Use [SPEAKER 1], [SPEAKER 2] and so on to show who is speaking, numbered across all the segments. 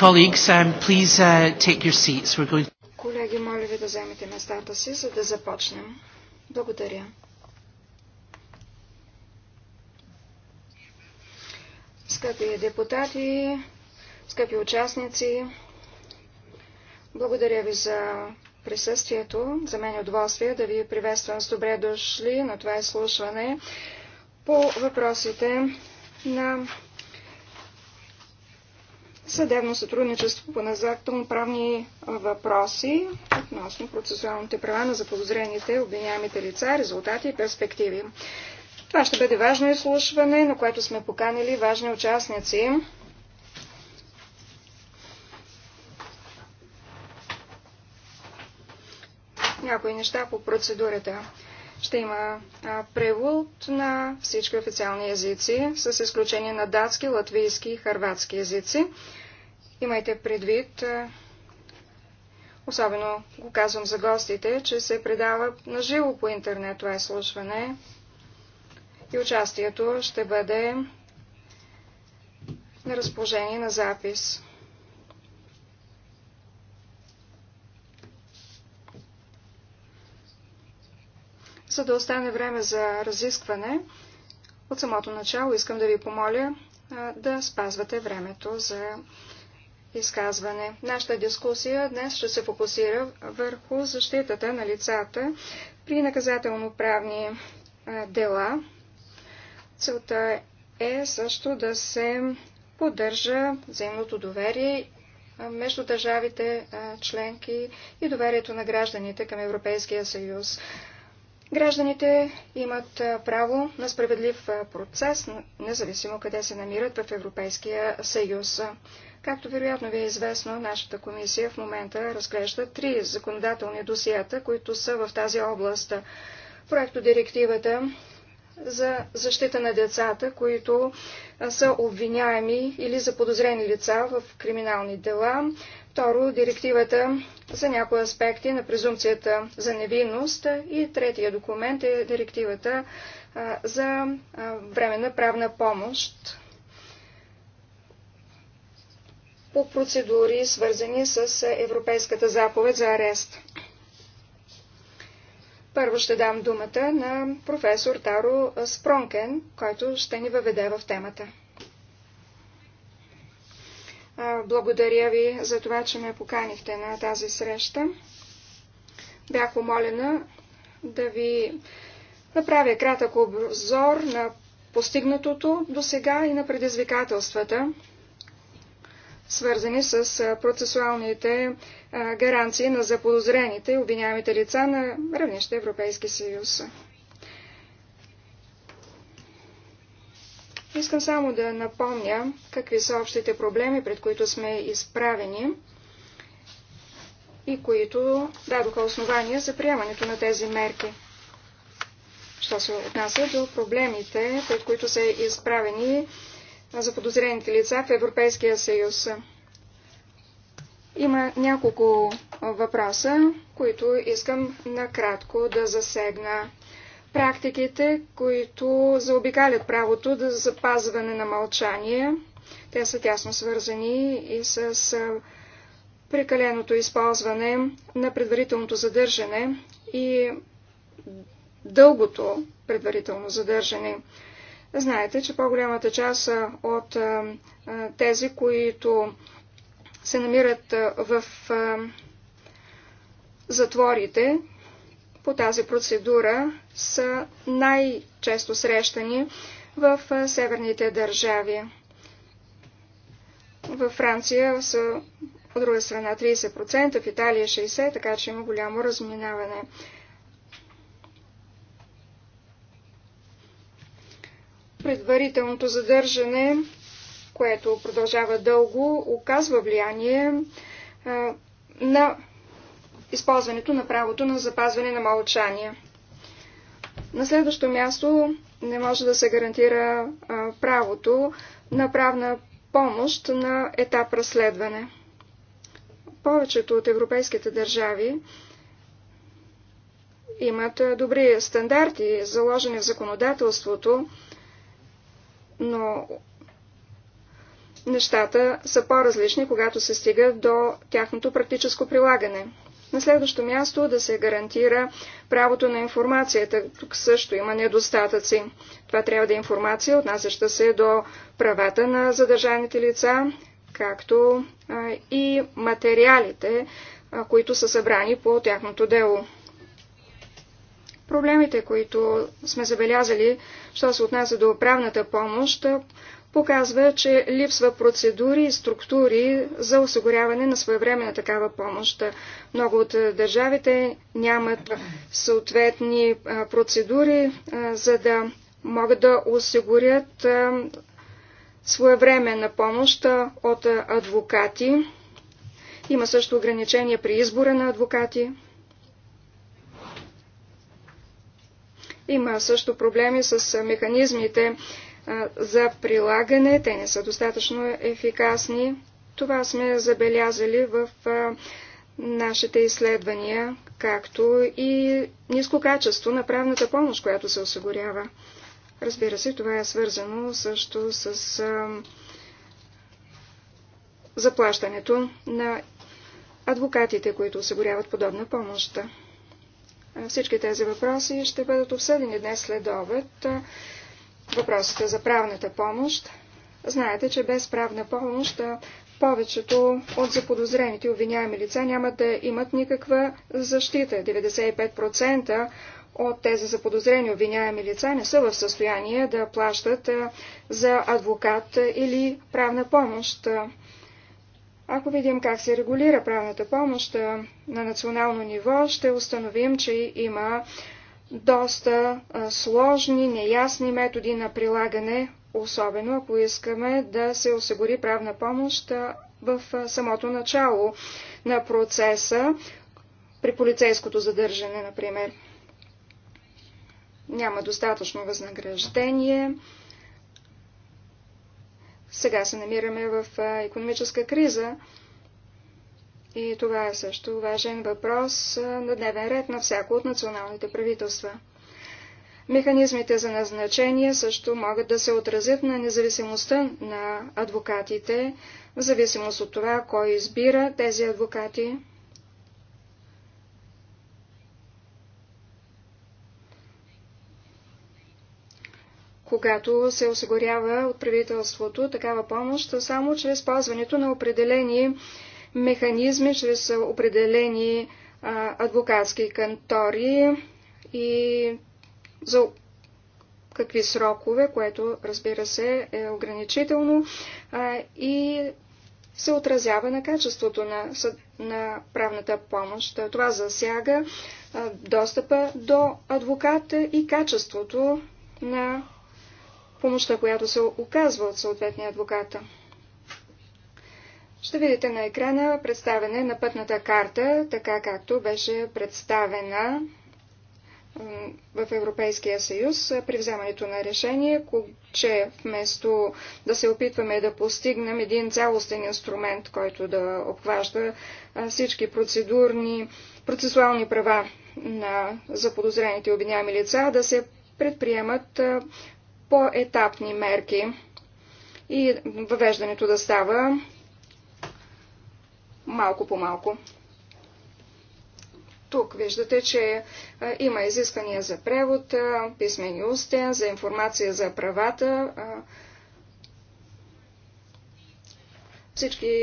[SPEAKER 1] Colleagues,
[SPEAKER 2] um, please uh, take your seats. We're going...
[SPEAKER 1] Колеги, моля ви да вземете местата си, за да започнем. Благодаря. Скъпи депутати, скъпи участници, благодаря ви за присъствието. За мен е удоволствие да ви приветствам с добре дошли на това изслушване по въпросите на съдебно сътрудничество по наказателно-правни въпроси относно процесуалните права на заподозрените обвиняемите лица, резултати и перспективи. Това ще бъде важно изслушване, на което сме поканили важни участници. Някои неща по процедурата. Ще има превод на всички официални езици, с изключение на датски, латвийски и харватски езици. Имайте предвид, особено го казвам за гостите, че се предава на живо по интернет това изслушване и участието ще бъде на разположение на запис. За да остане време за разискване, от самото начало искам да ви помоля да спазвате времето за изказване. Нашата дискусия днес ще се фокусира върху защитата на лицата при наказателно-правни дела. Целта е също да се поддържа взаимното доверие между държавите членки и доверието на гражданите към Европейския съюз. Гражданите имат право на справедлив процес, независимо къде се намират в Европейския съюз. Както вероятно ви е известно, нашата комисия в момента разглежда три законодателни досията, които са в тази област. Проекто директивата за защита на децата, които са обвиняеми или заподозрени лица в криминални дела. Второ, директивата за някои аспекти на презумцията за невинност. И третия документ е директивата за временна правна помощ по процедури, свързани с Европейската заповед за арест. Първо ще дам думата на професор Таро Спронкен, който ще ни въведе в темата. Благодаря ви за това, че ме поканихте на тази среща. Бях помолена да ви направя кратък обзор на постигнатото до сега и на предизвикателствата, свързани с процесуалните гаранции на заподозрените и обвиняемите лица на равнище Европейски съюз. Искам само да напомня какви са общите проблеми, пред които сме изправени и които дадоха основания за приемането на тези мерки. Що се отнася до проблемите, пред които са изправени за подозрените лица в Европейския съюз. Има няколко въпроса, които искам накратко да засегна. Практиките, които заобикалят правото да запазване на мълчание, те са тясно свързани и с прекаленото използване на предварителното задържане и дългото предварително задържане. Знаете, че по-голямата част от тези, които се намират в затворите по тази процедура, са най-често срещани в северните държави. В Франция са от друга страна 30%, в Италия 60%, така че има голямо разминаване. Предварителното задържане, което продължава дълго, оказва влияние а, на използването на правото на запазване на мълчание. На следващо място не може да се гарантира а, правото на правна помощ на етап разследване. Повечето от европейските държави имат добри стандарти, заложени в законодателството, но нещата са по-различни, когато се стига до тяхното практическо прилагане. На следващо място да се гарантира правото на информацията. Тук също има недостатъци. Това трябва да е информация, отнасяща се до правата на задържаните лица, както и материалите, които са събрани по тяхното дело. Проблемите, които сме забелязали, що се отнася до правната помощ, показва, че липсва процедури и структури за осигуряване на своевременна такава помощ. Много от държавите нямат съответни процедури, за да могат да осигурят своевременна помощ от адвокати. Има също ограничения при избора на адвокати. Има също проблеми с механизмите за прилагане. Те не са достатъчно ефикасни. Това сме забелязали в нашите изследвания, както и ниско качество на правната помощ, която се осигурява. Разбира се, това е свързано също с а, заплащането на адвокатите, които осигуряват подобна помощ. Всички тези въпроси ще бъдат обсъдени днес след обед. Въпросите за правната помощ. Знаете, че без правна помощ повечето от заподозрените обвиняеми лица няма да имат никаква защита. 95% от тези заподозрени обвиняеми лица не са в състояние да плащат за адвокат или правна помощ. Ако видим как се регулира правната помощ на национално ниво, ще установим, че има доста сложни, неясни методи на прилагане, особено ако искаме да се осигури правна помощ в самото начало на процеса, при полицейското задържане, например. Няма достатъчно възнаграждение сега се намираме в економическа криза и това е също важен въпрос на дневен ред на всяко от националните правителства. Механизмите за назначение също могат да се отразят на независимостта на адвокатите, в зависимост от това кой избира тези адвокати. когато се осигурява от правителството такава помощ, само чрез ползването на определени механизми, чрез определени а, адвокатски кантори и за какви срокове, което разбира се е ограничително а, и се отразява на качеството на, на правната помощ. Това засяга а, достъпа до адвоката и качеството на помощта, която се оказва от съответния адвоката. Ще видите на екрана представене на пътната карта, така както беше представена в Европейския съюз при вземането на решение, че вместо да се опитваме да постигнем един цялостен инструмент, който да обхваща всички процедурни, процесуални права на заподозрените обвиняеми лица, да се предприемат по-етапни мерки и въвеждането да става малко по малко. Тук виждате, че е, има изисквания за превод, е, писмен и устен, за информация за правата. Е. Всички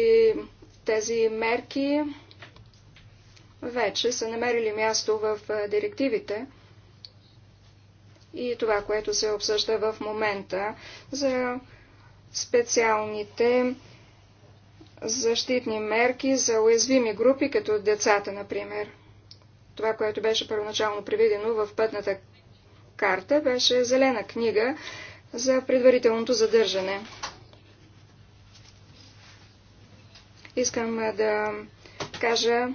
[SPEAKER 1] тези мерки вече са намерили място в директивите и това, което се обсъжда в момента за специалните защитни мерки за уязвими групи, като децата, например. Това, което беше първоначално приведено в пътната карта, беше зелена книга за предварителното задържане. Искам да кажа,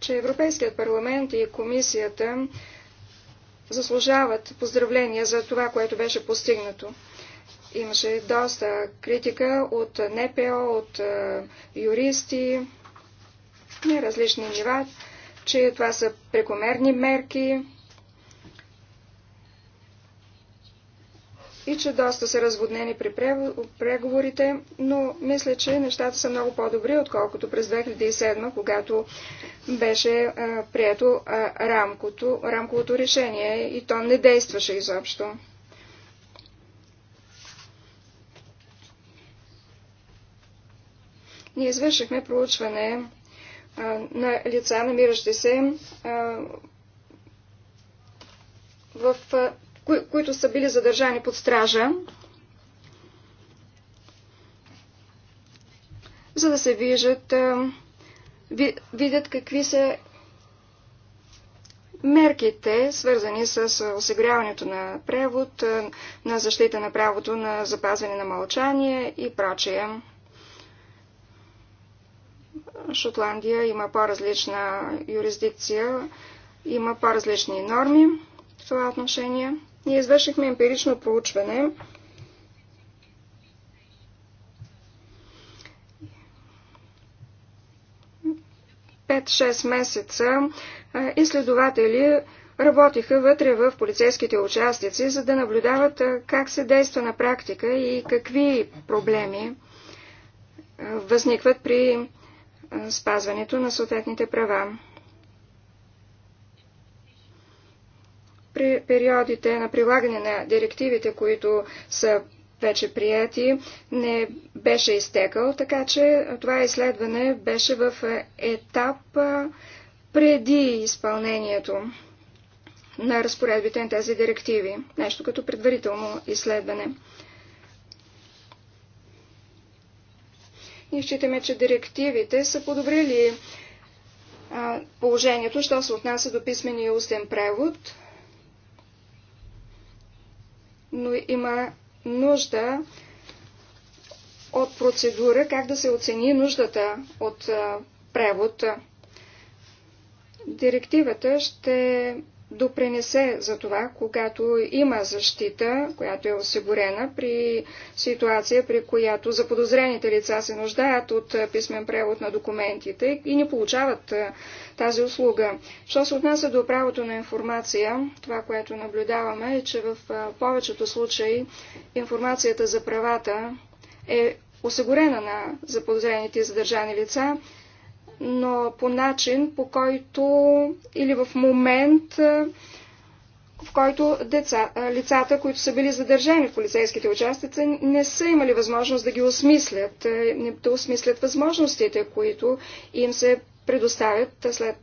[SPEAKER 1] че Европейският парламент и комисията заслужават поздравления за това, което беше постигнато. Имаше доста критика от НПО, от юристи на различни нива, че това са прекомерни мерки, и че доста са разводнени при преговорите, но мисля, че нещата са много по-добри, отколкото през 2007, когато беше а, прието а, рамкото, рамковото решение и то не действаше изобщо. Ние извършихме проучване а, на лица, намиращи се а, в кои, които са били задържани под стража, за да се виждат, видят какви са мерките, свързани с осигуряването на превод, на защита на правото на запазване на мълчание и прочее. Шотландия има по-различна юрисдикция, има по-различни норми в това отношение. Ние извършихме емпирично проучване. Пет-шест месеца изследователи работиха вътре в полицейските участици, за да наблюдават как се действа на практика и какви проблеми възникват при спазването на съответните права. при периодите на прилагане на директивите, които са вече прияти, не беше изтекал, така че това изследване беше в етап преди изпълнението на разпоредбите на тези директиви. Нещо като предварително изследване. Ние считаме, че директивите са подобрили положението, що се отнася до писмения и устен превод но има нужда от процедура как да се оцени нуждата от превод. Директивата ще допринесе за това, когато има защита, която е осигурена при ситуация, при която заподозрените лица се нуждаят от писмен превод на документите и не получават тази услуга. Що се отнася до правото на информация, това, което наблюдаваме е, че в повечето случаи информацията за правата е осигурена на заподозрените и задържани лица, но по начин, по който или в момент, е, в който деца, е, лицата, които са били задържани в полицейските участъци, не са имали възможност да ги осмислят, е, да осмислят възможностите, които им се предоставят след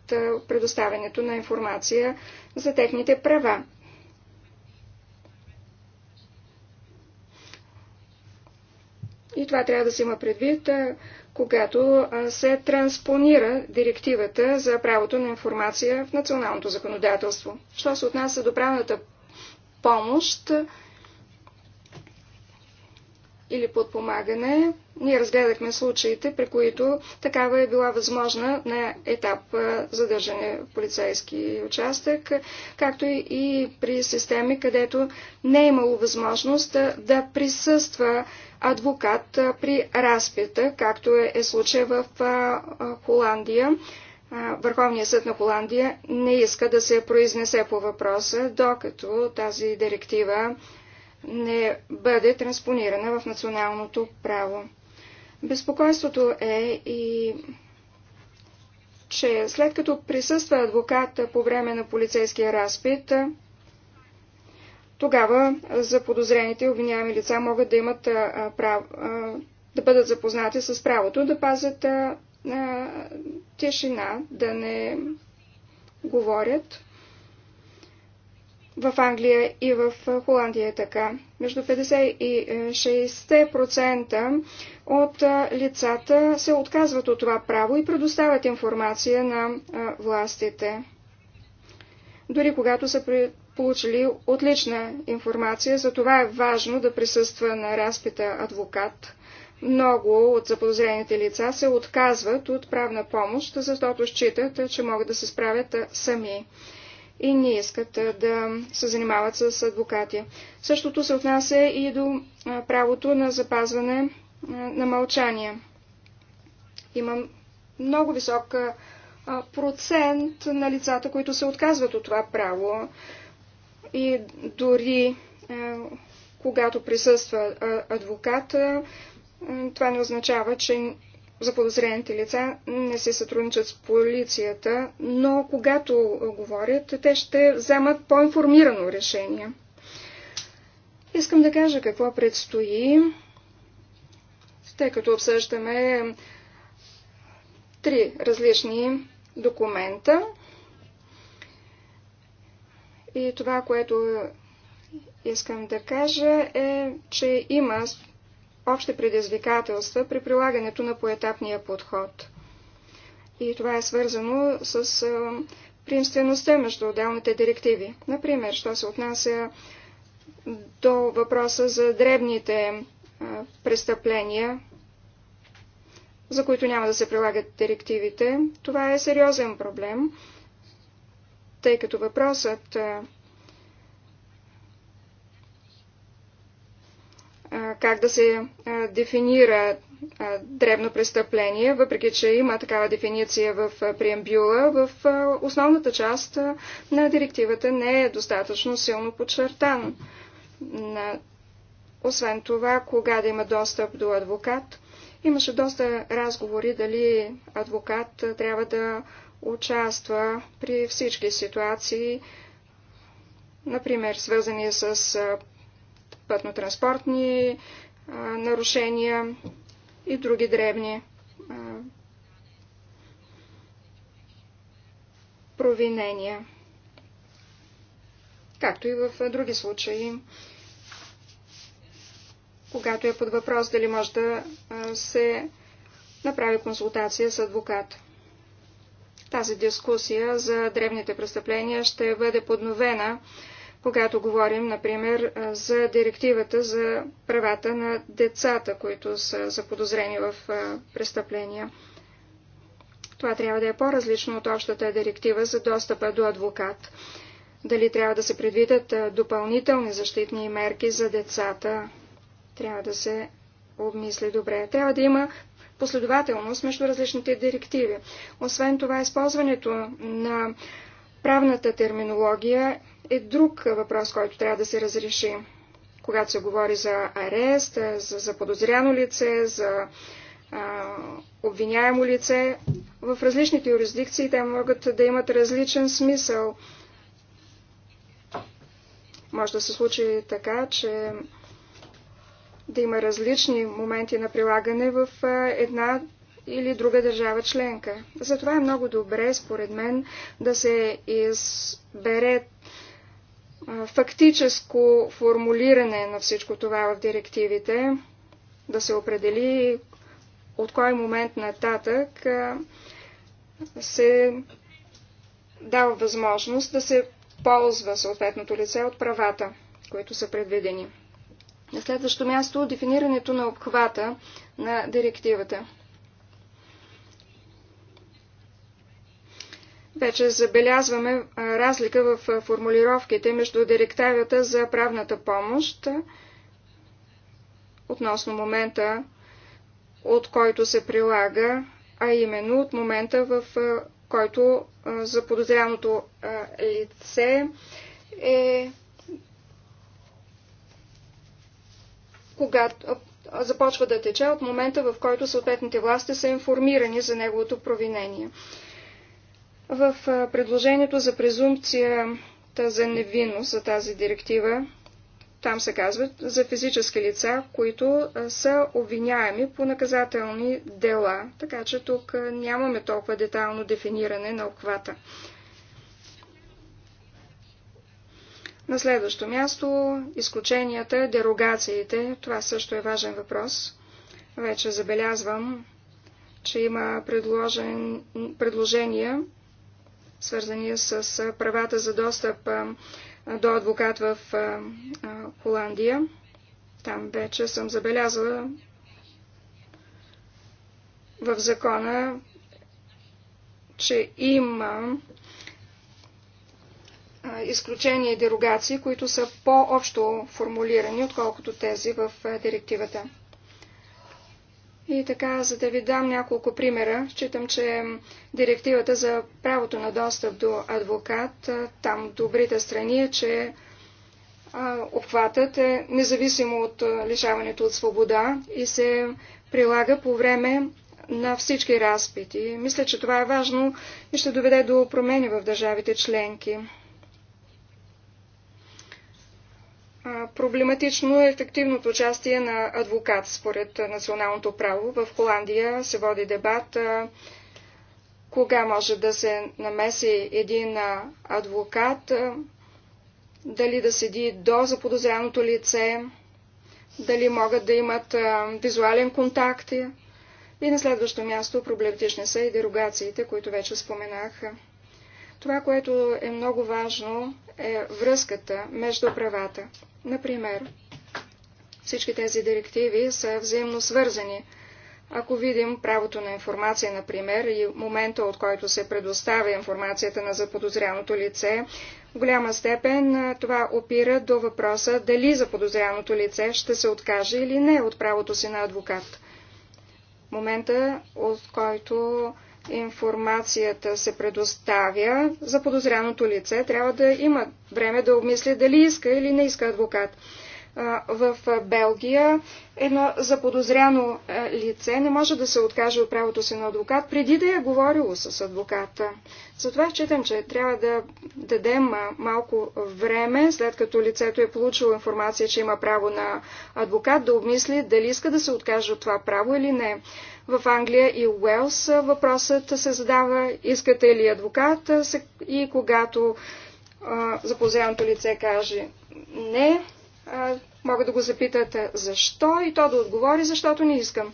[SPEAKER 1] предоставянето на информация за техните права. И това трябва да се има предвид, когато се транспонира директивата за правото на информация в националното законодателство. Що се отнася до правната помощ или подпомагане, ние разгледахме случаите, при които такава е била възможна на етап задържане в полицейски участък, както и при системи, където не е имало възможност да присъства адвокат при разпита, както е, е случая в Холандия. Върховният съд на Холандия не иска да се произнесе по въпроса, докато тази директива не бъде транспонирана в националното право. Безпокойството е и че след като присъства адвокат по време на полицейския разпит, тогава за подозрените и обвиняеми лица могат да имат право да бъдат запознати с правото да пазят на тишина, да не говорят. В Англия и в Холандия е така. Между 50 и 60% е, от лицата се отказват от това право и предоставят информация на властите. Дори когато са получили отлична информация, за това е важно да присъства на разпита адвокат. Много от заподозрените лица се отказват от правна помощ, защото считат, че могат да се справят сами и не искат да се занимават с адвокати. Същото се отнася и до правото на запазване на мълчание. Има много висок процент на лицата, които се отказват от това право. И дори е, когато присъства адвокат, това не означава, че заподозрените лица не се сътрудничат с полицията, но когато говорят, те ще вземат по-информирано решение. Искам да кажа какво предстои тъй като обсъждаме три различни документа. И това, което искам да кажа е, че има общи предизвикателства при прилагането на поетапния подход. И това е свързано с приемствеността между отделните директиви. Например, що се отнася до въпроса за дребните престъпления, за които няма да се прилагат директивите. Това е сериозен проблем, тъй като въпросът как да се дефинира дребно престъпление, въпреки че има такава дефиниция в преамбюла, в основната част на директивата не е достатъчно силно подчертан. Освен това, кога да има достъп до адвокат, Имаше доста разговори дали адвокат трябва да участва при всички ситуации, например, свързани с пътно-транспортни нарушения и други дребни провинения, както и в други случаи когато е под въпрос дали може да се направи консултация с адвокат. Тази дискусия за древните престъпления ще бъде подновена, когато говорим, например, за директивата за правата на децата, които са заподозрени в престъпления. Това трябва да е по-различно от общата директива за достъпа до адвокат. Дали трябва да се предвидят допълнителни защитни мерки за децата, трябва да се обмисли добре. Трябва да има последователност между различните директиви. Освен това, използването на правната терминология е друг въпрос, който трябва да се разреши. Когато се говори за арест, за, за подозряно лице, за а, обвиняемо лице, в различните юрисдикции те могат да имат различен смисъл. Може да се случи така, че да има различни моменти на прилагане в една или друга държава членка. Затова е много добре, според мен, да се избере фактическо формулиране на всичко това в директивите, да се определи от кой момент нататък се дава възможност да се ползва съответното лице от правата, които са предвидени. На следващо място дефинирането на обхвата на директивата. Вече забелязваме разлика в формулировките между директивата за правната помощ относно момента, от който се прилага, а именно от момента, в който заподозряното лице е когато започва да тече от момента, в който съответните власти са информирани за неговото провинение. В предложението за презумпцията за невинност за тази директива, там се казва за физически лица, които са обвиняеми по наказателни дела, така че тук нямаме толкова детайлно дефиниране на обхвата. На следващо място, изключенията, дерогациите. Това също е важен въпрос. Вече забелязвам, че има предложен, предложения, свързани с правата за достъп до адвокат в Холандия. Там вече съм забелязала в закона, че има изключения и дерогации, които са по-общо формулирани, отколкото тези в директивата. И така, за да ви дам няколко примера, считам, че директивата за правото на достъп до адвокат, там добрите страни е, че обхватът е независимо от лишаването от свобода и се прилага по време на всички разпити. Мисля, че това е важно и ще доведе до промени в държавите членки. Проблематично е ефективното участие на адвокат според националното право. В Холандия се води дебат кога може да се намеси един адвокат, дали да седи до заподозряното лице, дали могат да имат визуален контакт. И на следващо място проблематични са и дерогациите, които вече споменах. Това, което е много важно, е връзката между правата. Например, всички тези директиви са взаимно свързани. Ако видим правото на информация, например, и момента, от който се предоставя информацията на заподозряното лице, в голяма степен това опира до въпроса дали заподозряното лице ще се откаже или не от правото си на адвокат. Момента, от който информацията се предоставя за подозряното лице, трябва да има време да обмисли дали иска или не иска адвокат. В Белгия едно заподозряно лице не може да се откаже от правото си на адвокат преди да е говорило с адвоката. Затова считам, че трябва да дадем малко време, след като лицето е получило информация, че има право на адвокат, да обмисли дали иска да се откаже от това право или не в Англия и Уелс въпросът се задава искате ли адвокат и когато запозеното лице каже не, могат да го запитат защо и то да отговори защото не искам.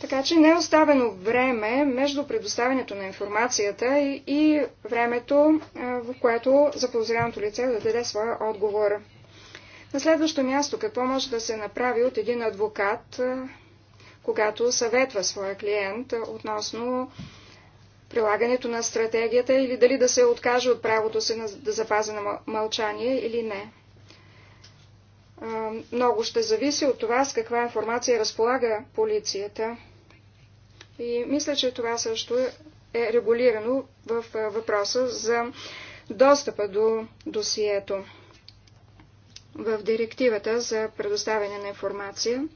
[SPEAKER 1] Така че не е оставено време между предоставянето на информацията и, и времето, в което заподозряното лице да даде своя отговор. На следващо място, какво може да се направи от един адвокат, когато съветва своя клиент относно прилагането на стратегията или дали да се откаже от правото си да запази на мълчание или не. Много ще зависи от това с каква информация разполага полицията. И мисля, че това също е регулирано в въпроса за достъпа до досието в директивата за предоставяне на информация.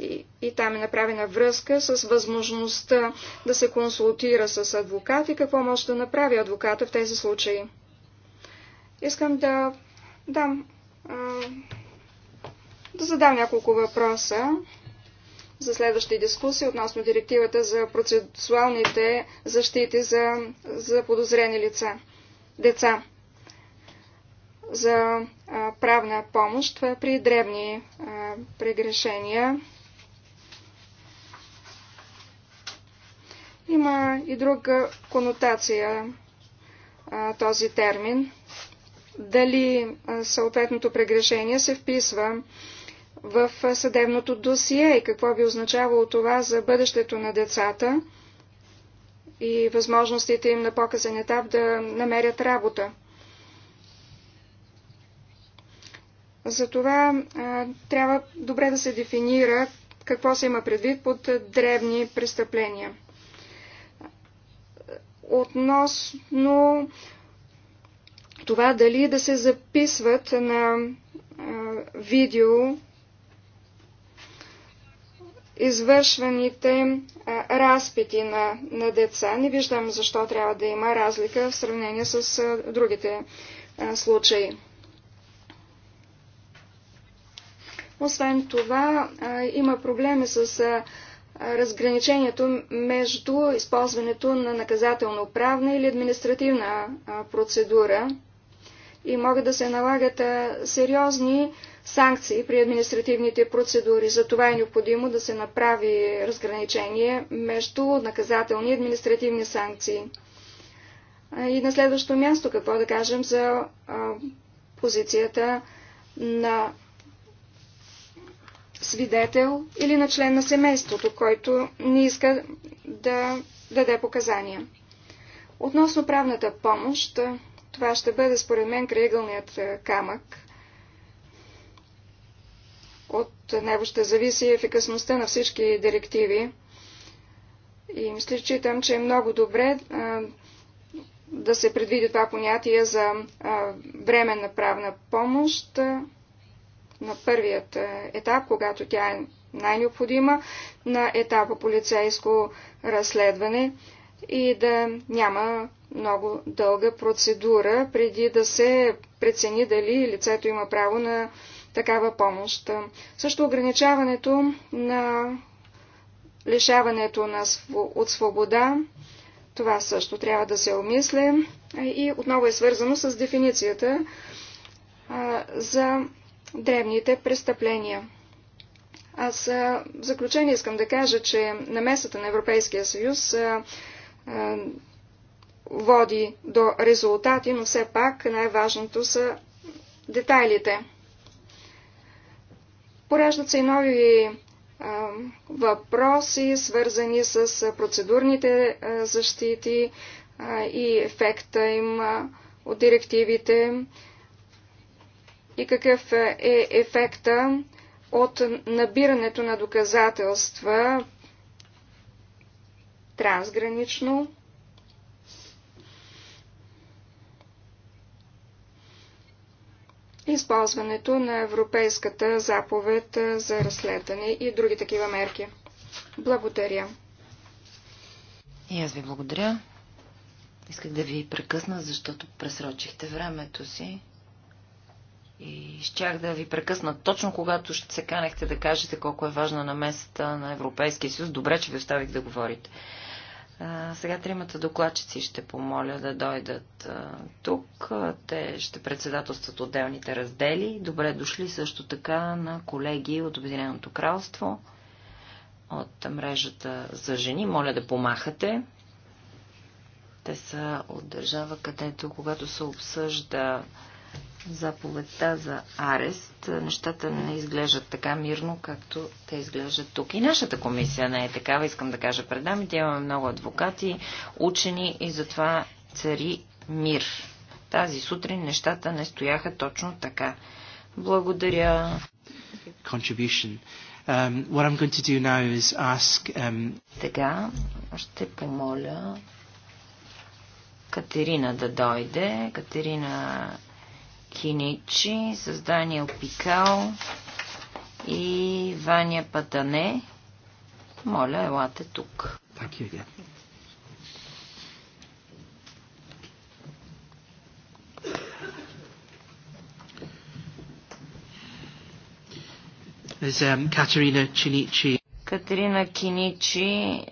[SPEAKER 1] И, и там е направена връзка с възможността да се консултира с адвокат и какво може да направи адвоката в тези случаи. Искам да дам, а, да задам няколко въпроса за следващи дискусии относно директивата за процесуалните защити за, за подозрени лица, деца за правна помощ при древни прегрешения Има и друга конотация а, този термин. Дали съответното прегрешение се вписва в съдебното досие и какво би означавало това за бъдещето на децата и възможностите им на показан етап да намерят работа. Затова а, трябва добре да се дефинира какво се има предвид под дребни престъпления относно това дали да се записват на а, видео извършваните а, разпити на, на деца. Не виждам защо трябва да има разлика в сравнение с а, другите а, случаи. Освен това, а, има проблеми с а, разграничението между използването на наказателно-правна или административна процедура и могат да се налагат сериозни санкции при административните процедури. Затова е необходимо да се направи разграничение между наказателни и административни санкции. И на следващо място какво да кажем за позицията на свидетел или на член на семейството, който не иска да даде показания. Относно правната помощ, това ще бъде според мен крайъгълният е, камък. От него ще зависи ефикасността на всички директиви. И мисля, читам, че е много добре а, е, да се предвиди това понятие за а, е, временна правна помощ. А, на първият е, етап, когато тя е най-необходима, на етапа полицейско разследване и да няма много дълга процедура, преди да се прецени дали лицето има право на такава помощ. Също ограничаването на лишаването на, от свобода, това също трябва да се омисле и отново е свързано с дефиницията а, за древните престъпления. Аз в заключение искам да кажа, че намесата на Европейския съюз а, а, води до резултати, но все пак най-важното са детайлите. Пораждат се и нови а, въпроси, свързани с процедурните защити и ефекта им от директивите и какъв е ефекта от набирането на доказателства трансгранично. използването на Европейската заповед за разследване и други такива мерки. Благодаря.
[SPEAKER 3] И аз ви благодаря. Исках да ви прекъсна, защото пресрочихте времето си. И щях да ви прекъсна точно когато ще се канехте да кажете колко е важна намесата на Европейския съюз. Добре, че ви оставих да говорите. А, сега тримата докладчици ще помоля да дойдат а, тук. Те ще председателстват отделните раздели. Добре дошли също така на колеги от Обединеното кралство, от мрежата за жени. Моля да помахате. Те са от държава, където когато се обсъжда заповедта за арест, нещата не изглеждат така мирно, както те изглеждат тук. И нашата комисия не е такава, искам да кажа пред Те Имаме много адвокати, учени и затова цари мир. Тази сутрин нещата не стояха точно така. Благодаря.
[SPEAKER 1] Contribution. Um, what I'm going to do now is ask, um... Сега ще помоля
[SPEAKER 3] Катерина да дойде. Катерина Киничи с Даниел Пикал и Ваня Патане. Моля, елате тук. Thank you again. Катерина um, Катерина Киничи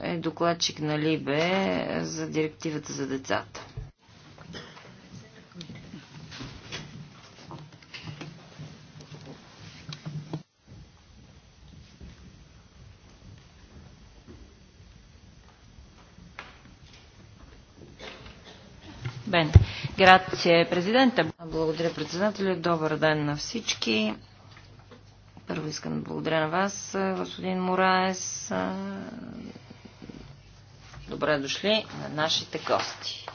[SPEAKER 3] е докладчик на Либе за директивата за децата. Грация, президента. Благодаря, председателя. Добър ден на всички. Първо искам да благодаря на вас, господин Мораес. Добре дошли на нашите гости.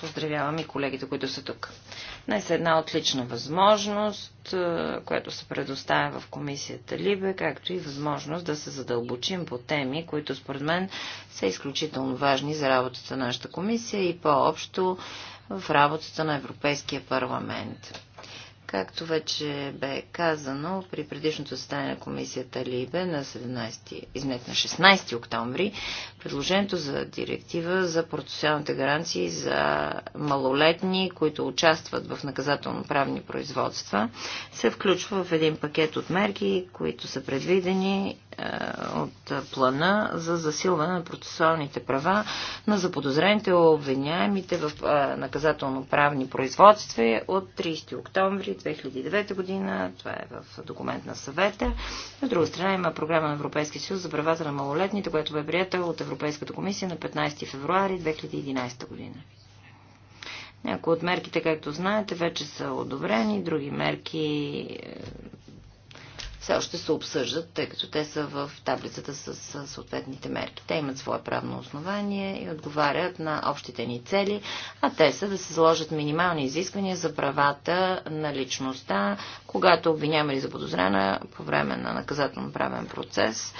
[SPEAKER 3] Поздравявам и колегите, които са тук. Днес е една отлична възможност, която се предоставя в комисията Либе, както и възможност да се задълбочим по теми, които според мен са изключително важни за работата на нашата комисия и по-общо в работата на Европейския парламент. Както вече бе казано, при предишното състояние на комисията Либе на, 17, измет на 16 октомври предложението за директива за процесуалните гаранции за малолетни, които участват в наказателно-правни производства, се включва в един пакет от мерки, които са предвидени е, от плана за засилване на процесуалните права на заподозрените обвиняемите в е, наказателно-правни производства от 30 октомври 2009 година. Това е в документ на съвета. От друга страна има програма на Европейския съюз за правата на малолетните, която бе прията от Европейската комисия на 15 февруари 2011 година. Някои от мерките, както знаете, вече са одобрени, други мерки е, все още се обсъждат, тъй като те са в таблицата с съответните мерки. Те имат свое правно основание и отговарят на общите ни цели, а те са да се заложат минимални изисквания за правата на личността, когато обвиняваме или заподозрена по време на наказателно правен процес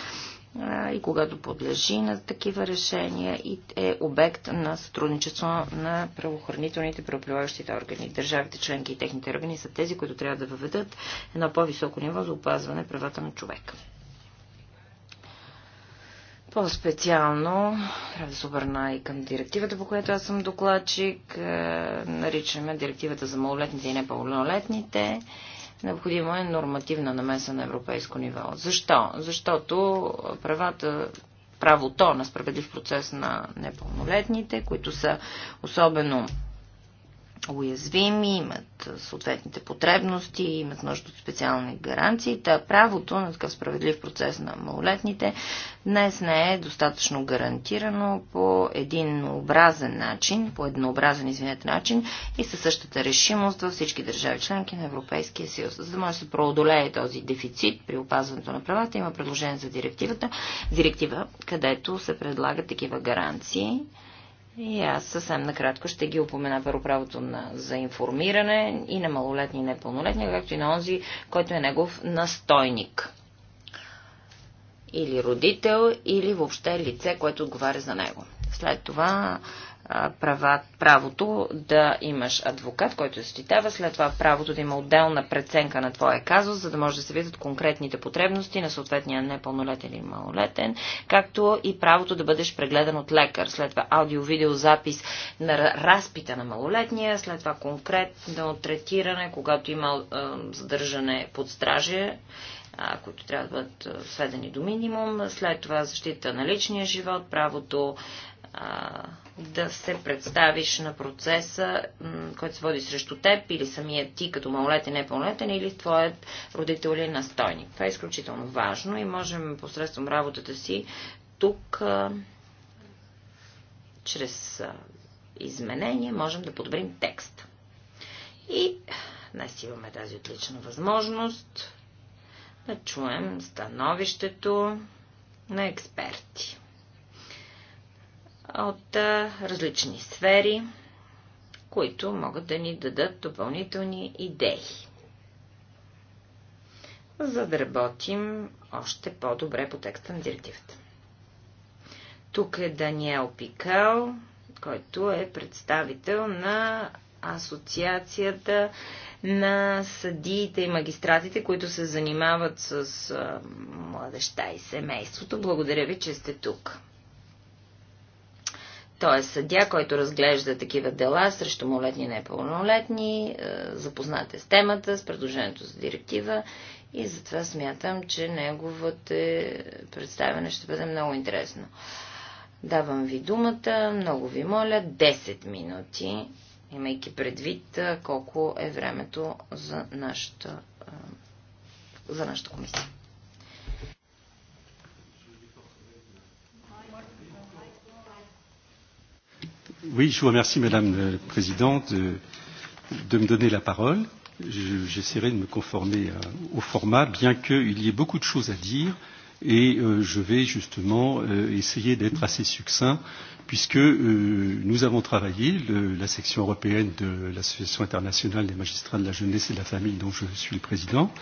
[SPEAKER 3] и когато подлежи на такива решения и е обект на сътрудничество на правоохранителните правоприлагащите органи. Държавите членки и техните органи са тези, които трябва да въведат едно по-високо ниво за опазване правата на човека. По-специално трябва да се обърна и към директивата, по която аз съм докладчик. Е, наричаме директивата за малолетните и непълнолетните. Необходимо е нормативна намеса на европейско ниво. Защо? Защото правата правото на справедлив процес на непълнолетните, които са особено уязвими, имат съответните потребности, имат нужда от специални гаранции. Та правото на такъв справедлив процес на малолетните днес не е достатъчно гарантирано по еднообразен начин, по еднообразен, извинете, начин и със същата решимост във всички държави членки на Европейския съюз. За да може да се преодолее този дефицит при опазването на правата, има предложение за директивата, директива, където се предлагат такива гаранции и аз съвсем накратко ще ги упомена първо правото на, за информиране и на малолетни и непълнолетни, както и на онзи, който е негов настойник. Или родител, или въобще лице, което отговаря за него. След това права, правото да имаш адвокат, който защитава, след това правото да има отделна преценка на твоя казус, за да може да се видят конкретните потребности на съответния непълнолетен или малолетен, както и правото да бъдеш прегледан от лекар, след това аудио-видеозапис на разпита на малолетния, след това конкретно третиране, когато има е, задържане под стражие, които трябва да бъдат сведени до минимум, след това защита на личния живот, правото да се представиш на процеса, който се води срещу теб или самия ти като малолетен, непълнолетен или твоят родител или настойник. Това е изключително важно и можем посредством работата си тук, чрез изменения, можем да подобрим текст. И днес имаме тази отлична възможност да чуем становището на експерти от различни сфери, които могат да ни дадат допълнителни идеи, за да работим още по-добре по текста на директивата. Тук е Даниел Пикал, който е представител на Асоциацията на съдиите и магистратите, които се занимават с младеща и семейството. Благодаря ви, че сте тук. Той е съдя, който разглежда такива дела срещу малолетни и непълнолетни, е, запознат е с темата, с предложението за директива и затова смятам, че неговото представяне ще бъде много интересно. Давам ви думата, много ви моля, 10 минути, имайки предвид е, колко е времето за нашата, е, за нашата комисия.
[SPEAKER 2] Oui, je vous remercie, Madame la Présidente, de,
[SPEAKER 1] de me donner la parole. J'essaierai de me conformer au format, bien qu'il y ait beaucoup de choses à dire, et euh, je vais justement euh, essayer d'être assez succinct, puisque euh, nous avons travaillé, le, la section européenne de l'Association internationale des magistrats de la jeunesse et de la famille, dont je suis le président,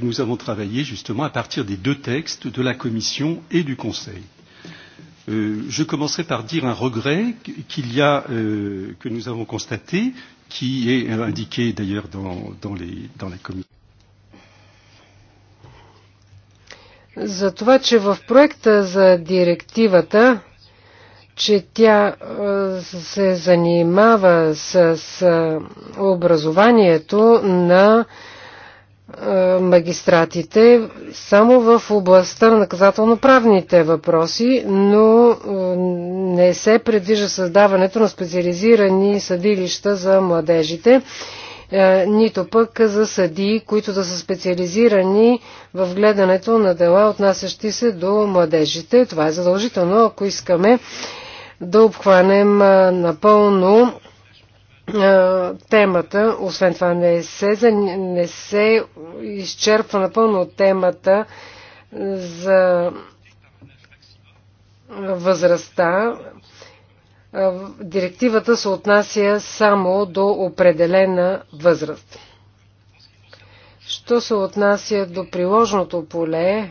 [SPEAKER 1] nous avons travaillé justement à partir des deux textes de la Commission et du Conseil je commencerai par dire un regret qu'il y a, euh, que nous avons constaté, qui est indiqué d'ailleurs dans, dans, les, dans la commission.
[SPEAKER 2] За това, че в проекта за директивата, че тя се занимава с образованието на е, магистратите само в областта на наказателно-правните въпроси, но е, не се предвижда създаването на специализирани съдилища за младежите, е, нито пък за съдии, които да са специализирани в гледането на дела, отнасящи се до младежите. Това е задължително, ако искаме да обхванем напълно темата. Освен това не се, не се изчерпва напълно темата за възрастта. Директивата се отнася само до определена възраст. Що се отнася до приложното поле,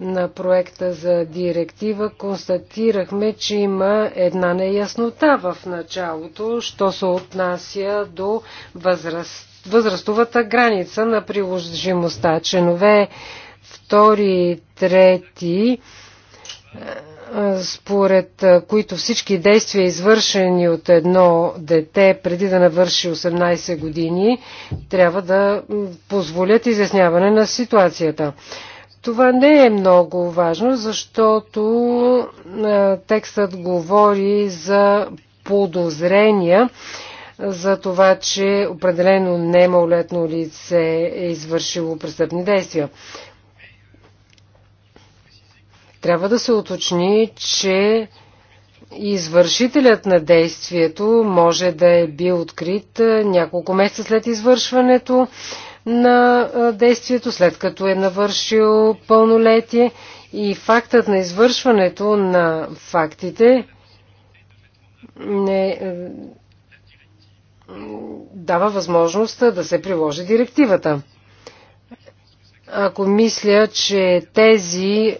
[SPEAKER 2] на проекта за директива, констатирахме, че има една неяснота в началото, що се отнася до възраст, възрастовата граница на приложимостта. Членове 2 и 3 според които всички действия, извършени от едно дете преди да навърши 18 години, трябва да позволят изясняване на ситуацията. Това не е много важно, защото е, текстът говори за подозрения за това, че определено немалолетно лице е извършило престъпни действия. Трябва да се уточни, че извършителят на действието може да е бил открит е, няколко месеца след извършването на действието, след като е навършил пълнолетие и фактът на извършването на фактите не дава възможност да се приложи директивата. Ако мисля, че тези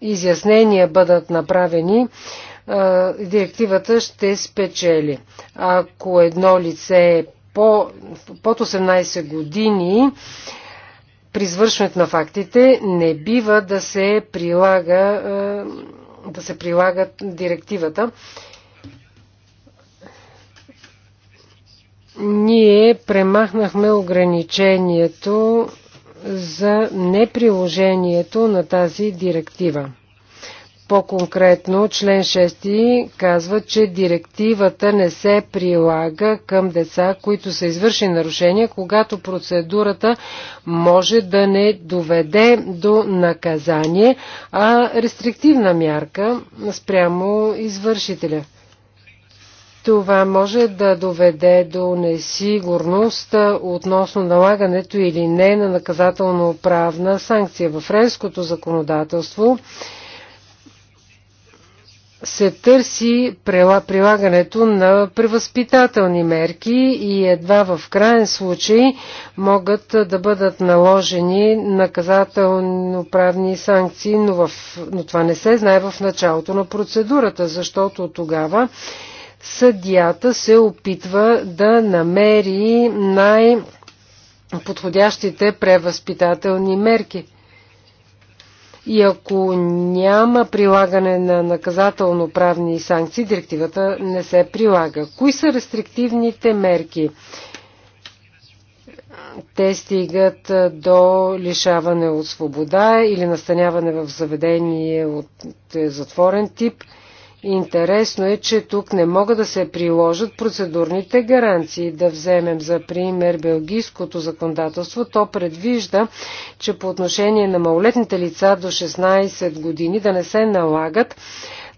[SPEAKER 2] изяснения бъдат направени, директивата ще спечели. Ако едно лице е по, под 18 години при извършването на фактите не бива да се прилага е, да се прилагат директивата. Ние премахнахме ограничението за неприложението на тази директива. По-конкретно, член 6 казва, че директивата не се прилага към деца, които са извършени нарушения, когато процедурата може да не доведе до наказание, а рестриктивна мярка спрямо извършителя. Това може да доведе до несигурност относно налагането или не на наказателно-правна санкция. в френското законодателство се търси прилагането на превъзпитателни мерки и едва в крайен случай могат да бъдат наложени наказателно-правни санкции, но, в, но това не се знае в началото на процедурата, защото тогава съдията се опитва да намери най- подходящите превъзпитателни мерки – и ако няма прилагане на наказателно-правни санкции, директивата не се прилага. Кои са рестриктивните мерки? Те стигат до лишаване от свобода или настаняване в заведение от е, затворен тип – Интересно е, че тук не могат да се приложат процедурните гаранции. Да вземем за пример белгийското законодателство. То предвижда, че по отношение на малолетните лица до 16 години да не се налагат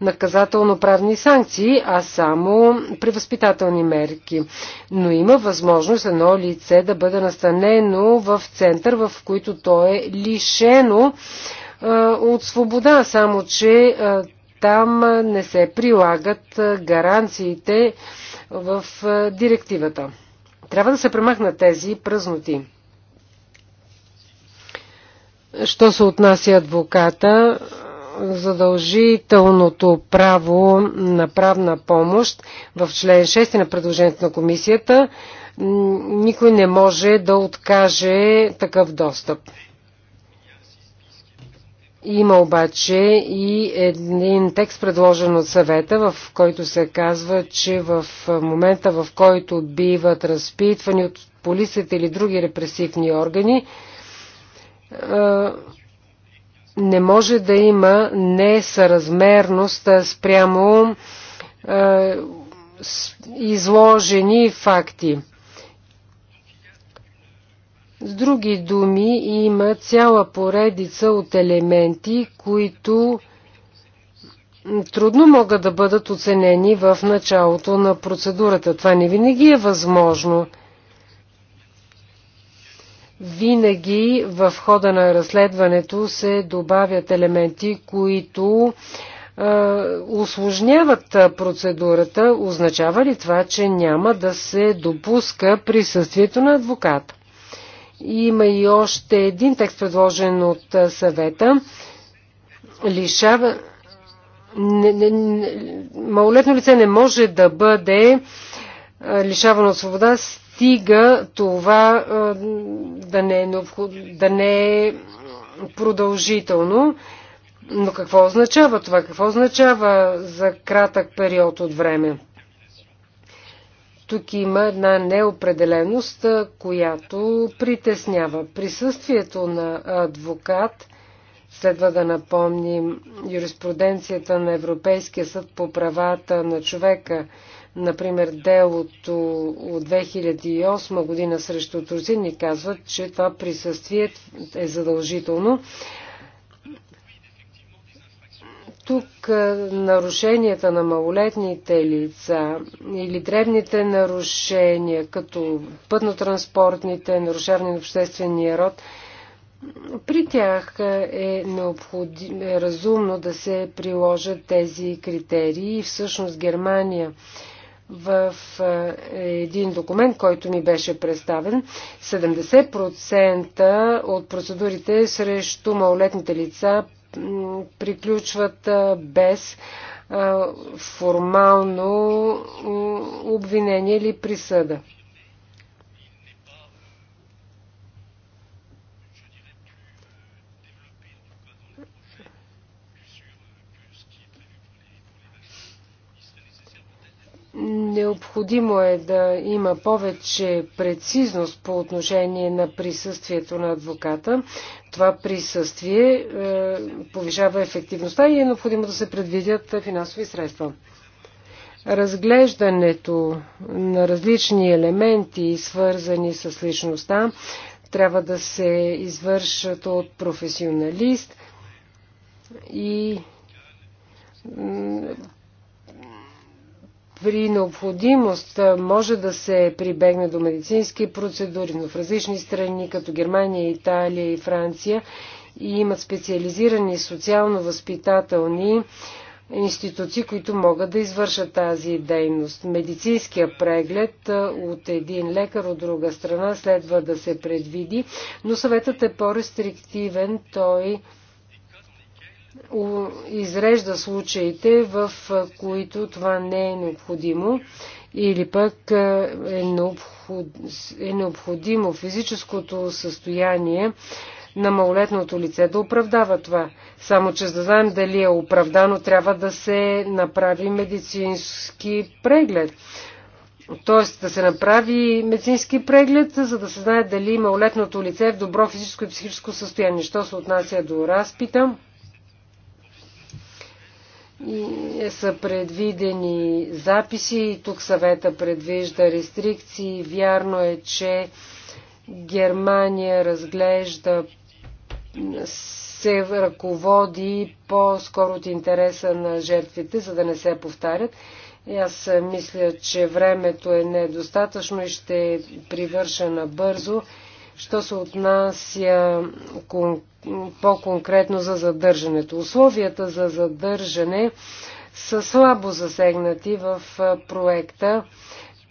[SPEAKER 2] наказателно-правни санкции, а само превъзпитателни мерки. Но има възможност едно лице да бъде настанено в център, в който то е лишено от свобода, само че там не се прилагат гаранциите в директивата. Трябва да се премахнат тези празноти. Що се отнася адвоката, задължителното право на правна помощ в член 6 на предложението на комисията, никой не може да откаже такъв достъп. Има обаче и един текст, предложен от съвета, в който се казва, че в момента, в който биват разпитвани от полицията или други репресивни органи, не може да има несъразмерност спрямо изложени факти. С други думи, има цяла поредица от елементи, които трудно могат да бъдат оценени в началото на процедурата. Това не винаги е възможно. Винаги в хода на разследването се добавят елементи, които е, усложняват процедурата. Означава ли това, че няма да се допуска присъствието на адвоката? Има и още един текст, предложен от съвета. Лишава... Не, не, не... Малолетно лице не може да бъде лишавано от свобода, стига това да не е, необход... да не е продължително. Но какво означава това? Какво означава за кратък период от време? Тук има една неопределеност, която притеснява. Присъствието на адвокат следва да напомним юриспруденцията на Европейския съд по правата на човека, например делото от 2008 година срещу Турция, ни казват, че това присъствие е задължително тук нарушенията на малолетните лица или древните нарушения, като пътно-транспортните, нарушаване на обществения род, при тях е, необходимо е разумно да се приложат тези критерии и всъщност Германия в е един документ, който ми беше представен, 70% от процедурите срещу малолетните лица приключват без формално обвинение или присъда. Необходимо е да има повече прецизност по отношение на присъствието на адвоката. Това присъствие е, повишава ефективността и е необходимо да се предвидят финансови средства. Разглеждането на различни елементи, свързани с личността, трябва да се извършат от професионалист и при необходимост може да се прибегне до медицински процедури, но в различни страни, като Германия, Италия и Франция, и имат специализирани социално-възпитателни институции, които могат да извършат тази дейност. Медицинския преглед от един лекар от друга страна следва да се предвиди, но съветът е по-рестриктивен. Той изрежда случаите, в които това не е необходимо или пък е, е, необходимо физическото състояние на малолетното лице да оправдава това. Само, че за да знаем дали е оправдано, трябва да се направи медицински преглед. Тоест да се направи медицински преглед, за да се знае дали малолетното лице е в добро физическо и психическо състояние. Що се отнася до разпита, са предвидени записи и тук съвета предвижда рестрикции. Вярно е, че Германия разглежда се ръководи по-скоро от интереса на жертвите, за да не се повтарят. И аз мисля, че времето е недостатъчно и ще привърша набързо. бързо Що се отнася по-конкретно за задържането? Условията за задържане са слабо засегнати в проекта.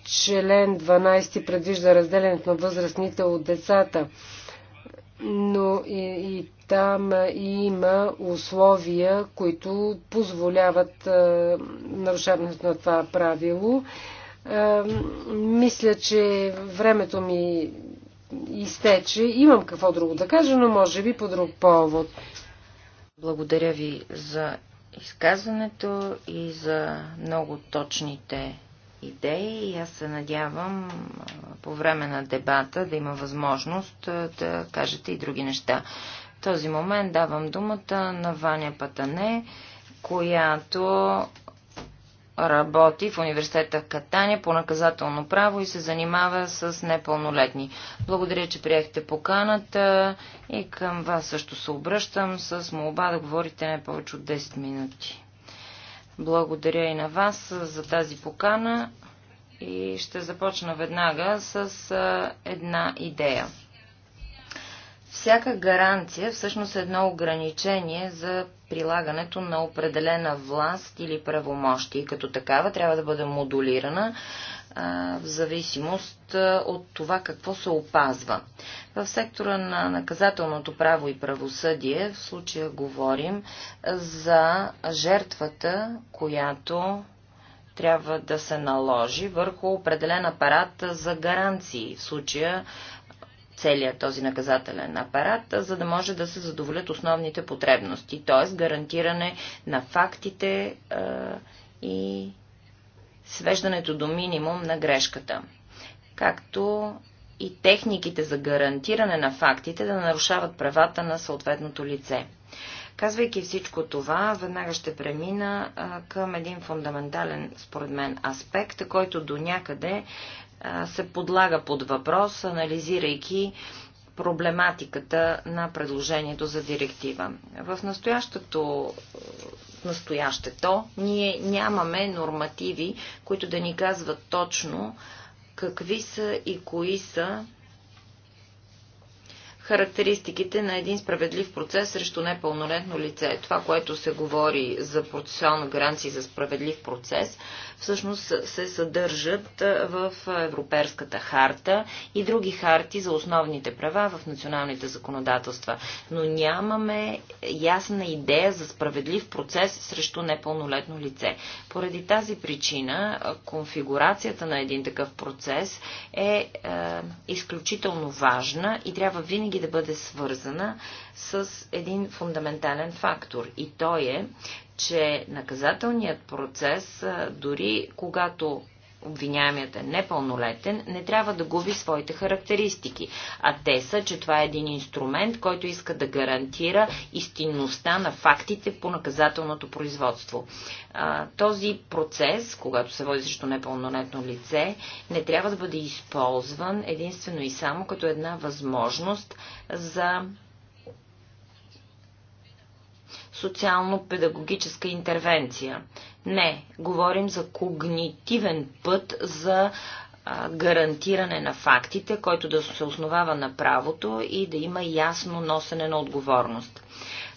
[SPEAKER 2] Член 12 предвижда разделянето на възрастните от децата, но и, и там има условия, които позволяват е, нарушаването на това правило. Е, мисля, че времето ми изтече. Имам какво друго да кажа, но може би
[SPEAKER 3] по друг повод. Благодаря ви за изказването и за много точните идеи и аз се надявам по време на дебата да има възможност да кажете и други неща. В този момент давам думата на Ваня Патане, която работи в университета в Катания по наказателно право и се занимава с непълнолетни. Благодаря, че приехте поканата и към вас също се обръщам с молба да говорите не повече от 10 минути. Благодаря и на вас за тази покана и ще започна веднага с една идея. Всяка гаранция всъщност е едно ограничение за прилагането на определена власт или правомощи. И като такава трябва да бъде модулирана а, в зависимост от това какво се опазва. В сектора на наказателното право и правосъдие в случая говорим за жертвата, която трябва да се наложи върху определен апарат за гаранции. В случая целият този наказателен апарат, за да може да се задоволят основните потребности, т.е. гарантиране на фактите и свеждането до минимум на грешката, както и техниките за гарантиране на фактите да нарушават правата на съответното лице. Казвайки всичко това, веднага ще премина а, към един фундаментален, според мен, аспект, който до някъде се подлага под въпрос, анализирайки проблематиката на предложението за директива. В настоящето настоящето ние нямаме нормативи, които да ни казват точно какви са и кои са характеристиките на един справедлив процес срещу непълнолетно лице. Това, което се говори за процесуална гаранция за справедлив процес, всъщност се съдържат в Европейската харта и други харти за основните права в националните законодателства. Но нямаме ясна идея за справедлив процес срещу непълнолетно лице. Поради тази причина конфигурацията на един такъв процес е, е изключително важна и трябва винаги да бъде свързана с един фундаментален фактор. И той е, че наказателният процес, дори когато обвиняемият е непълнолетен, не трябва да губи своите характеристики. А те са, че това е един инструмент, който иска да гарантира истинността на фактите по наказателното производство. А, този процес, когато се води срещу непълнолетно лице, не трябва да бъде използван единствено и само като една възможност за социално-педагогическа интервенция. Не, говорим за когнитивен път за гарантиране на фактите, който да се основава на правото и да има ясно носене на отговорност.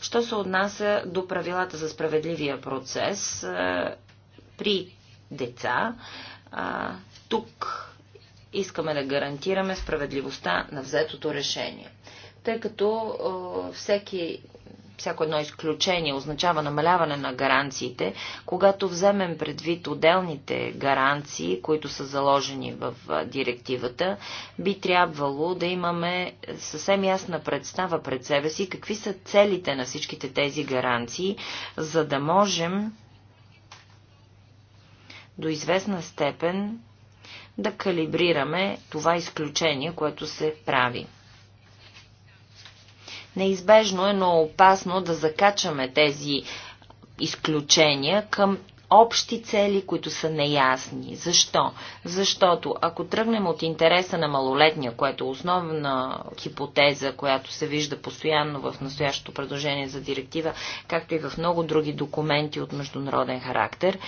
[SPEAKER 3] Що се отнася до правилата за справедливия процес при деца, тук искаме да гарантираме справедливостта на взетото решение. Тъй като всеки всяко едно изключение означава намаляване на гаранциите, когато вземем предвид отделните гаранции, които са заложени в директивата, би трябвало да имаме съвсем ясна представа пред себе си какви са целите на всичките тези гаранции, за да можем до известна степен да калибрираме това изключение, което се прави. Неизбежно е, но опасно да закачаме тези изключения към общи цели, които са неясни. Защо? Защото ако тръгнем от интереса на малолетния, което е основна хипотеза, която се вижда постоянно в настоящото предложение за директива, както и в много други документи от международен характер,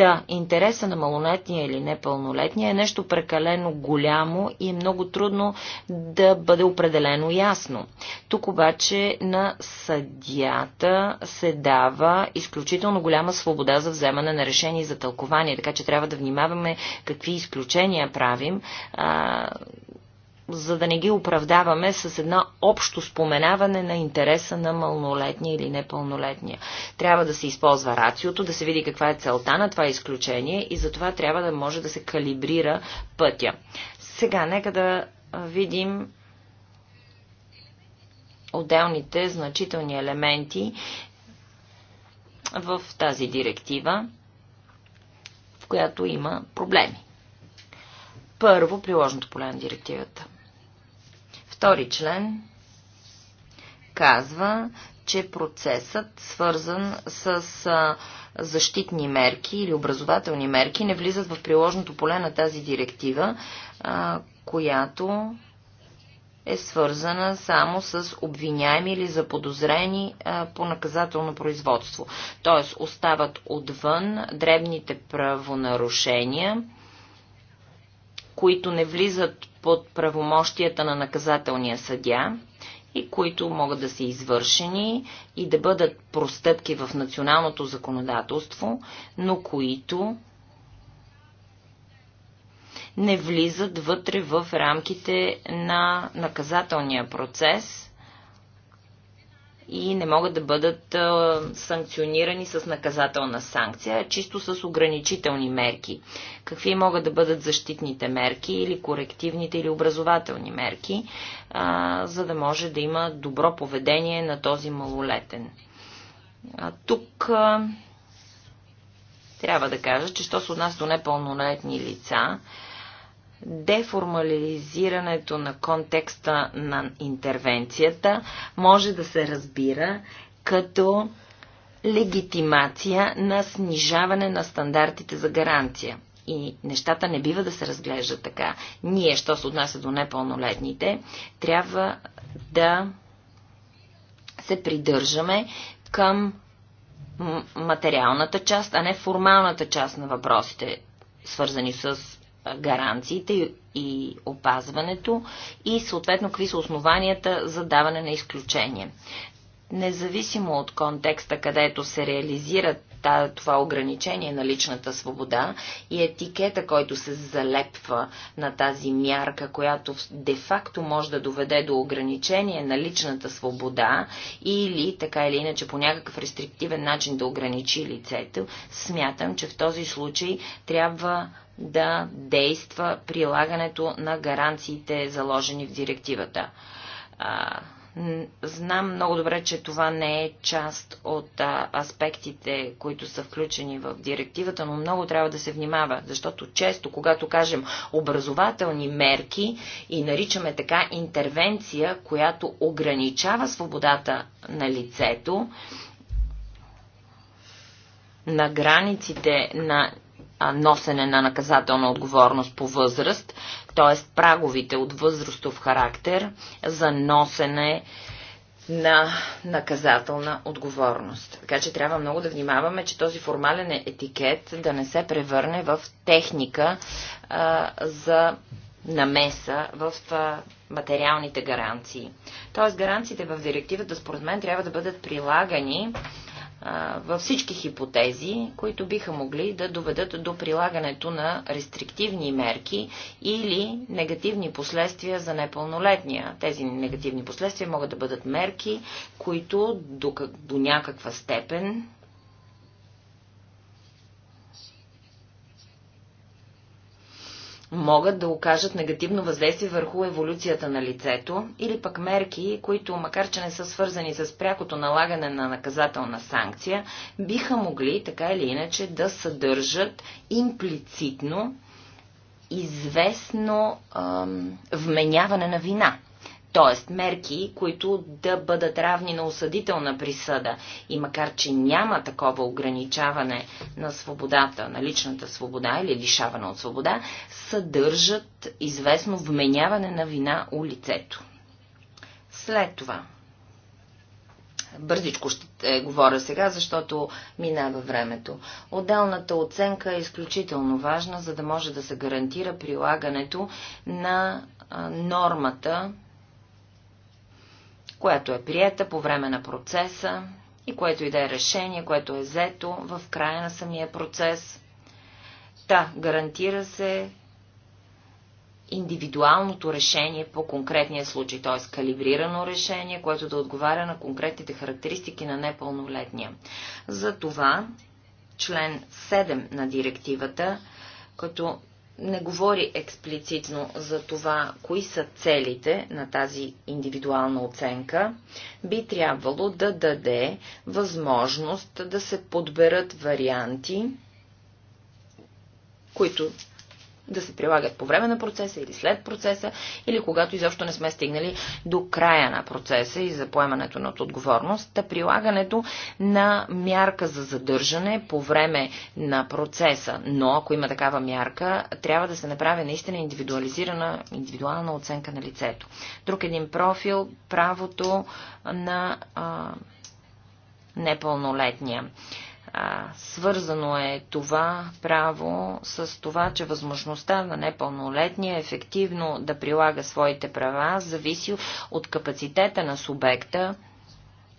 [SPEAKER 3] Та, интереса на малолетния или непълнолетния е нещо прекалено голямо и е много трудно да бъде определено ясно. Тук обаче на съдията се дава изключително голяма свобода за вземане на решение за тълкование, така че трябва да внимаваме какви изключения правим, а, за да не ги оправдаваме с едно общо споменаване на интереса на малнолетния или непълнолетния. Трябва да се използва рациото, да се види каква е целта на това изключение и за това трябва да може да се калибрира пътя. Сега нека да видим отделните значителни елементи в тази директива, в която има проблеми. Първо, приложното поле на директивата. Втори член казва, че процесът, свързан с защитни мерки или образователни мерки, не влизат в приложното поле на тази директива, която е свързана само с обвиняеми или заподозрени по наказателно производство. Т.е. остават отвън дребните правонарушения, които не влизат под правомощията на наказателния съдя и които могат да са извършени и да бъдат простъпки в националното законодателство, но които не влизат вътре в рамките на наказателния процес и не могат да бъдат санкционирани с наказателна санкция, а чисто с ограничителни мерки. Какви могат да бъдат защитните мерки или корективните или образователни мерки, за да може да има добро поведение на този малолетен. Тук трябва да кажа, че що се отнася до непълнолетни лица, деформализирането на контекста на интервенцията може да се разбира като легитимация на снижаване на стандартите за гаранция. И нещата не бива да се разглеждат така. Ние, що се отнася до непълнолетните, трябва да се придържаме към материалната част, а не формалната част на въпросите, свързани с гаранциите и опазването и съответно какви са основанията за даване на изключение. Независимо от контекста, където се реализира това ограничение на личната свобода и етикета, който се залепва на тази мярка, която де-факто може да доведе до ограничение на личната свобода или така или иначе по някакъв рестриктивен начин да ограничи лицето, смятам, че в този случай трябва да действа прилагането на гаранциите, заложени в директивата. Знам много добре, че това не е част от аспектите, които са включени в директивата, но много трябва да се внимава, защото често, когато кажем образователни мерки и наричаме така интервенция, която ограничава свободата на лицето, на границите на носене на наказателна отговорност по възраст, т.е. праговите от възрастов характер за носене на наказателна отговорност. Така че трябва много да внимаваме, че този формален етикет да не се превърне в техника а, за намеса в а, материалните гаранции. Тоест гаранциите в директивата, според мен, трябва да бъдат прилагани във всички хипотези, които биха могли да доведат до прилагането на рестриктивни мерки или негативни последствия за непълнолетния. Тези негативни последствия могат да бъдат мерки, които до, до някаква степен могат да окажат негативно въздействие върху еволюцията на лицето или пък мерки, които, макар че не са свързани с прякото налагане на наказателна санкция, биха могли, така или иначе, да съдържат имплицитно известно ам, вменяване на вина т.е. мерки, които да бъдат равни на осъдителна присъда. И макар, че няма такова ограничаване на свободата, на личната свобода или лишаване от свобода, съдържат известно вменяване на вина у лицето. След това, бързичко ще е, говоря сега, защото минава времето. Отделната оценка е изключително важна, за да може да се гарантира прилагането на нормата която е прията по време на процеса и което и да е решение, което е взето в края на самия процес. Та, да, гарантира се индивидуалното решение по конкретния случай, т.е. калибрирано решение, което да отговаря на конкретните характеристики на непълнолетния. Затова член 7 на директивата, като не говори експлицитно за това, кои са целите на тази индивидуална оценка, би трябвало да даде възможност да се подберат варианти, които да се прилагат по време на процеса или след процеса, или когато изобщо не сме стигнали до края на процеса и за поемането на отговорност. Та прилагането на мярка за задържане по време на процеса. Но ако има такава мярка, трябва да се направи наистина индивидуализирана, индивидуална оценка на лицето. Друг един профил правото на а, непълнолетния. А, свързано е това право с това, че възможността на непълнолетния ефективно да прилага своите права зависи от капацитета на субекта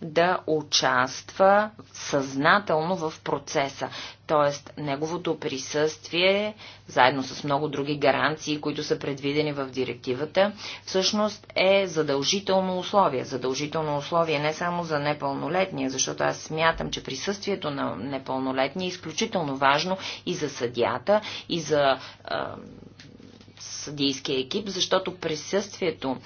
[SPEAKER 3] да участва съзнателно в процеса. Тоест, неговото присъствие, заедно с много други гаранции, които са предвидени в директивата, всъщност е задължително условие. Задължително условие не само за непълнолетния, защото аз смятам, че присъствието на непълнолетния е изключително важно и за съдята, и за съдийския екип, защото присъствието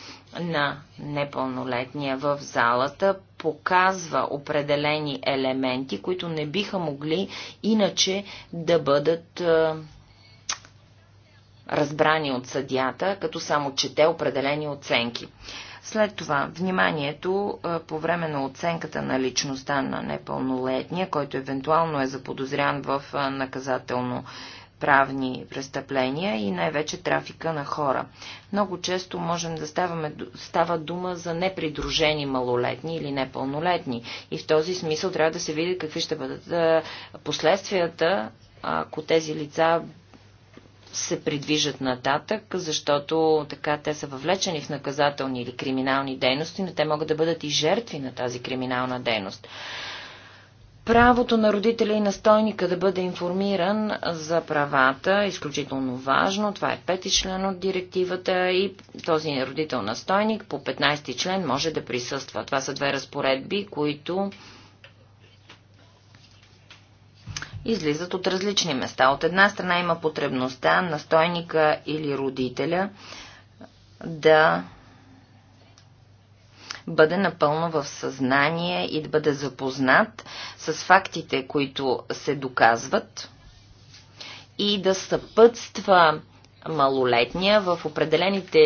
[SPEAKER 3] на непълнолетния в залата показва определени елементи, които не биха могли иначе да бъдат разбрани от съдята, като само чете определени оценки. След това, вниманието по време на оценката на личността на непълнолетния, който евентуално е заподозрян в наказателно правни престъпления и най-вече трафика на хора. Много често можем да ставаме, става дума за непридружени малолетни или непълнолетни. И в този смисъл трябва да се види какви ще бъдат последствията, ако тези лица се придвижат нататък, защото така те са въвлечени в наказателни или криминални дейности, но те могат да бъдат и жертви на тази криминална дейност. Правото на родителя и настойника да бъде информиран за правата е изключително важно. Това е пети член от директивата и този родител-настойник по 15-ти член може да присъства. Това са две разпоредби, които излизат от различни места. От една страна има потребността настойника или родителя да бъде напълно в съзнание и да бъде запознат с фактите, които се доказват и да съпътства малолетния в определените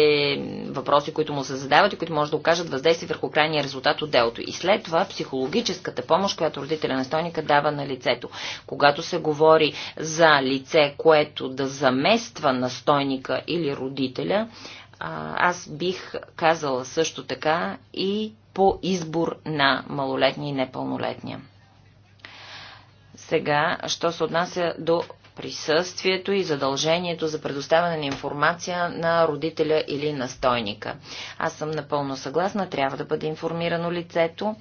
[SPEAKER 3] въпроси, които му се задават и които може да окажат въздействие върху крайния резултат от делото. И след това психологическата помощ, която родителя настойника дава на лицето. Когато се говори за лице, което да замества настойника или родителя, аз бих казала също така и по избор на малолетния и непълнолетния. Сега, що се отнася до присъствието и задължението за предоставяне на информация на родителя или настойника. Аз съм напълно съгласна, трябва да бъде информирано лицето.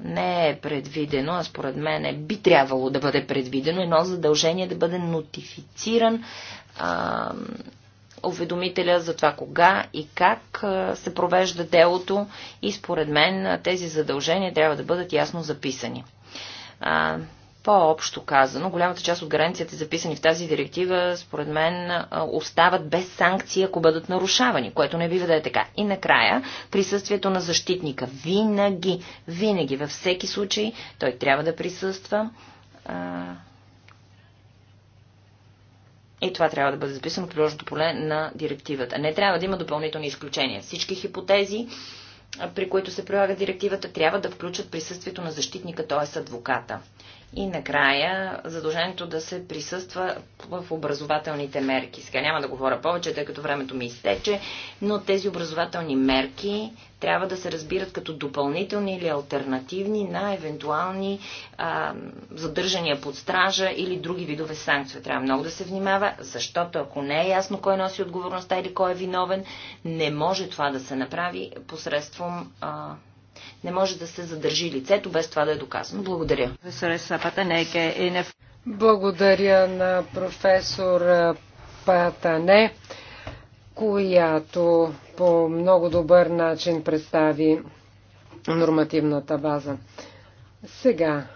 [SPEAKER 3] Не е предвидено, а според мен би трябвало да бъде предвидено едно задължение да бъде нотифициран а, уведомителя за това кога и как се провежда делото и според мен тези задължения трябва да бъдат ясно записани. По-общо казано, голямата част от гаранцията, записани в тази директива, според мен остават без санкции, ако бъдат нарушавани, което не бива да е така. И накрая, присъствието на защитника. Винаги, винаги, във всеки случай, той трябва да присъства и това трябва да бъде записано в приложното поле на директивата. Не трябва да има допълнителни изключения. Всички хипотези, при които се прилага директивата, трябва да включат присъствието на защитника, т.е. адвоката. И накрая задължението да се присъства в образователните мерки. Сега няма да говоря повече, тъй като времето ми изтече, но тези образователни мерки трябва да се разбират като допълнителни или альтернативни на евентуални а, задържания под стража или други видове санкции. Трябва много да се внимава, защото ако не е ясно кой носи отговорността или кой е виновен, не може това да се направи посредством а, не може да се задържи лицето без това да е доказано. Благодаря.
[SPEAKER 2] Благодаря на професор Патане, която по много добър начин представи нормативната база. Сега,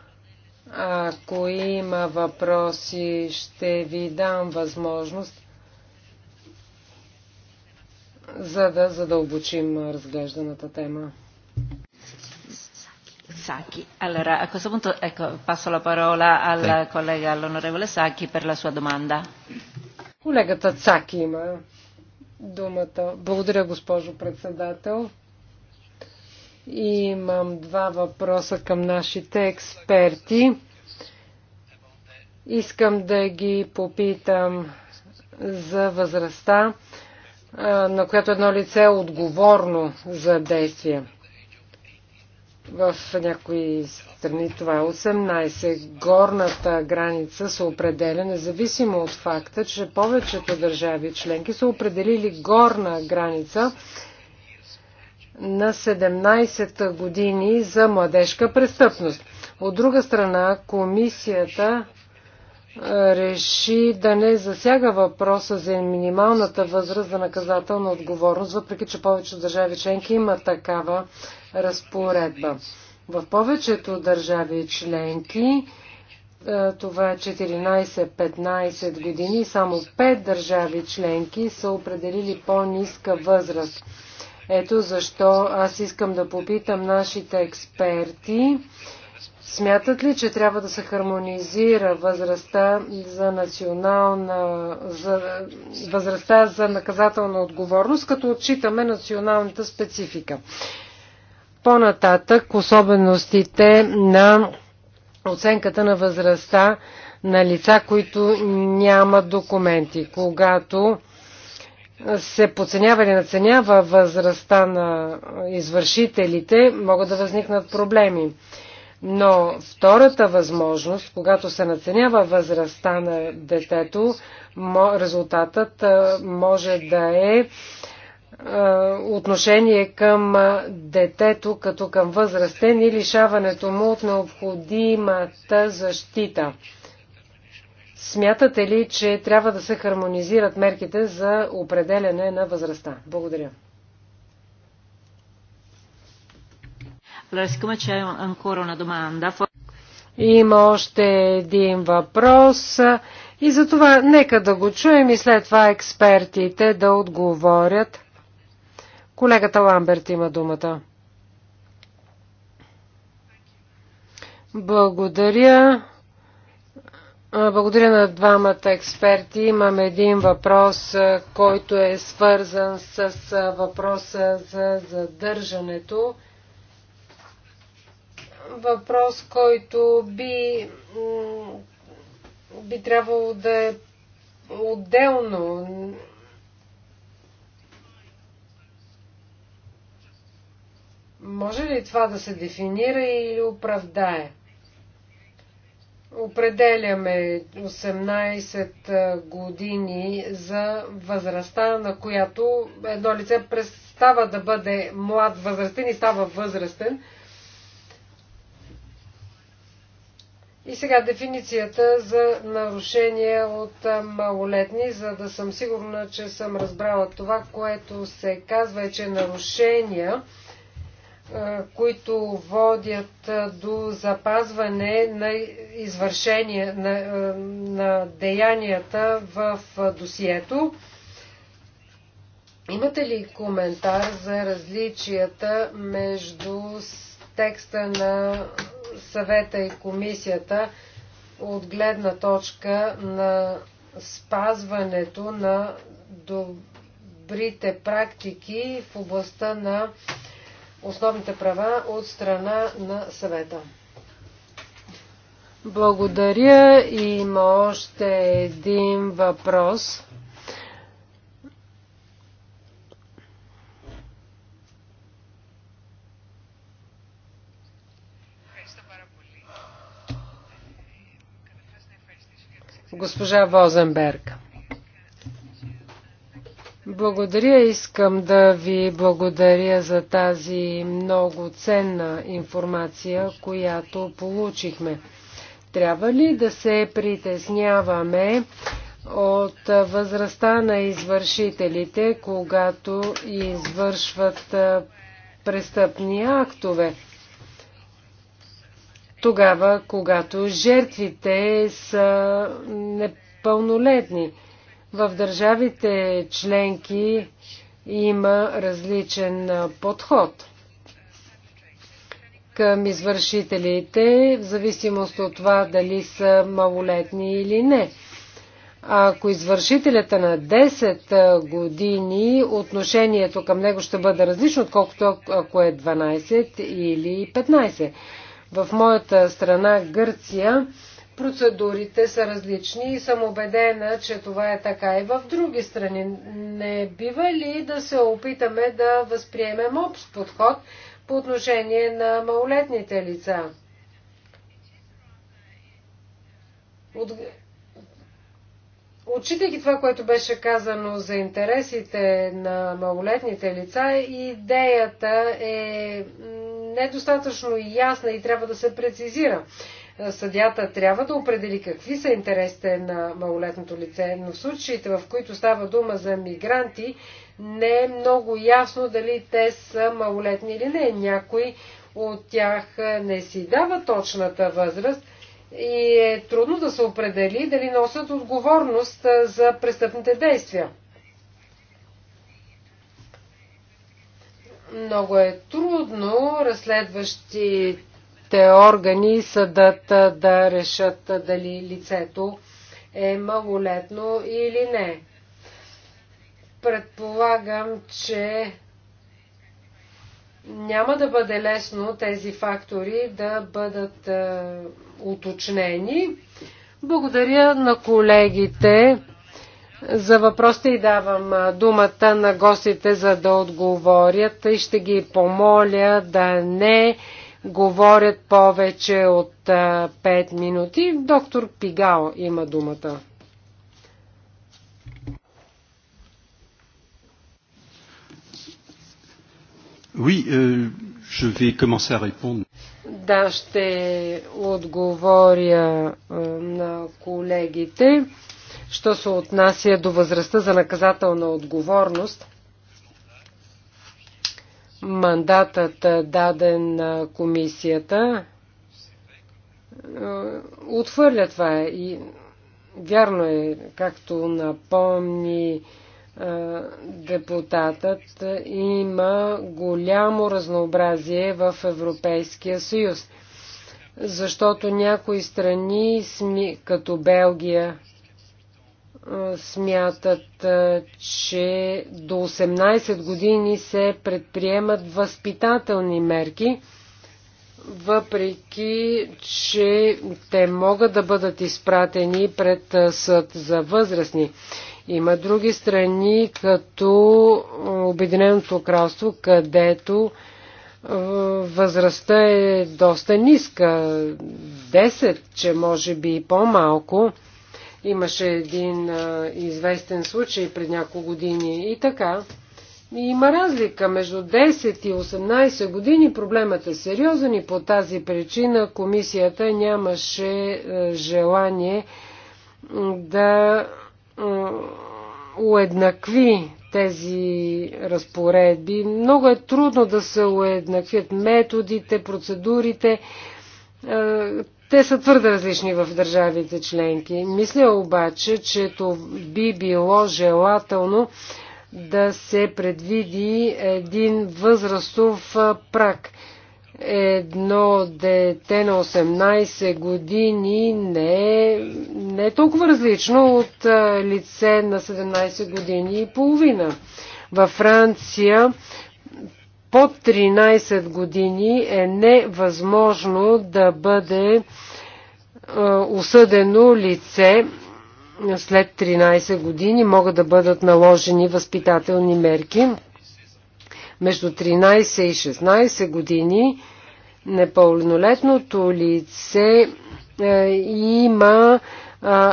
[SPEAKER 2] ако има въпроси, ще ви дам възможност за да задълбочим разглежданата тема.
[SPEAKER 3] Sacchi. Allora, a questo punto ecco, passo la parola al sì. collega, all'onorevole Sacchi, per la sua domanda.
[SPEAKER 2] Колегата Цаки има думата. Благодаря, госпожо председател. Имам два въпроса към нашите експерти. Искам да ги попитам за възрастта, на която едно лице е отговорно за действия. В някои страни това е 18. Горната граница се определя независимо от факта, че повечето държави членки са определили горна граница на 17 години за младежка престъпност. От друга страна, комисията реши да не засяга въпроса за минималната възраст за наказателна отговорност, въпреки че повече държави членки има такава разпоредба. В повечето държави членки е, това е 14-15 години. Само 5 държави членки са определили по-ниска възраст. Ето защо аз искам да попитам нашите експерти. Смятат ли, че трябва да се хармонизира възрастта за национална, за, възрастта за наказателна отговорност, като отчитаме националната специфика? По-нататък особеностите на оценката на възрастта на лица, които нямат документи. Когато се подценява или наценява възрастта на извършителите, могат да възникнат проблеми. Но втората възможност, когато се наценява възрастта на детето, резултатът може да е е, отношение към е, детето като към възрастен и лишаването му от необходимата защита. Смятате ли, че трябва да се хармонизират мерките за определяне на възрастта? Благодаря. Има още един въпрос и за това нека да го чуем и след това експертите да отговорят. Колегата Ламберт има думата. Благодаря. Благодаря на двамата експерти. Имам един въпрос, който е свързан с въпроса за задържането. Въпрос, който би, би трябвало да е отделно Може ли това да се дефинира или оправдае? Определяме 18 години за възрастта, на която едно лице престава да бъде млад възрастен и става възрастен. И сега дефиницията за нарушение от малолетни, за да съм сигурна, че съм разбрала това, което се казва е, че нарушения които водят до запазване на извършение на, на деянията в досието. Имате ли коментар за различията между текста на съвета и комисията от гледна точка на спазването на добрите практики в областта на основните права от страна на съвета. Благодаря. Има още един въпрос. Госпожа Возенберг. Благодаря. Искам да ви благодаря за тази много ценна информация, която получихме. Трябва ли да се притесняваме от възрастта на извършителите, когато извършват престъпни актове? Тогава, когато жертвите са непълнолетни в държавите членки има различен подход към извършителите, в зависимост от това дали са малолетни или не. Ако извършителята е на 10 години, отношението към него ще бъде различно, отколкото ако е 12 или 15. В моята страна Гърция процедурите са различни и съм убедена, че това е така и в други страни. Не бива ли да се опитаме да възприемем общ подход по отношение на малолетните лица? От... Отчитайки това, което беше казано за интересите на малолетните лица, идеята е недостатъчно ясна и трябва да се прецизира съдята трябва да определи какви са интересите на малолетното лице, но в случаите, в които става дума за мигранти, не е много ясно дали те са малолетни или не. Някой от тях не си дава точната възраст и е трудно да се определи дали носят отговорност за престъпните действия. Много е трудно разследващи съдебните органи и съдът да решат дали лицето е малолетно или не. Предполагам, че няма да бъде лесно тези фактори да бъдат е, уточнени. Благодаря на колегите за въпросите и давам думата на гостите, за да отговорят и ще ги помоля да не говорят повече от 5 минути. Доктор Пигао има думата. Oui, euh, je vais commencer à répondre. Да, ще отговоря на колегите, що се отнася до възрастта за наказателна отговорност мандатът даден на комисията, отхвърля това. И вярно е, както напомни депутатът, има голямо разнообразие в Европейския съюз, защото някои страни, като Белгия, смятат, че до 18 години се предприемат възпитателни мерки, въпреки че те могат да бъдат изпратени пред съд за възрастни. Има други страни, като Обединеното кралство, където възрастта е доста ниска, 10, че може би и по-малко. Имаше един а, известен случай пред няколко години и така. Има разлика между 10 и 18 години. Проблемът е сериозен и по тази причина комисията нямаше а, е, желание да а, уеднакви тези разпоредби. Много е трудно да се уеднаквят методите, процедурите е, те са твърде различни в държавите членки. Мисля обаче, че то би било желателно да се предвиди един възрастов прак. Едно дете на 18 години не е, не е толкова различно от лице на 17 години и половина. Във Франция под 13 години е невъзможно да бъде е, осъдено лице след 13 години могат да бъдат наложени възпитателни мерки. Между 13 и 16 години непълнолетното лице е, има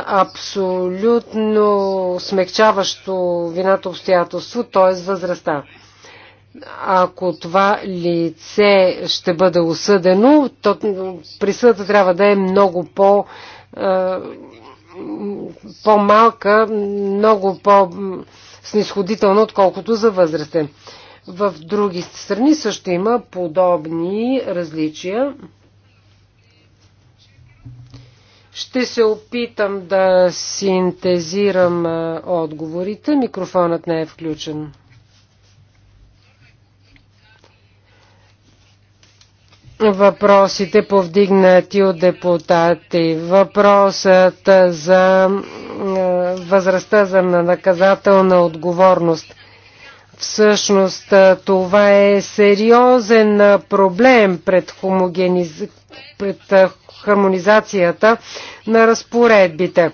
[SPEAKER 2] абсолютно смягчаващо вината обстоятелство, т.е. възрастта ако това лице ще бъде осъдено, то присъдата трябва да е много по- по-малка, много по-снисходителна, отколкото за възрастен. В други страни също има подобни различия. Ще се опитам да синтезирам отговорите. Микрофонът не е включен. въпросите повдигнати от депутати. Въпросът за възрастта за наказателна отговорност. Всъщност това е сериозен проблем пред, хомогениз... пред хармонизацията на разпоредбите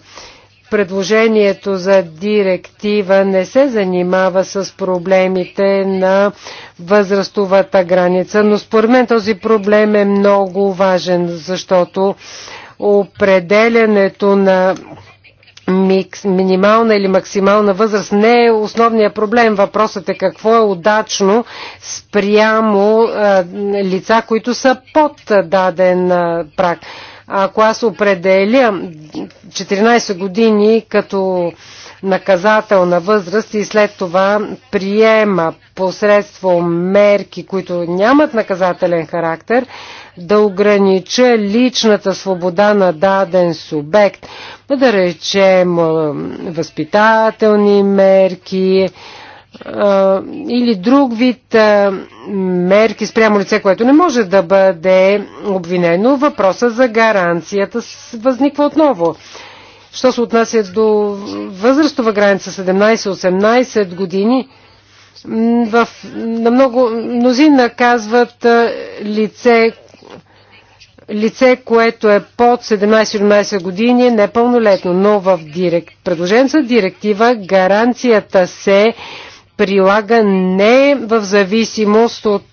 [SPEAKER 2] предложението за директива не се занимава с проблемите на възрастовата граница, но според мен този проблем е много важен, защото определянето на минимална или максимална възраст не е основният проблем. Въпросът е какво е удачно спрямо лица, които са под даден прак. Ако аз определя 14 години като наказателна възраст и след това приема посредством мерки, които нямат наказателен характер, да огранича личната свобода на даден субект, да речем възпитателни мерки, или друг вид мерки спрямо лице, което не може да бъде обвинено, въпроса за гаранцията възниква отново. Що се отнася до възрастова граница 17-18 години, в, на много, мнозина казват лице, лице, което е под 17-17 години, е непълнолетно, но в директ, предложен за директива гаранцията се прилага не в зависимост от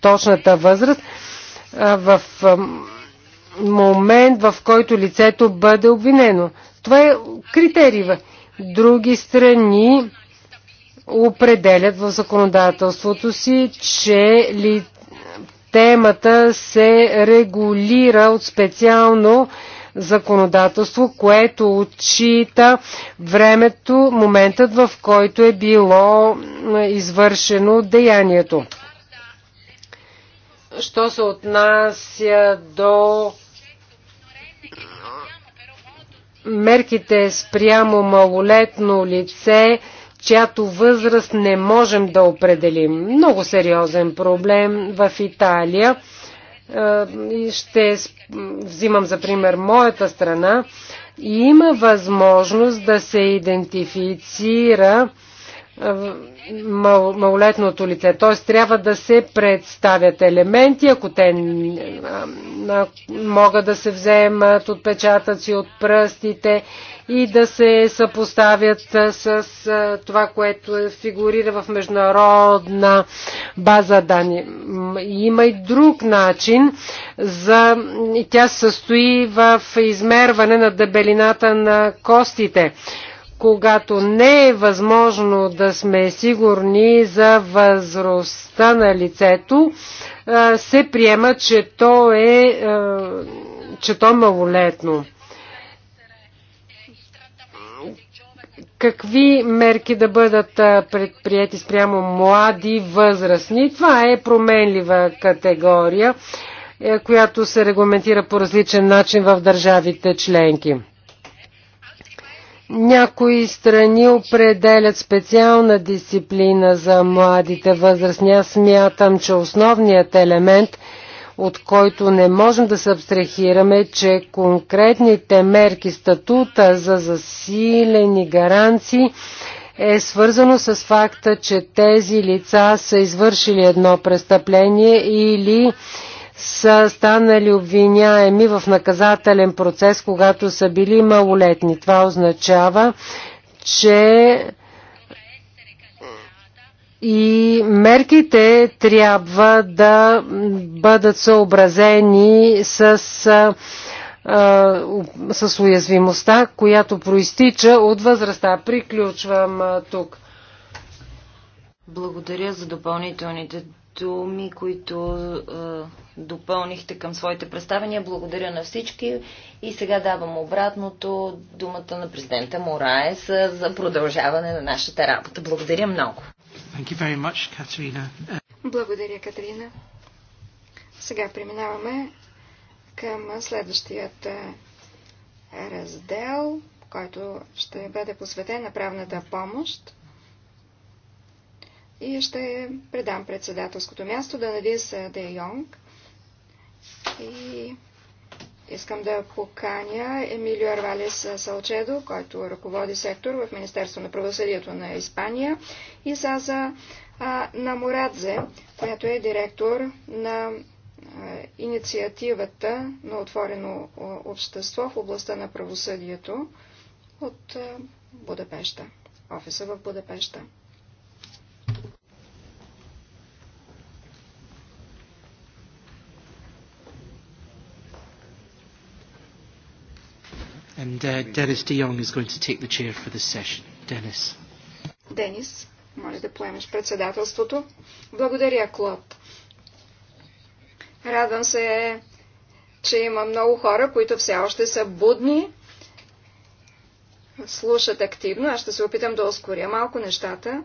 [SPEAKER 2] точната възраст, а в момент, в който лицето бъде обвинено. Това е критерий. Други страни определят в законодателството си, че ли темата се регулира от специално законодателство, което отчита времето, моментът в който е било извършено деянието. Що се отнася до мерките спрямо малолетно лице, чиято възраст не можем да определим. Много сериозен проблем в Италия. Е, ще взимам за пример моята страна, има възможност да се идентифицира е, малолетното лице. Т.е. трябва да се представят елементи, ако те е, могат да се вземат отпечатъци от пръстите, и да се съпоставят с това, което е, фигурира в международна база данни. Има и друг начин за... Тя състои в измерване на дебелината на костите когато не е възможно да сме сигурни за възрастта на лицето, се приема, че то е, че то е малолетно. какви мерки да бъдат предприяти спрямо млади, възрастни. Това е променлива категория, е, която се регламентира по различен начин в държавите членки. Някои страни определят специална дисциплина за младите възрастни. Аз смятам, че основният елемент – от който не можем да се абстрахираме, че конкретните мерки, статута за засилени гаранции е свързано с факта, че тези лица са извършили едно престъпление или са станали обвиняеми в наказателен процес, когато са били малолетни. Това означава, че и мерките трябва да бъдат съобразени с, а, с уязвимостта, която проистича от възрастта.
[SPEAKER 3] Приключвам а, тук. Благодаря за допълнителните думи, които а, допълнихте към своите представения. Благодаря на всички и сега давам обратното думата на президента Мораес за продължаване на нашата работа. Благодаря много
[SPEAKER 1] much, Благодаря, Катерина. Сега преминаваме към следващият е, раздел, който ще бъде посветен на правната помощ. И ще предам председателското място да Надис Де Йонг. И искам да поканя Емилио Арвалес Салчедо, който ръководи сектор в Министерство на правосъдието на Испания, и Саза Намурадзе, която е директор на инициативата на отворено общество в областта на правосъдието от Будапешта, офиса в Будапешта. And uh, Dennis de Jong is going
[SPEAKER 2] to take the chair for this session. Dennis.
[SPEAKER 1] Dennis. Моля да поемеш председателството. Благодаря, Клод. Радвам се, че има много хора, които все още са будни, слушат активно. Аз ще се опитам да ускоря малко нещата,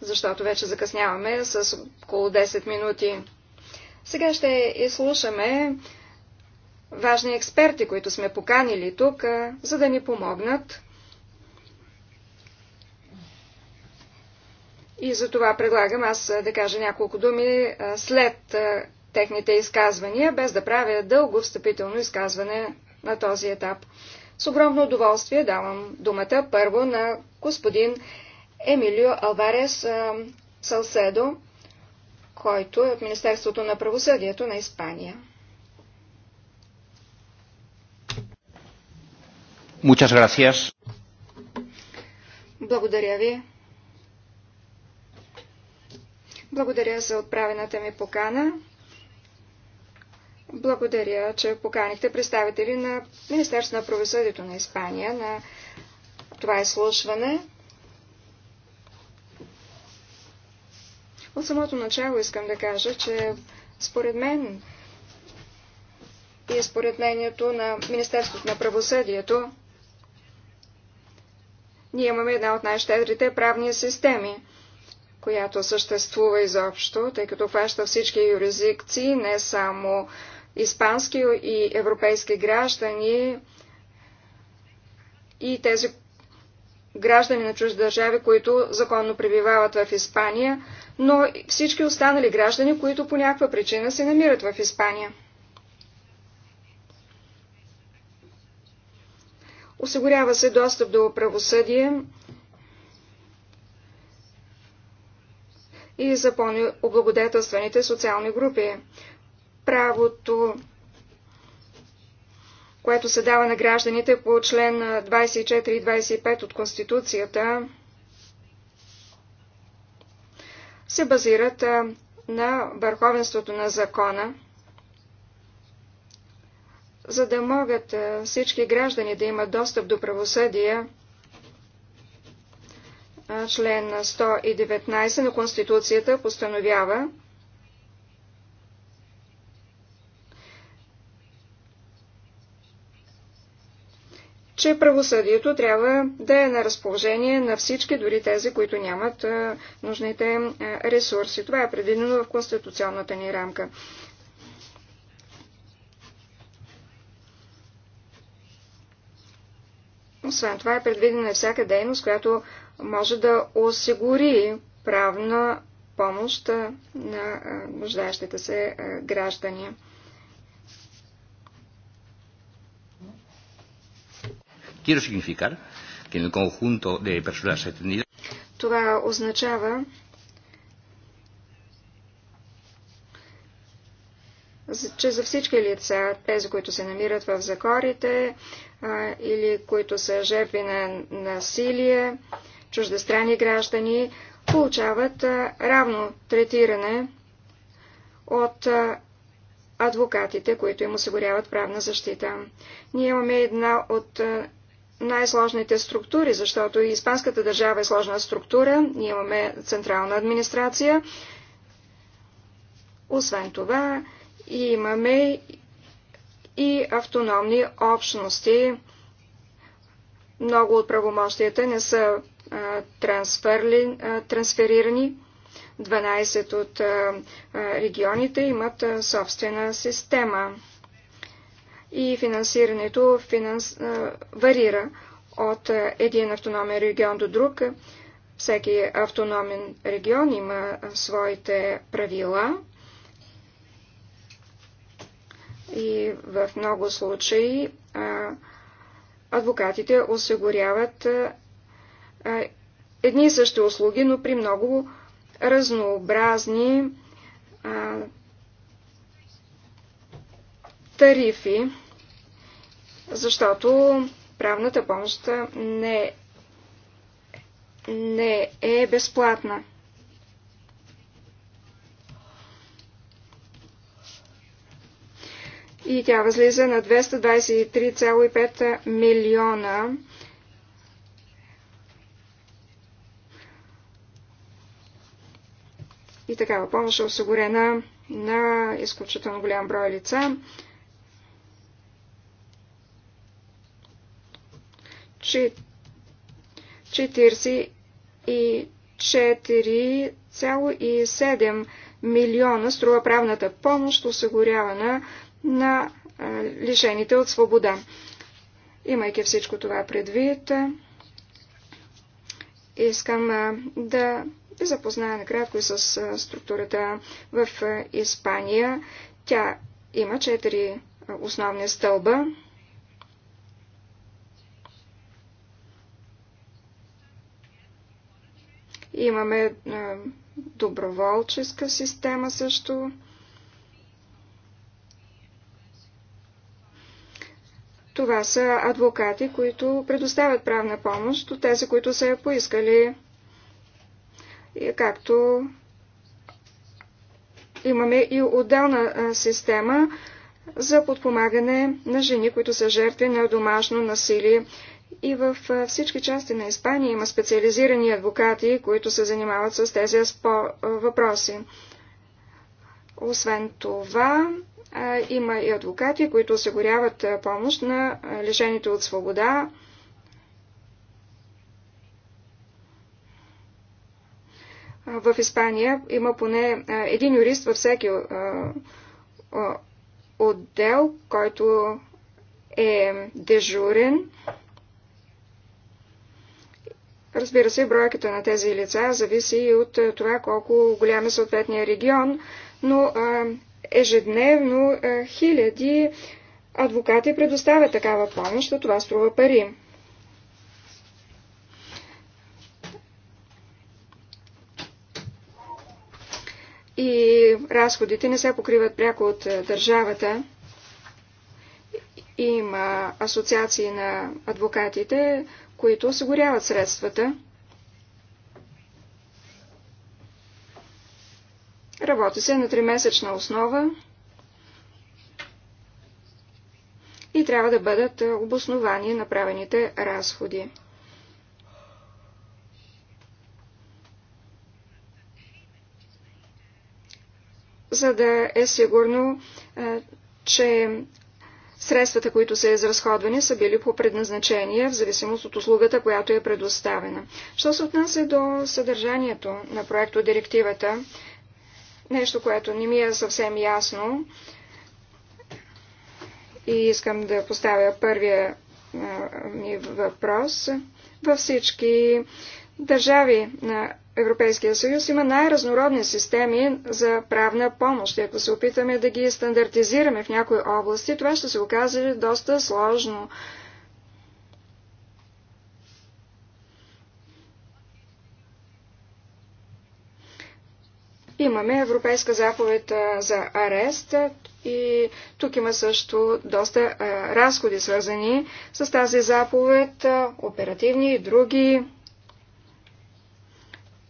[SPEAKER 1] защото вече закъсняваме с около 10 минути. Сега ще изслушаме важни експерти, които сме поканили тук, за да ни помогнат И за това предлагам аз да кажа няколко думи след техните изказвания, без да правя дълго встъпително изказване на този етап. С огромно удоволствие давам думата първо на господин Емилио Алварес Салседо, който е от Министерството на правосъдието на Испания. Благодаря ви. Благодаря за отправената ми покана. Благодаря, че поканихте представители на Министерство на правосъдието на Испания на това изслушване. От самото начало искам да кажа, че според мен и според мнението на Министерството на правосъдието, ние имаме една от най-щедрите правни системи – която съществува изобщо, тъй като хваща всички юрисдикции, не само испански и европейски граждани и тези граждани на чужди държави, които законно пребивават в Испания, но и всички останали граждани, които по някаква причина се намират в Испания. Осигурява се достъп до правосъдие и за по-облагодетелстваните социални групи. Правото, което се дава на гражданите по член 24 и 25 от Конституцията, се базират на върховенството на закона, за да могат всички граждани да имат достъп до правосъдие, член 119 на Конституцията постановява, че правосъдието трябва да е на разположение на всички, дори тези, които нямат нужните ресурси. Това е предвидено в конституционната ни рамка. Освен това е предвидена всяка дейност, която може да осигури правна помощ на нуждащите се граждани. Quiero significar que en el conjunto de personas atendidas това означава че за всички лица, тези, които се намират в закорите а, или които са жертви на насилие, чуждестранни граждани получават равно третиране от адвокатите, които им осигуряват правна защита. Ние имаме една от най-сложните структури, защото и Испанската държава е сложна структура, ние имаме централна администрация. Освен това, имаме и автономни общности. Много от правомощията не са трансферирани. 12 от регионите имат собствена система и финансирането финанс... варира от един автономен регион до друг. Всеки автономен регион има своите правила и в много случаи адвокатите осигуряват едни и същи услуги, но при много разнообразни а, тарифи, защото правната помощ не, не е безплатна. И тя възлиза на 223,5 милиона такава помощ е осигурена на изключително голям брой лица. Чи... 44,7 милиона струва правната помощ, осигурявана на лишените от свобода. Имайки всичко това предвид, искам да ви запозная накратко и с структурата в Испания. Тя има четири основни стълба. Имаме доброволческа система също. Това са адвокати, които предоставят правна помощ от тези, които са я поискали както имаме и отделна система за подпомагане на жени, които са жертви на домашно насилие. И в всички части на Испания има специализирани адвокати, които се занимават с тези въпроси. Освен това, има и адвокати, които осигуряват помощ на лишените от свобода, В Испания има поне един юрист във всеки отдел, който е дежурен. Разбира се, бройката на тези лица зависи и от това колко голям е съответния регион, но ежедневно хиляди адвокати предоставят такава помощ, а това струва пари. и разходите не се покриват пряко от е, държавата. Има асоциации на адвокатите, които осигуряват средствата. Работи се на тримесечна основа и трябва да бъдат е, обосновани направените разходи. за да е сигурно, е, че средствата, които са изразходвани, са били по предназначение, в зависимост от услугата, която е предоставена. Що се отнася до съдържанието на проекто директивата, нещо, което не ми е съвсем ясно и искам да поставя първия е, ми въпрос. Във всички държави на Европейския съюз има най-разнородни системи за правна помощ. И ако се опитаме да ги стандартизираме в някои области, това ще се окаже доста сложно. Имаме Европейска заповед за арест и тук има също доста разходи свързани с тази заповед, оперативни и други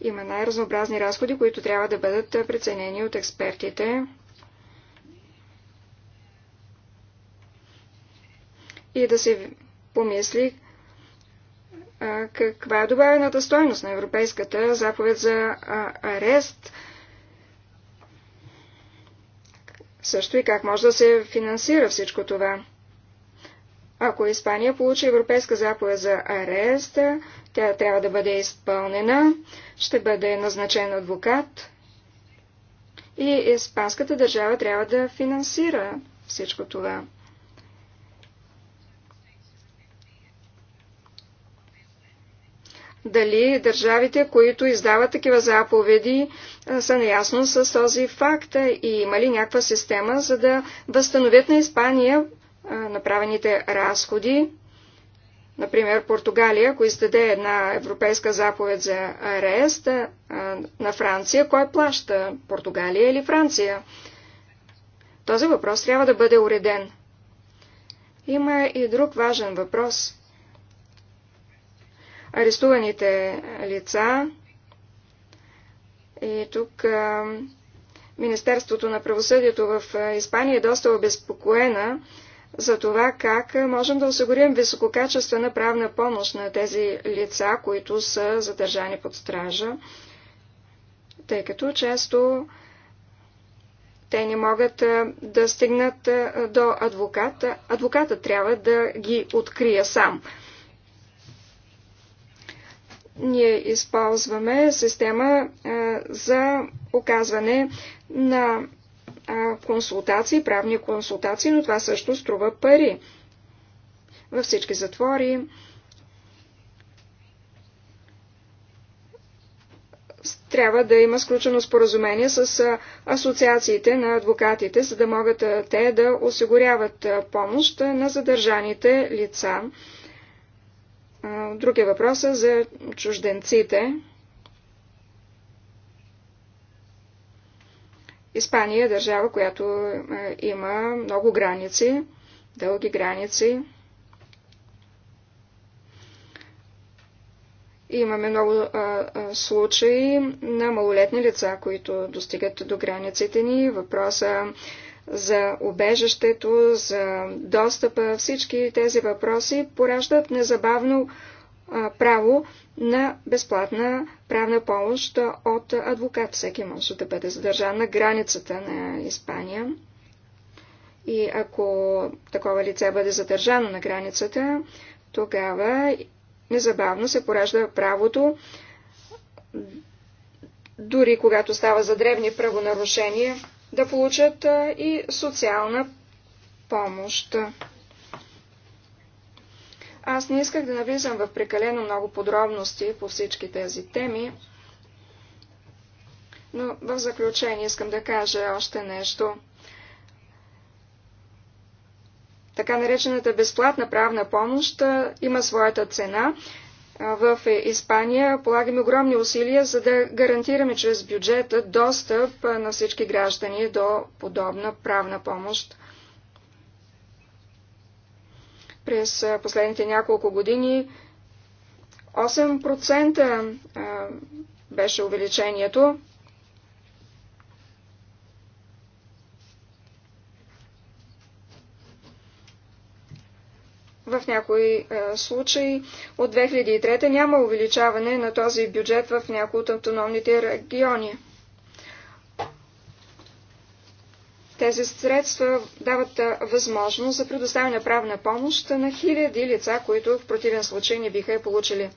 [SPEAKER 1] има най-разнообразни разходи, които трябва да бъдат преценени от експертите. И да се помисли каква е добавената стойност на Европейската заповед за арест, също и как може да се финансира всичко това. Ако Испания получи Европейска заповед за арест, тя трябва да бъде изпълнена. Ще бъде назначен адвокат. И испанската държава трябва да финансира всичко това. дали държавите, които издават такива заповеди, са наясно с този факт и има ли някаква система, за да възстановят на Испания направените разходи Например, Португалия, ако издаде една европейска заповед за арест на Франция, кой плаща? Португалия или Франция? Този въпрос трябва да бъде уреден. Има и друг важен въпрос. Арестуваните лица и тук Министерството на правосъдието в Испания е доста обезпокоена, за това как можем да осигурим висококачествена правна помощ на тези лица, които са задържани под стража, тъй като често те не могат да стигнат до адвоката. Адвоката трябва да ги открие сам. Ние използваме система за оказване на консултации, правни консултации, но това също струва пари. Във всички затвори трябва да има сключено споразумение с асоциациите на адвокатите, за да могат те да осигуряват помощ на задържаните лица. Другия въпрос е за чужденците. Испания е държава, която е, има много граници, дълги граници. Имаме много а, е, а, е, случаи на малолетни лица, които достигат до границите ни. Въпроса за убежището, за достъпа, всички тези въпроси пораждат незабавно право на безплатна правна помощ от адвокат. Всеки може да бъде задържан на границата на Испания. И ако такова лице бъде задържано на границата, тогава незабавно се поражда правото, дори когато става за древни правонарушения, да получат и социална помощ. Аз не исках да навлизам в прекалено много подробности по всички тези теми, но в заключение искам да кажа още нещо. Така наречената безплатна правна помощ има своята цена. В Испания полагаме огромни усилия, за да гарантираме чрез бюджета достъп на всички граждани до подобна правна помощ. През последните няколко години 8% беше увеличението. В някои случаи от 2003 няма увеличаване на този бюджет в някои от автономните региони. Тези средства дават възможност за предоставяне на правна помощ на хиляди лица, които в противен случай не биха я получили.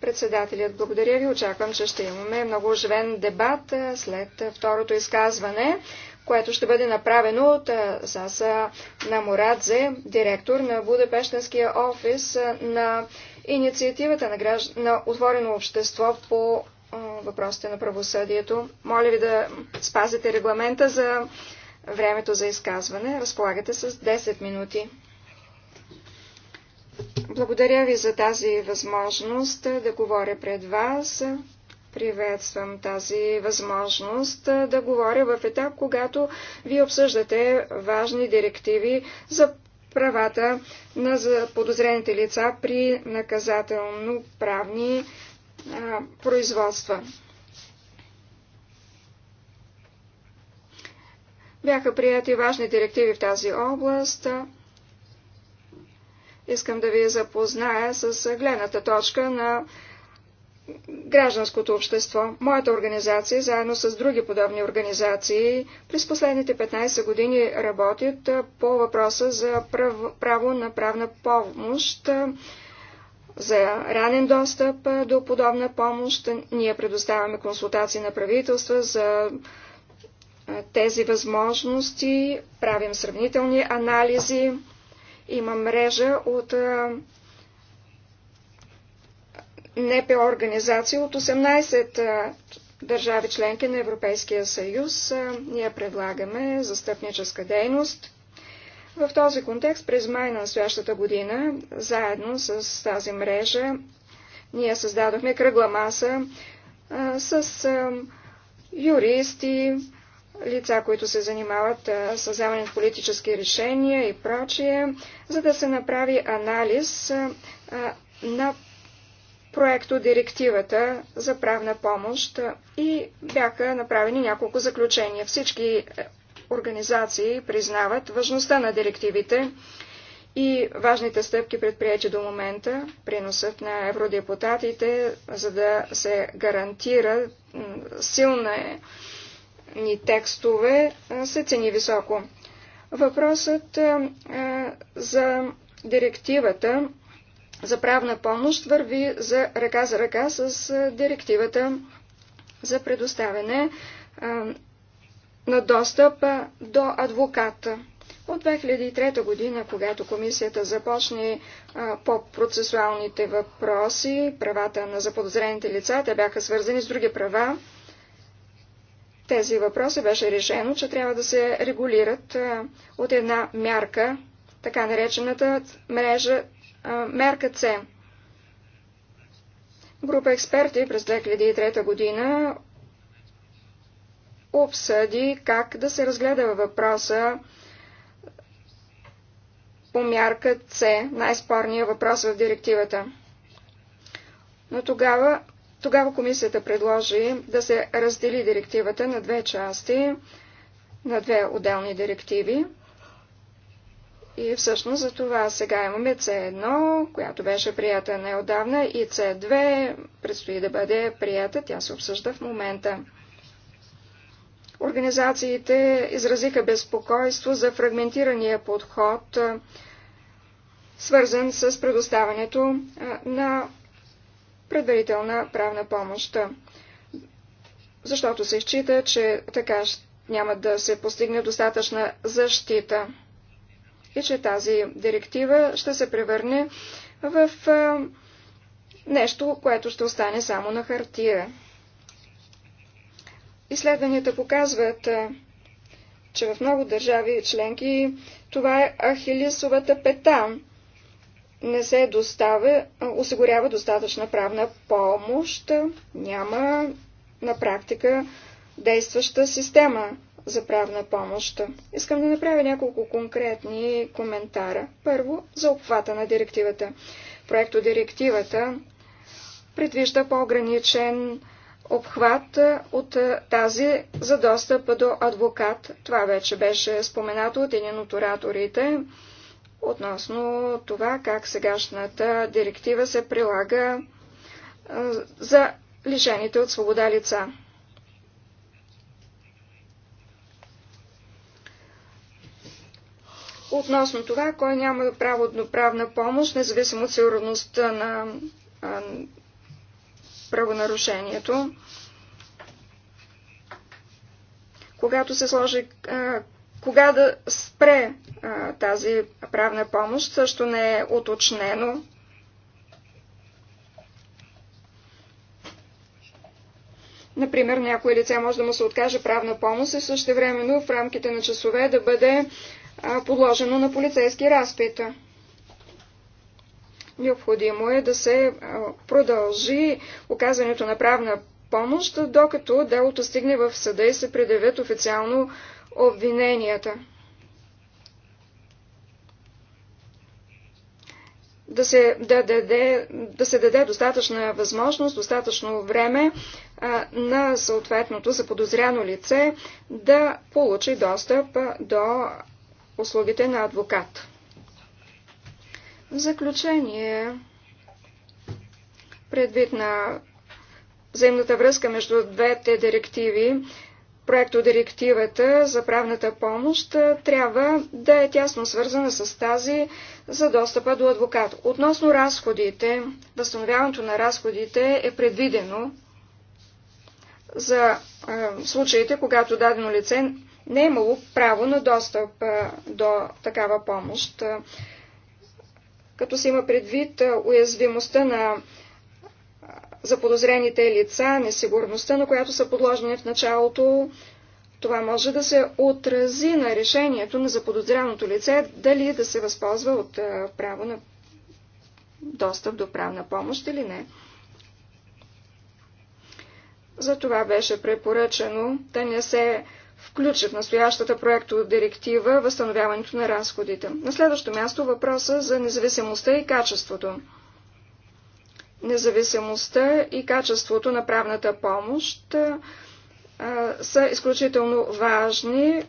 [SPEAKER 1] Председателят, благодаря ви. Очаквам, че ще имаме много оживен дебат след второто изказване, което ще бъде направено от Саса Намурадзе, директор на Будапештенския офис на инициативата на, гражд... на отворено общество по въпросите на правосъдието. Моля ви да спазите регламента за времето за изказване. Разполагате с 10 минути. Благодаря ви за тази възможност да говоря пред вас. Приветствам тази възможност да говоря в етап, когато ви обсъждате важни директиви за правата на подозрените лица при наказателно-правни производства. Бяха прияти важни директиви в тази област. Искам да ви запозная с гледната точка на гражданското общество. Моята организация, заедно с други подобни организации, през последните 15 години работят по въпроса за право на правна помощ за ранен достъп до подобна помощ. Ние предоставяме консултации на правителства за тези възможности, правим сравнителни анализи. Има мрежа от НПО организации от 18 държави членки на Европейския съюз. Ние предлагаме застъпническа дейност в този контекст през май на настоящата година, заедно с тази мрежа, ние създадохме кръгла маса а, с а, юристи, лица, които се занимават с вземане на политически решения и прочие, за да се направи анализ а, а, на проекто директивата за правна помощ и бяха направени няколко заключения. Всички организации признават важността на директивите и важните стъпки предприяти до момента, приносът на евродепутатите, за да се гарантира силна ни текстове, се цени високо. Въпросът за директивата за правна помощ върви за ръка за ръка с директивата за предоставяне на достъпа до адвоката. От 2003 година, когато комисията започне по процесуалните въпроси, правата на заподозрените лица, те бяха свързани с други права. Тези въпроси беше решено, че трябва да се регулират а, от една мярка, така наречената мрежа, а, мерка С. Група експерти през 2003 година обсъди как да се разгледа въпроса по мярка С, най-спорния въпрос в директивата. Но тогава, тогава комисията предложи да се раздели директивата на две части, на две отделни директиви. И всъщност за това сега имаме с 1 която беше прията неодавна, и с 2 предстои да бъде прията, тя се обсъжда в момента. Организациите изразиха безпокойство за фрагментирания подход, свързан с предоставянето на предварителна правна помощ, защото се счита, че така няма да се постигне достатъчна защита и че тази директива ще се превърне в нещо, което ще остане само на хартия. Изследванията показват, че в много държави членки това е ахилисовата пета. Не се доставя, осигурява достатъчна правна помощ, няма на практика действаща система за правна помощ. Искам да направя няколко конкретни коментара. Първо, за обхвата на директивата. Проекто директивата предвижда по-ограничен обхват е, от е, тази за достъп до адвокат. Това вече беше споменато от един от ораторите относно това как сегашната директива се прилага е, за лишените от свобода лица. Относно това, кой няма право на правна помощ, независимо от сигурността на правонарушението. Когато се сложи кога да спре тази правна помощ, също не е уточнено. Например, някое лице може да му се откаже правна помощ и същевременно в рамките на часове да бъде подложено на полицейски разпита. Необходимо е да се продължи оказването на правна помощ, докато делото стигне в съда и се предявят официално обвиненията. да се, да, даде, да се даде достатъчна възможност, достатъчно време а, на съответното заподозряно лице да получи достъп а, до услугите на адвокат. В заключение, предвид на взаимната връзка между двете директиви, директивата за правната помощ трябва да е тясно свързана с тази за достъпа до адвокат. Относно разходите, възстановяването на разходите е предвидено за е, случаите, когато дадено лице не е имало право на достъп е, до такава помощ като се има предвид уязвимостта на заподозрените лица, несигурността, на която са подложени в началото, това може да се отрази на решението на заподозряното лице дали да се възползва от право на достъп до правна помощ или не. За това беше препоръчено да не се включи в настоящата проекто директива възстановяването на разходите. На следващо място въпроса за независимостта и качеството. Независимостта и качеството на правната помощ са изключително важни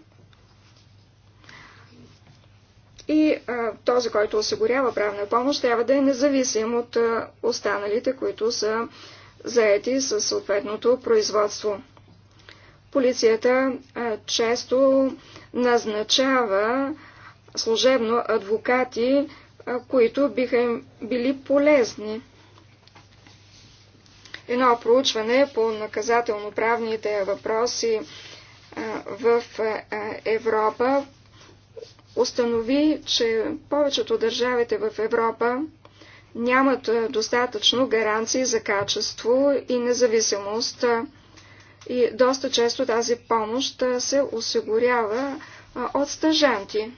[SPEAKER 1] и а, този, който осигурява правна помощ, трябва да е независим от а, останалите, които са заети със съответното производство. Полицията често назначава служебно адвокати, които биха им били полезни. Едно проучване по наказателно-правните въпроси в Европа установи, че повечето държавите в Европа нямат достатъчно гаранции за качество и независимост и доста често тази помощ се осигурява от стъжанти.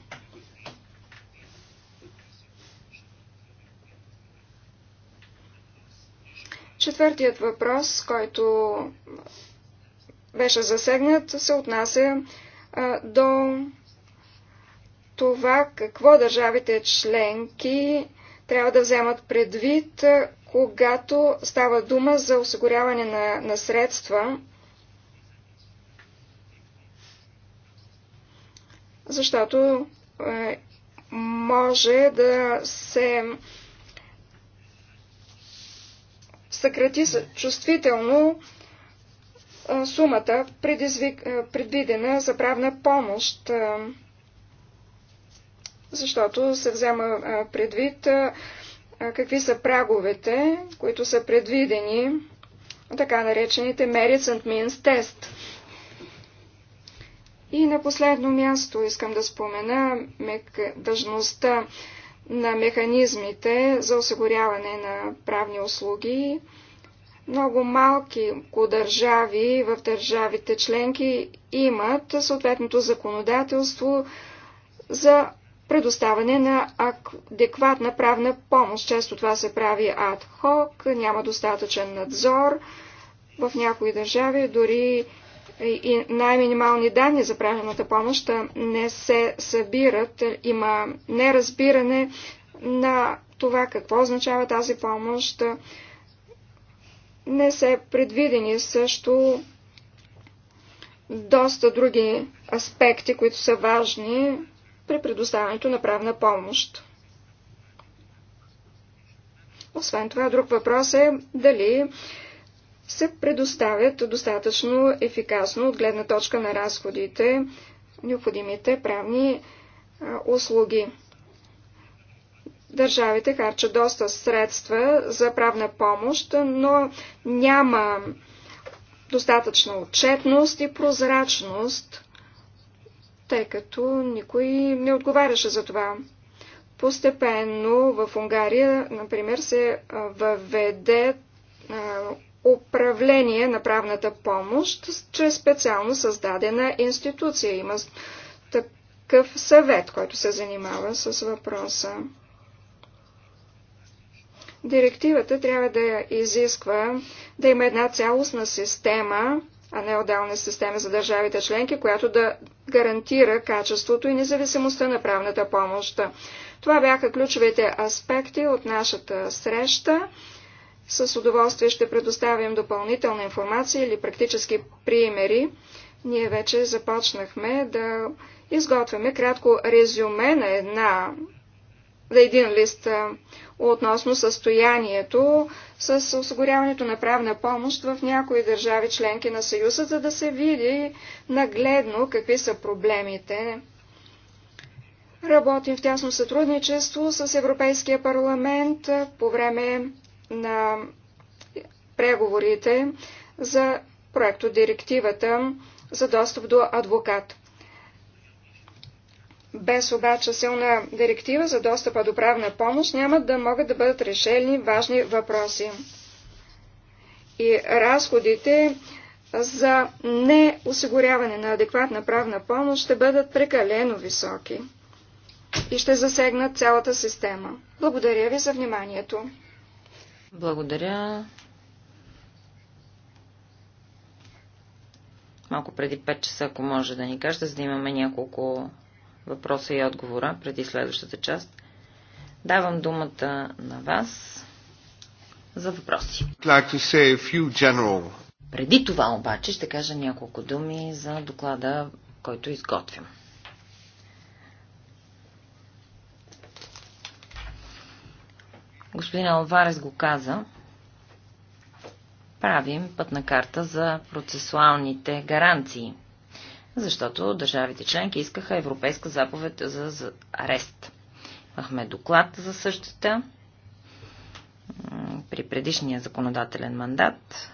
[SPEAKER 1] Четвъртият въпрос, който беше засегнат, се отнася до това какво държавите членки трябва да вземат предвид, когато става дума за осигуряване на, на средства защото е, може да се съкрати чувствително е, сумата, е, предвидена за правна помощ, защото се взема предвид какви са праговете, които са предвидени, така наречените Merits and Means Test. И на последно място искам да спомена важността на механизмите за осигуряване на правни услуги. Много малки държави в държавите членки имат съответното законодателство за предоставане на адекватна правна помощ. Често това се прави адхок, няма достатъчен надзор. В някои държави дори и най-минимални данни за правилната помощ не се събират. Има неразбиране на това какво означава тази помощ. Не са предвидени също доста други аспекти, които са важни при предоставянето на правна помощ. Освен това, друг въпрос е дали се предоставят достатъчно ефикасно от гледна точка на разходите, необходимите правни услуги. Държавите харчат доста средства за правна помощ, но няма достатъчна отчетност и прозрачност, тъй като никой не отговаряше за това. Постепенно в Унгария, например, се въведе управление на правната помощ чрез специално създадена институция. Има такъв съвет, който се занимава с въпроса. Директивата трябва да изисква да има една цялостна система, а не отделна система за държавите членки, която да гарантира качеството и независимостта на правната помощ. Това бяха ключовите аспекти от нашата среща. С удоволствие ще предоставим допълнителна информация или практически примери. Ние вече започнахме да изготвяме кратко резюме на една за един лист относно състоянието с осигуряването на правна помощ в някои държави членки на Съюза, за да се види нагледно какви са проблемите. Работим в тясно сътрудничество с Европейския парламент по време на преговорите за проекто директивата за достъп до адвокат. Без обаче силна директива за достъпа до правна помощ няма да могат да бъдат решени важни въпроси. И разходите за неосигуряване на адекватна правна помощ ще бъдат прекалено високи и ще засегнат цялата система. Благодаря ви за вниманието.
[SPEAKER 3] Благодаря. Малко преди 5 часа, ако може да ни кажете, за да имаме няколко въпроса и отговора преди следващата част. Давам думата на вас за въпроси. Преди това обаче ще кажа няколко думи за доклада, който изготвям. господин Алварес го каза, правим пътна карта за процесуалните гаранции, защото държавите членки искаха европейска заповед за, за арест. Имахме доклад за същата при предишния законодателен мандат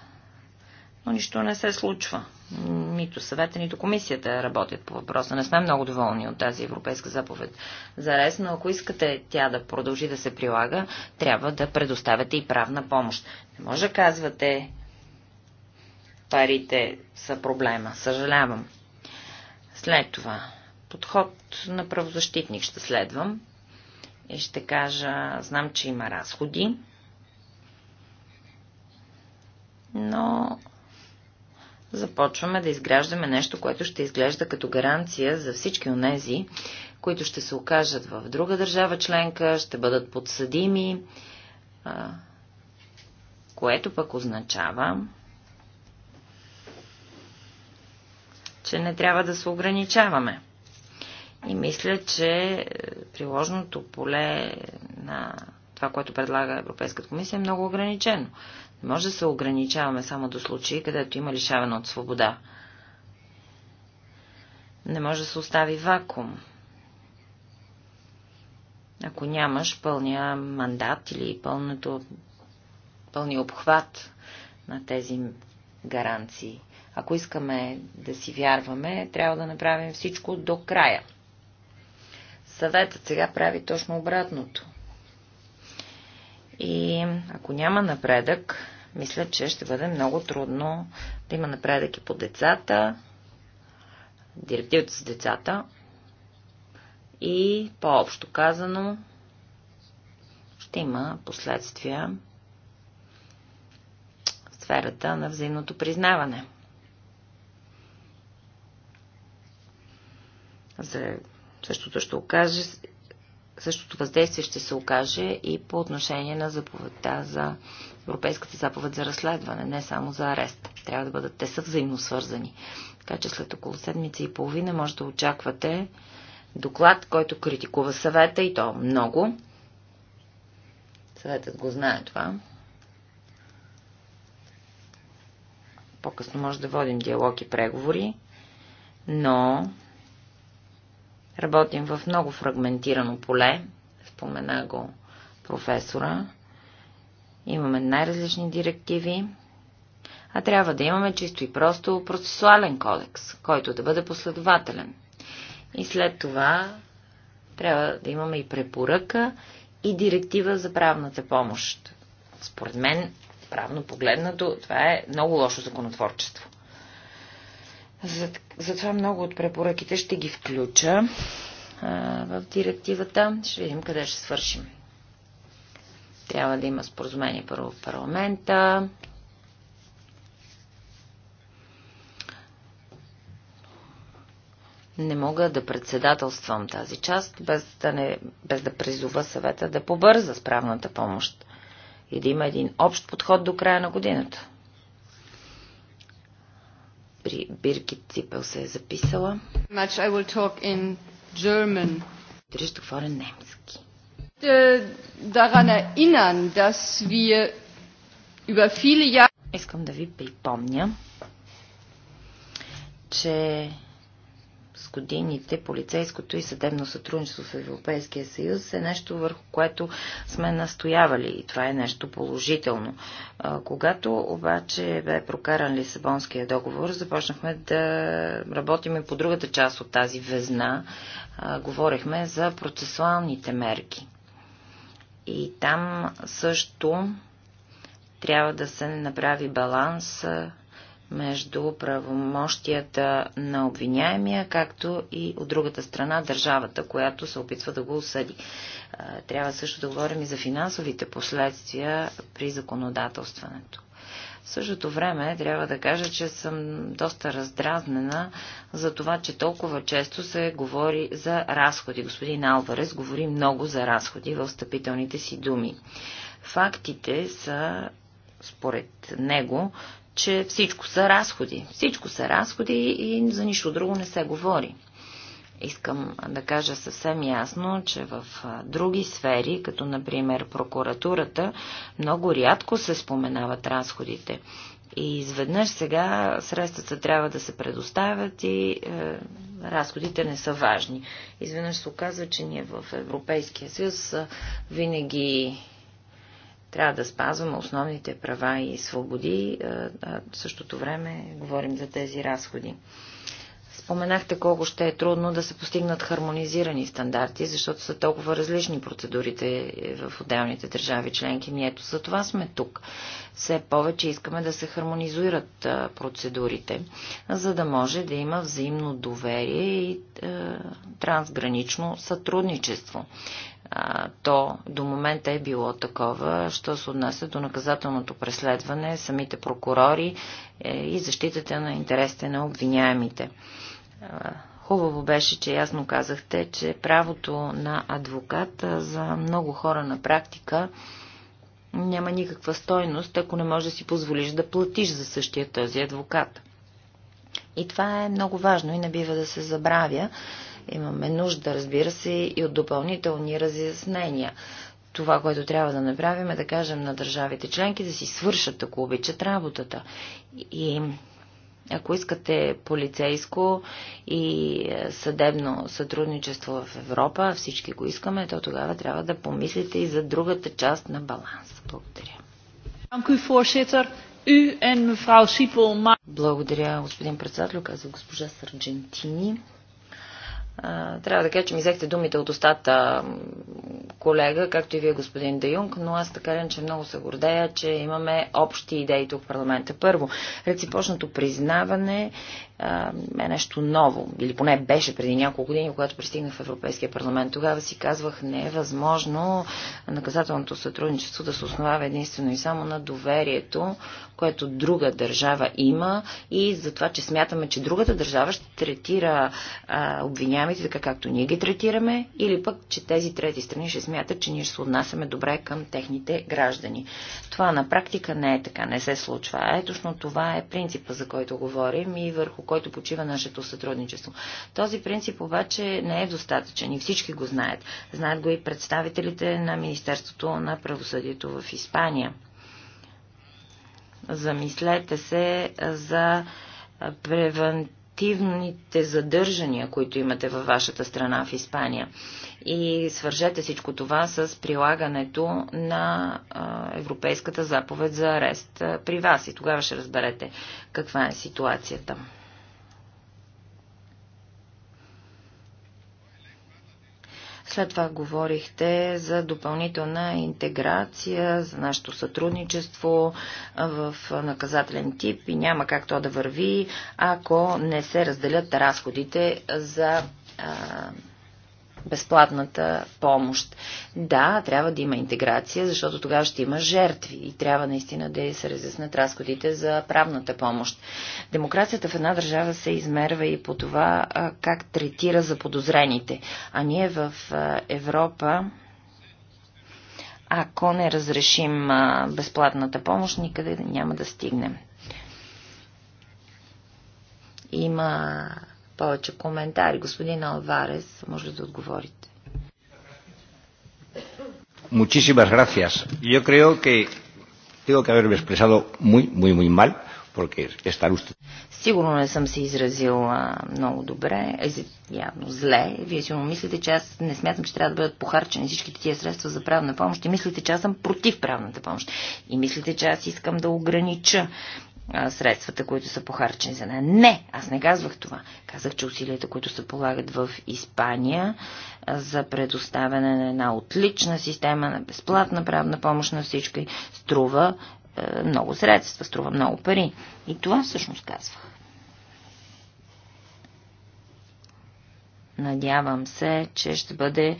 [SPEAKER 3] но нищо не се случва. Нито съвета, нито комисията работят по въпроса. Не сме много доволни от тази европейска заповед за рез, но ако искате тя да продължи да се прилага, трябва да предоставяте и правна помощ. Не може да казвате парите са проблема. Съжалявам. След това подход на правозащитник ще следвам и ще кажа, знам, че има разходи, но започваме да изграждаме нещо, което ще изглежда като гаранция за всички онези, които ще се окажат в друга държава членка, ще бъдат подсъдими, което пък означава, че не трябва да се ограничаваме. И мисля, че е, приложното поле на това, което предлага Европейската комисия, е много ограничено. Може да се ограничаваме само до случаи, където има лишаване от свобода. Не може да се остави вакуум. Ако нямаш пълния мандат или пълното, пълния обхват на тези гаранции. Ако искаме да си вярваме, трябва да направим всичко до края. Съветът сега прави точно обратното. И ако няма напредък, мисля, че ще бъде много трудно да има напредък и по децата, директивата с децата и по-общо казано ще има последствия в сферата на взаимното признаване. За същото ще окаже същото въздействие ще се окаже и по отношение на заповедта за Европейската заповед за разследване, не само за арест. Трябва да бъдат, те са взаимно свързани. Така че след около седмица и половина може да очаквате доклад, който критикува съвета и то много. Съветът го знае това. По-късно може да водим диалог и преговори, но Работим в много фрагментирано поле, спомена го професора. Имаме най-различни директиви, а трябва да имаме чисто и просто процесуален кодекс, който да бъде последователен. И след това трябва да имаме и препоръка и директива за правната помощ. Според мен, правно погледнато, това е много лошо законотворчество. Затова много от препоръките ще ги включа в директивата. Ще видим къде ще свършим. Трябва да има споразумение първо в парламента. Не мога да председателствам тази част, без да, не, без да призова съвета да побърза с правната помощ и да има един общ подход до края на годината. При Биргит Ципел се е записала.
[SPEAKER 1] Much I will talk in German. ще говоря
[SPEAKER 3] немски?
[SPEAKER 1] Е, daran erinnern, dass wir über viele Jahre...
[SPEAKER 3] Искам да ви припомня, че годините полицейското и съдебно сътрудничество в Европейския съюз е нещо върху което сме настоявали и това е нещо положително. Когато обаче бе прокаран Лисабонския договор, започнахме да работим и по другата част от тази везна. Говорихме за процесуалните мерки. И там също трябва да се направи баланс между правомощията на обвиняемия, както и от другата страна държавата, която се опитва да го осъди. Трябва също да говорим и за финансовите последствия при законодателстването. В същото време трябва да кажа, че съм доста раздразнена за това, че толкова често се говори за разходи. Господин Алварес говори много за разходи в встъпителните си думи. Фактите са според него, че всичко са разходи. Всичко са разходи и за нищо друго не се говори. Искам да кажа съвсем ясно, че в други сфери, като например прокуратурата, много рядко се споменават разходите. И изведнъж сега средствата трябва да се предоставят и е, разходите не са важни. Изведнъж се оказва, че ние в Европейския съюз винаги трябва да спазваме основните права и свободи, а в същото време говорим за тези разходи. Споменахте колко ще е трудно да се постигнат хармонизирани стандарти, защото са толкова различни процедурите е, в отделните държави членки. Ние ето за това сме тук. Все повече искаме да се хармонизират процедурите, за да може да има взаимно доверие и е, трансгранично сътрудничество а, то до момента е било такова, що се отнася до наказателното преследване, самите прокурори е, и защитата на интересите на обвиняемите. хубаво беше, че ясно казахте, че правото на адвокат за много хора на практика няма никаква стойност, ако не можеш да си позволиш да платиш за същия този адвокат. И това е много важно и не бива да се забравя, Имаме нужда, разбира се, и от допълнителни разяснения. Това, което трябва да направим е да кажем на държавите членки да си свършат, ако обичат работата. И ако искате полицейско и е, съдебно сътрудничество в Европа, всички го искаме, то тогава трябва да помислите и за другата част на баланс. Благодаря. Благодаря, господин председател, каза госпожа Сарджентини трябва да кажа, че ми взехте думите от устата колега, както и вие, господин Де но аз така рен, че много се гордея, че имаме общи идеи тук в парламента. Първо, рецепочното признаване е нещо ново, или поне беше преди няколко години, когато пристигнах в Европейския парламент. Тогава си казвах, не е възможно наказателното сътрудничество да се основава единствено и само на доверието, което друга държава има и за това, че смятаме, че другата държава ще третира а, обвиняемите така, както ние ги третираме, или пък, че тези трети страни ще смятат, че ние ще се отнасяме добре към техните граждани. Това на практика не е така, не се случва. Ето, точно това е принципа, за който говорим и върху който почива нашето сътрудничество. Този принцип обаче не е достатъчен и всички го знаят. Знаят го и представителите на Министерството на правосъдието в Испания. Замислете се за превентивните задържания, които имате във вашата страна в Испания. И свържете всичко това с прилагането на Европейската заповед за арест при вас. И тогава ще разберете каква е ситуацията. След това говорихте за допълнителна интеграция, за нашето сътрудничество в наказателен тип и няма как то да върви, ако не се разделят разходите за безплатната помощ. Да, трябва да има интеграция, защото тогава ще има жертви и трябва наистина да се разяснат разходите за правната помощ. Демокрацията в една държава се измерва и по това как третира за подозрените. А ние в Европа ако не разрешим безплатната помощ, никъде няма да стигнем. Има повече коментари. Господин Алварес, може да отговорите.
[SPEAKER 2] Muchísimas gracias. Yo creo que tengo que haberme expresado muy, muy, muy mal, porque estar usted.
[SPEAKER 3] Сигурно не съм се изразил а, много добре, е, явно зле. Вие сигурно мислите, че аз не смятам, че трябва да бъдат похарчени всичките тия средства за правна помощ и мислите, че аз съм против правната помощ. И мислите, че аз искам да огранича средствата, които са похарчени за нея. Не, аз не казвах това. Казах, че усилията, които се полагат в Испания за предоставяне на една отлична система на безплатна правна помощ на всички, струва е, много средства, струва много пари. И това всъщност казвах. Надявам се, че ще бъде...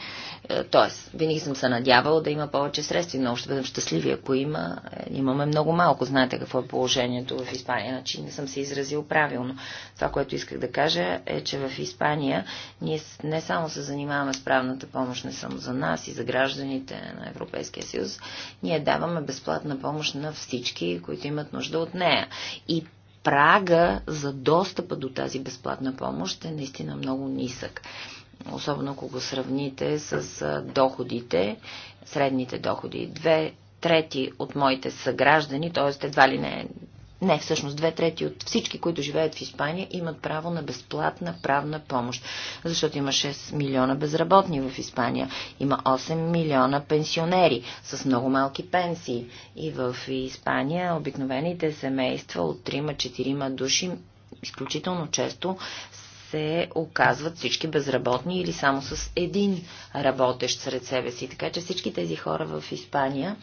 [SPEAKER 3] Е, Тоест, винаги съм се надявала да има повече средства но ще бъдем щастливи, ако има. Е, имаме много малко. Знаете какво е положението в Испания. Значи не съм се изразил правилно. Това, което исках да кажа е, че в Испания ние не само се занимаваме с правната помощ, не само за нас и за гражданите на Европейския съюз, ние даваме безплатна помощ на всички, които имат нужда от нея. И прага за достъпа до тази безплатна помощ е наистина много нисък. Особено ако го сравните с доходите, средните доходи. Две трети от моите съграждани, т.е. едва ли не не, всъщност две трети от всички, които живеят в Испания, имат право на безплатна правна помощ, защото има 6 милиона безработни в Испания, има 8 милиона пенсионери с много малки пенсии и в Испания обикновените семейства от 3-4 души изключително често се оказват всички безработни или само с един работещ сред себе си. Така че всички тези хора в Испания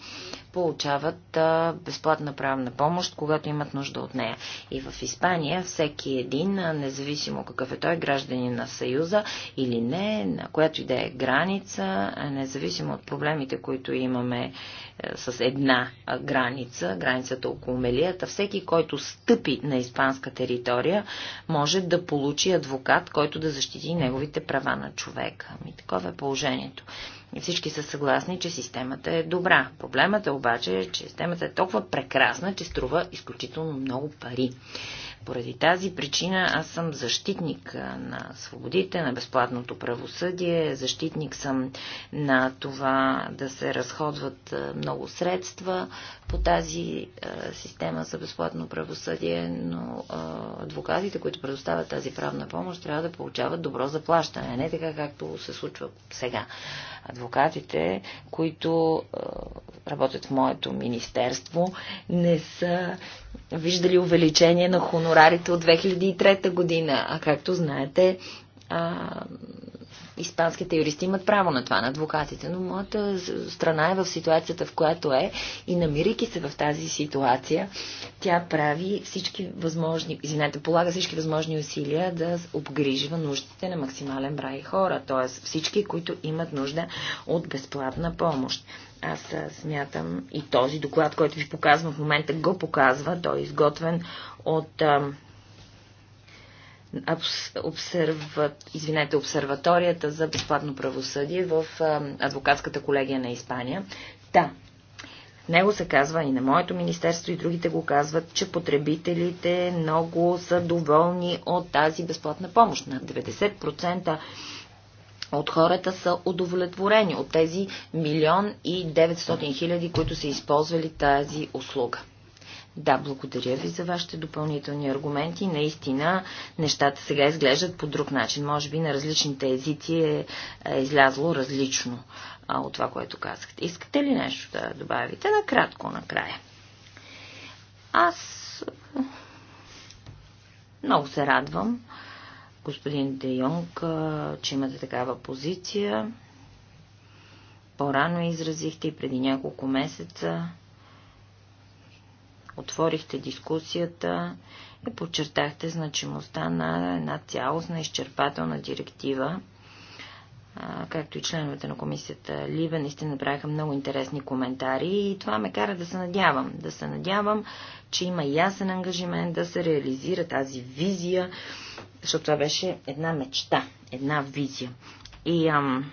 [SPEAKER 3] получават а, безплатна правна помощ, когато имат нужда от нея. И в Испания всеки един, независимо какъв е той, гражданин на Съюза или не, на която и да е граница, независимо от проблемите, които имаме а, е, с една граница, границата около Мелията, всеки, който стъпи на испанска територия, може да получи адвокат, който да защити неговите права на човека. Ами такова е положението. И всички са съгласни, че системата е добра. Проблемът е обаче, че системата е толкова прекрасна, че струва изключително много пари. Поради тази причина аз съм защитник на свободите, на безплатното правосъдие, защитник съм на това да се разходват много средства по тази система за безплатно правосъдие, но адвокатите, които предоставят тази правна помощ, трябва да получават добро заплащане, а не така както се случва сега. Адвокатите, които работят в моето министерство, не са виждали увеличение на хонорарите от 2003 година. А както знаете, а, Испанските юристи имат право на това, на адвокатите, но моята страна е в ситуацията, в която е и намирайки се в тази ситуация, тя прави всички възможни, извинете, полага всички възможни усилия да обгрижва нуждите на максимален брай хора, т.е. всички, които имат нужда от безплатна помощ аз смятам и този доклад, който ви показвам в момента, го показва. Той е изготвен от обсерва, извинете, обсерваторията за безплатно правосъдие в адвокатската колегия на Испания. Да, него се казва и на моето министерство и другите го казват, че потребителите много са доволни от тази безплатна помощ. На 90% от хората са удовлетворени от тези милион и 900 хиляди, които са използвали тази услуга. Да, благодаря ви за вашите допълнителни аргументи. Наистина, нещата сега изглеждат по друг начин. Може би на различните езици е, е излязло различно а, от това, което казахте. Искате ли нещо да добавите? Накратко, накрая. Аз много се радвам, господин Де Йонг, че имате такава позиция. По-рано изразихте и преди няколко месеца отворихте дискусията и подчертахте значимостта на една цялостна изчерпателна директива, както и членовете на комисията Лива, наистина направиха много интересни коментари и това ме кара да се надявам. Да се надявам, че има ясен ангажимент да се реализира тази визия, защото това беше една мечта, една визия. И ам,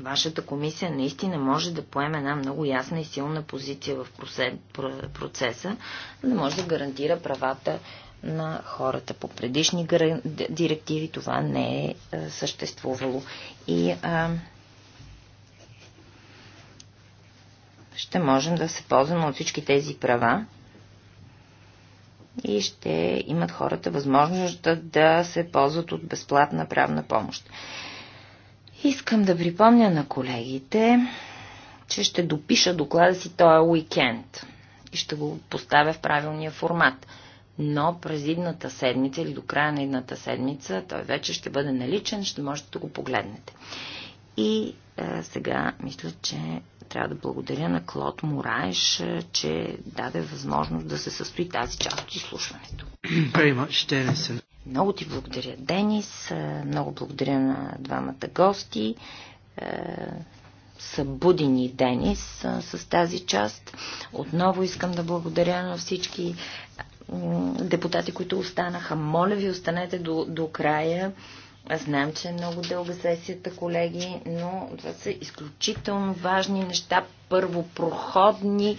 [SPEAKER 3] вашата комисия наистина може да поеме една много ясна и силна позиция в процеса, за да може да гарантира правата на хората. По предишни директиви това не е, е съществувало. И а, ще можем да се ползваме от всички тези права и ще имат хората възможност да, да се ползват от безплатна правна помощ. Искам да припомня на колегите, че ще допиша доклада си този уикенд и ще го поставя в правилния формат. Но през идната седмица или до края на едната седмица той вече ще бъде наличен, ще можете да го погледнете. И а, е, сега мисля, че трябва да благодаря на Клод Мораеш, е, че даде възможност да се състои тази част от изслушването. Very much, Denison. Много ти благодаря, Денис. Е, много благодаря на двамата гости. Е, събудени Денис е, с тази част. Отново искам да благодаря на всички депутати, които останаха. Моля ви, останете до, до края. Аз знам, че е много дълга сесията, колеги, но това са изключително важни неща, първопроходни. проходни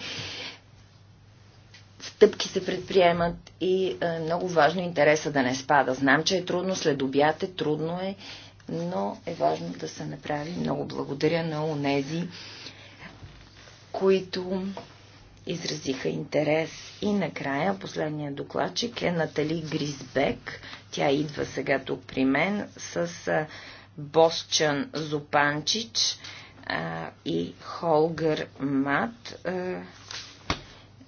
[SPEAKER 3] стъпки се предприемат и е много важно интереса да не спада. Знам, че е трудно, след обяд е трудно е, но е важно да се направи. Много благодаря на онези, които изразиха интерес. И накрая последния докладчик е Натали Гризбек. Тя идва сега тук при мен с е, Босчан Зопанчич е, и Холгър Мат е,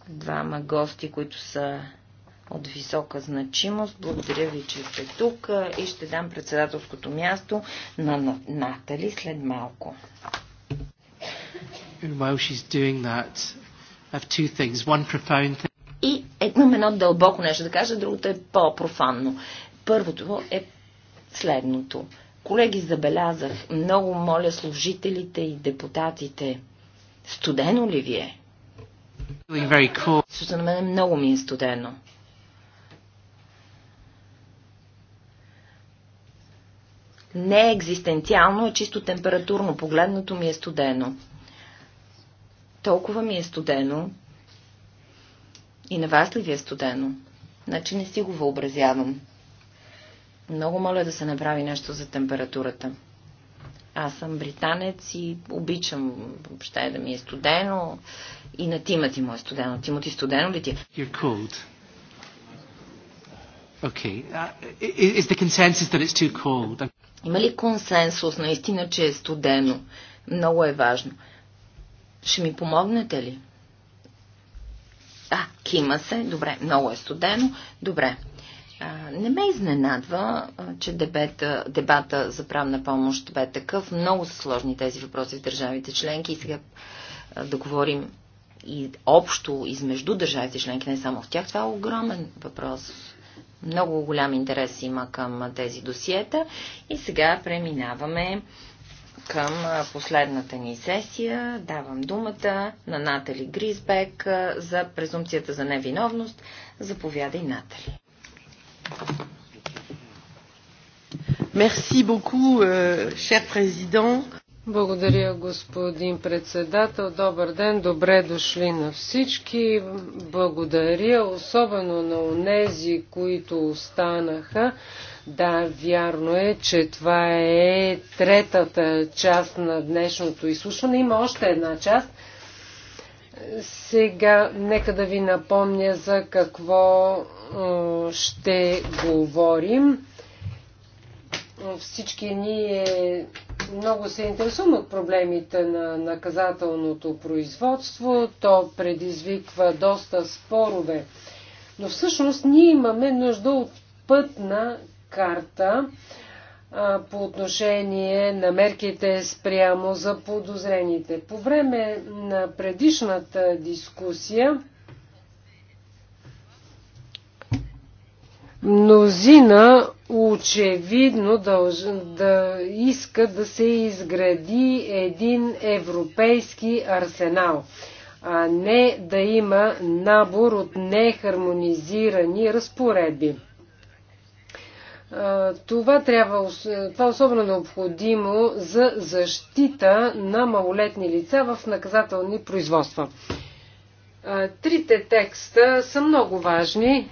[SPEAKER 3] двама гости, които са от висока значимост. Благодаря ви, че сте тук и ще дам председателското място на Натали след малко. и едно едно дълбоко нещо да кажа, другото е по-профанно. Първото е следното. Колеги, забелязах, много моля служителите и депутатите, студено ли ви е? Защото на мен много ми е студено. Не е екзистенциално, а е чисто температурно погледнато ми е студено. Толкова ми е студено. И на вас ли ви е студено? Значи не си го въобразявам. Много моля да се направи нещо за температурата. Аз съм британец и обичам въобще да ми е студено. И на ти му е студено. ти студено ли ти? Е?
[SPEAKER 2] You're cold. Okay. Uh, is the consensus that it's too cold?
[SPEAKER 3] Има ли консенсус наистина, че е студено? Много е важно. Ще ми помогнете ли? А, кима се. Добре, много е студено. Добре. Не ме изненадва, че дебета, дебата за правна помощ бе такъв. Много са сложни тези въпроси в държавите членки и сега да говорим и общо измежду държавите членки, не само в тях. Това е огромен въпрос. Много голям интерес има към тези досиета. И сега преминаваме към последната ни сесия. Давам думата на Натали Гризбек за презумпцията за невиновност. Заповядай, Натали.
[SPEAKER 2] Merci beaucoup, euh, cher président. Благодаря, господин председател. Добър ден, добре дошли на всички. Благодаря особено на онези, които останаха. Да, вярно е, че това е третата част на днешното изслушване. Има още една част – сега нека да ви напомня за какво ще говорим. Всички ние много се интересуваме от проблемите на наказателното производство. То предизвиква доста спорове. Но всъщност ние имаме нужда от пътна карта, по отношение на мерките спрямо за подозрените. По време на предишната дискусия мнозина очевидно дълж... да иска да се изгради един европейски арсенал, а не да има набор от нехармонизирани разпоредби. Това, трябва, това е особено необходимо за защита на малолетни лица в наказателни производства. Трите текста са много важни.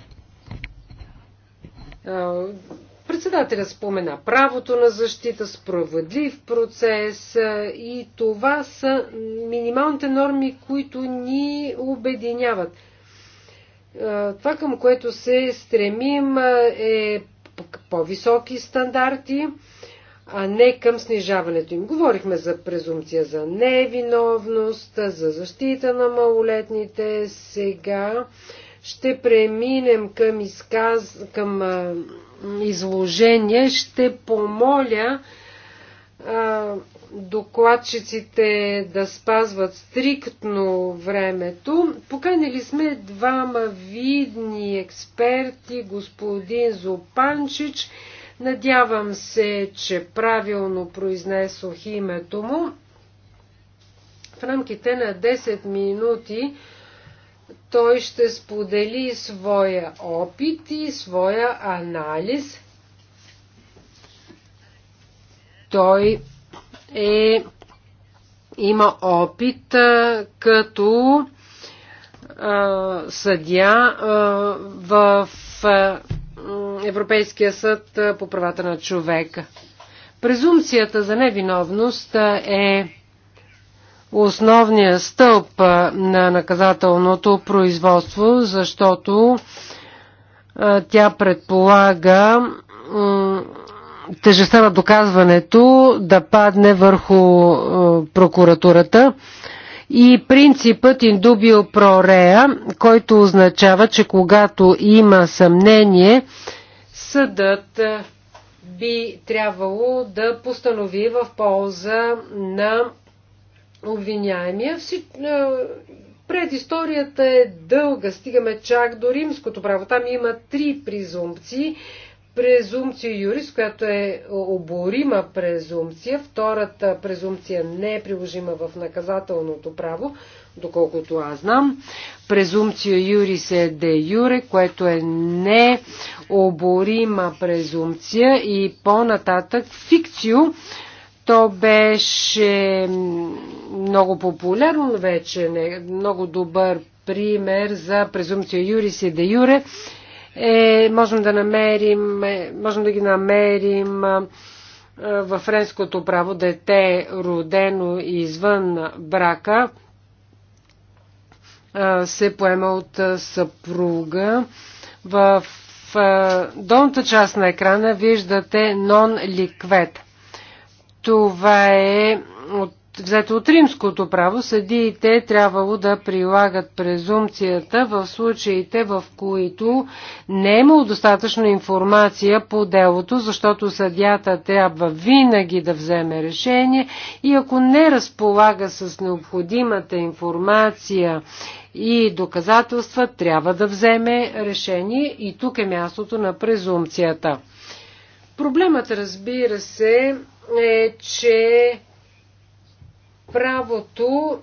[SPEAKER 2] Председателя спомена правото на защита, справедлив процес и това са минималните норми, които ни обединяват. Това, към което се стремим е по-високи стандарти, а не към снижаването им. Говорихме за презумпция за невиновност, за защита на малолетните. Сега ще преминем към, изказ... към а, изложение. Ще помоля а, докладчиците да спазват стриктно времето. Поканили сме двама видни експерти, господин Зопанчич. Надявам се, че правилно произнесох името му. В рамките на 10 минути той ще сподели своя опит и своя анализ. Той е, има опит като съдя в Европейския съд по правата на човека. Презумцията за невиновност е основния стълб на наказателното производство, защото тя предполага тежестта на доказването да падне върху е, прокуратурата и принципът индубио прорея, който означава, че когато има съмнение, съдът е, би трябвало да постанови в полза на обвиняемия. Е, Предисторията е дълга, стигаме чак до римското право. Там има три презумпции презумпция юрис, която е оборима презумпция. Втората презумпция не е приложима в наказателното право, доколкото аз знам. Презумпция юрис е де юре, което е не оборима презумпция и по-нататък фикцио. То беше много популярно вече, не, е много добър пример за презумпция юрис и е де юре е, можем да намерим, е, можем да ги намерим е, във френското право дете родено извън брака е, се поема от съпруга. В долната част на екрана виждате нон ликвет. Това е от взето от римското право, съдиите трябвало да прилагат презумцията в случаите, в които не е имало достатъчно информация по делото, защото съдята трябва винаги да вземе решение и ако не разполага с необходимата информация и доказателства, трябва да вземе решение и тук е мястото на презумцията. Проблемът, разбира се, е, че правото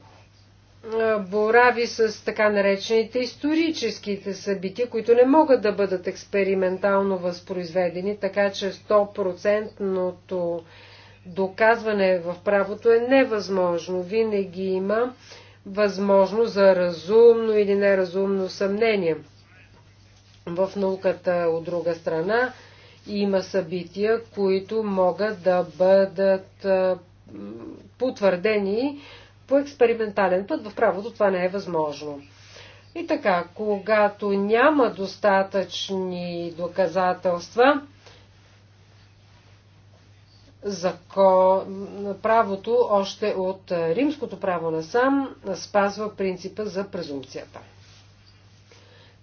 [SPEAKER 2] борави с така наречените историческите събития, които не могат да бъдат експериментално възпроизведени, така че 100% доказване в правото е невъзможно. Винаги има възможност за разумно или неразумно съмнение. В науката, от друга страна, има събития, които могат да бъдат потвърдени по експериментален път. В правото това не е възможно. И така, когато няма достатъчни доказателства, закон, правото още от римското право насам спазва принципа за презумпцията.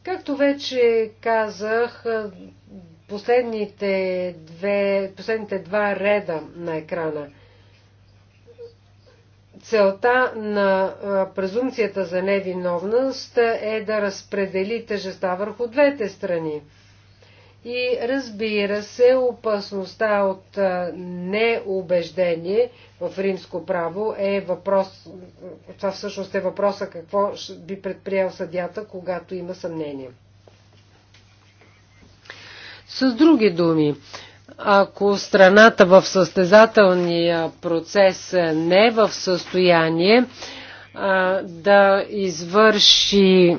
[SPEAKER 2] Както вече казах, последните, две, последните два реда на екрана – Целта на презумцията за невиновност е да разпредели тежеста върху двете страни. И разбира се, опасността от неубеждение в римско право е въпрос, това всъщност е въпроса какво би предприел съдята, когато има съмнение. С други думи, ако страната в състезателния процес не е в състояние да извърши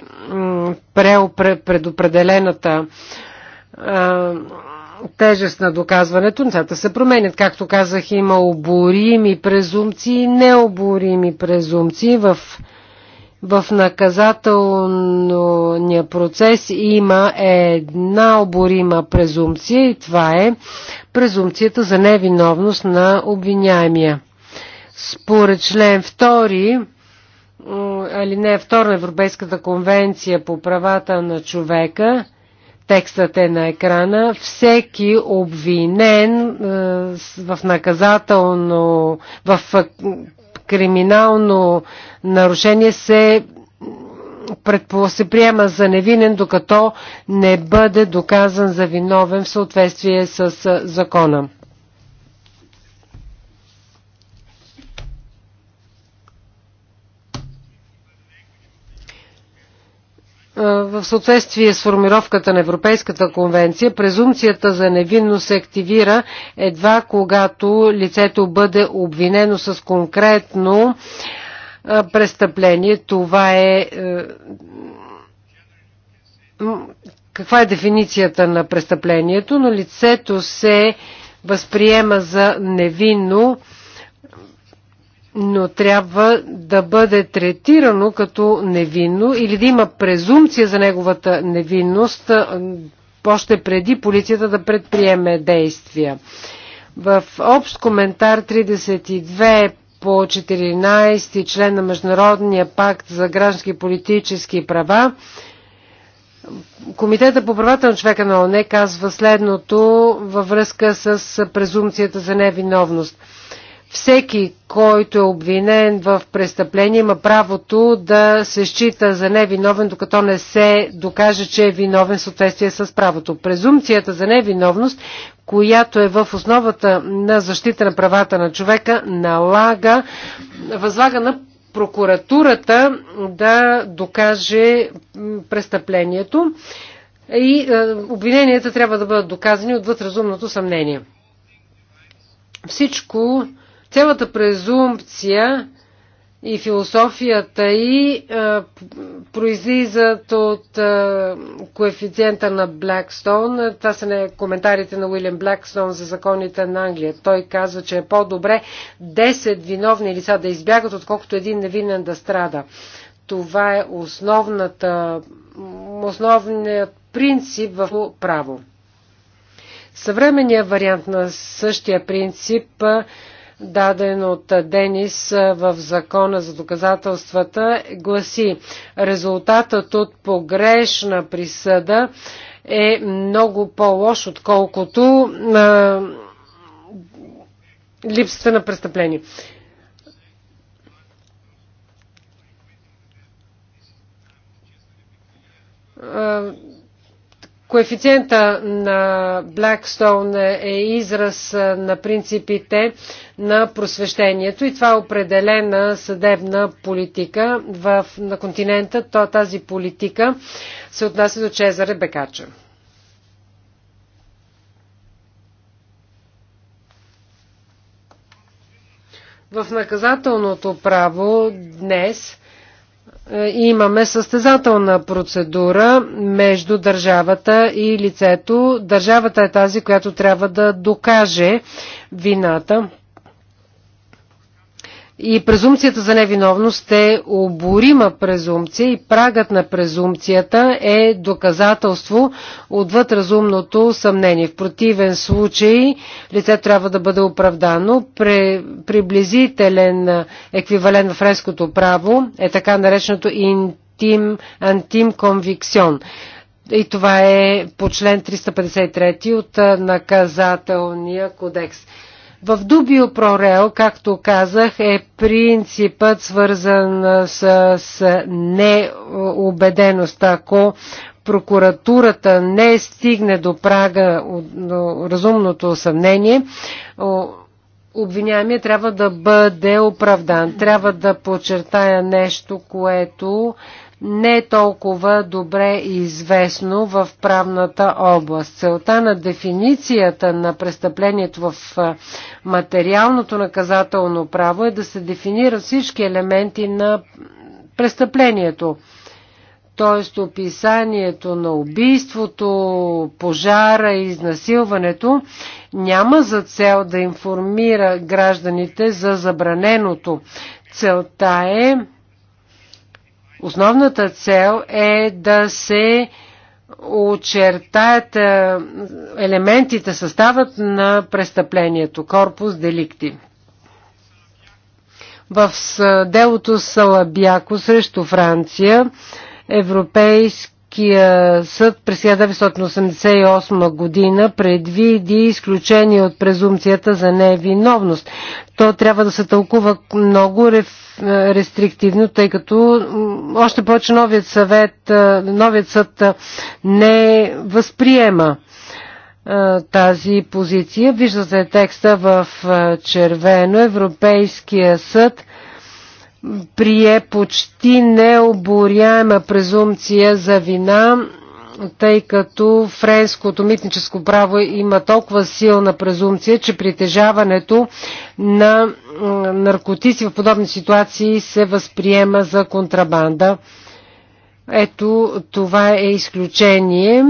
[SPEAKER 2] предопределената тежест на доказването, нещата се променят. Както казах, има оборими презумции и необорими презумции в в наказателния процес има една оборима презумпция и това е презумпцията за невиновност на обвиняемия. Според член 2, алинея 2 на Европейската конвенция по правата на човека, текстът е на екрана, всеки обвинен е, в наказателно, в криминално нарушение се, се приема за невинен, докато не бъде доказан за виновен в съответствие с закона. в съответствие с формировката на Европейската конвенция, презумцията за невинност се активира едва когато лицето бъде обвинено с конкретно престъпление. Това е. е каква е дефиницията на престъплението? Но лицето се възприема за невинно но трябва да бъде третирано като невинно или да има презумпция за неговата невинност още преди полицията да предприеме действия. В общ коментар 32 по 14 член на Международния пакт за граждански и политически права, Комитета по правата на човека на ОНЕ казва следното във връзка с презумцията за невиновност – всеки, който е обвинен в престъпление, има правото да се счита за невиновен, докато не се докаже, че е виновен в съответствие с правото. Презумцията за невиновност, която е в основата на защита на правата на човека, налага, възлага на прокуратурата да докаже престъплението и е, обвиненията трябва да бъдат доказани отвъд разумното съмнение. Всичко цялата презумпция и философията и а, е, произлизат от а, е, коефициента на Блекстоун. Това са не коментарите на Уилям Блекстоун за законите на Англия. Той казва, че е по-добре 10 виновни лица да избягат, отколкото един невинен да страда. Това е основната, основният принцип в право. Съвременният вариант на същия принцип а, е, даден от Денис в закона за доказателствата, гласи резултатът от погрешна присъда е много по-лош, отколкото на липсата на престъпление. Коефициента на Блекстоун е израз на принципите на просвещението и това е определена съдебна политика в, на континента. То, тази политика се отнася до Чезаре Бекача. В наказателното право днес е, имаме състезателна процедура между държавата и лицето. Държавата е тази, която трябва да докаже вината и презумцията за невиновност е оборима презумпция и прагът на презумпцията е доказателство отвъд разумното съмнение. В противен случай лице трябва да бъде оправдано. приблизителен еквивалент в френското право е така нареченото интим, антим конвиксион. И това е по член 353 от наказателния кодекс. В Дубио Прорео, както казах, е принципът свързан с, с неубеденост. Ако прокуратурата не стигне до прага разумното съмнение, обвиняемия трябва да бъде оправдан. Трябва да подчертая нещо, което не е толкова добре известно в правната област. Целта на дефиницията на престъплението в материалното наказателно право е да се дефинират всички елементи на престъплението т.е. описанието на убийството, пожара и изнасилването, няма за цел да информира гражданите за забраненото. Целта е Основната цел е да се очертаят е, елементите, съставът на престъплението, корпус деликти. В делото Салабяко срещу Франция Европейски Европейския съд през 1988 година предвиди изключение от презумцията за невиновност. То трябва да се тълкува много рестриктивно, тъй като още повече новият, съвет, новият съд не възприема тази позиция. Виждате текста в червено. Европейския съд прие почти необоряема презумпция за вина, тъй като френското митническо право има толкова силна презумпция, че притежаването на наркотици в подобни ситуации се възприема за контрабанда. Ето, това е изключение.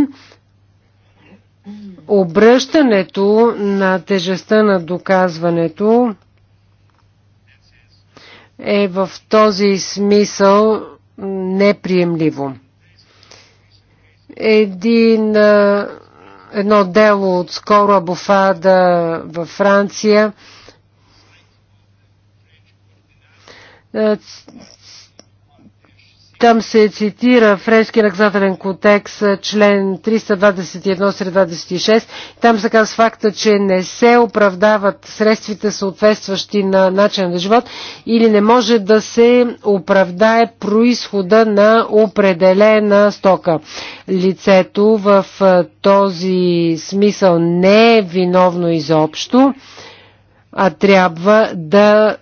[SPEAKER 2] Обръщането на тежестта на доказването е в този смисъл неприемливо. Един, едно дело от скоро Абофада във Франция там се цитира френски наказателен кодекс, член 321 26. Там се казва факта, че не се оправдават средствите съответстващи на начин на живот или не може да се оправдае происхода на определена стока. Лицето в този смисъл не е виновно изобщо, а трябва да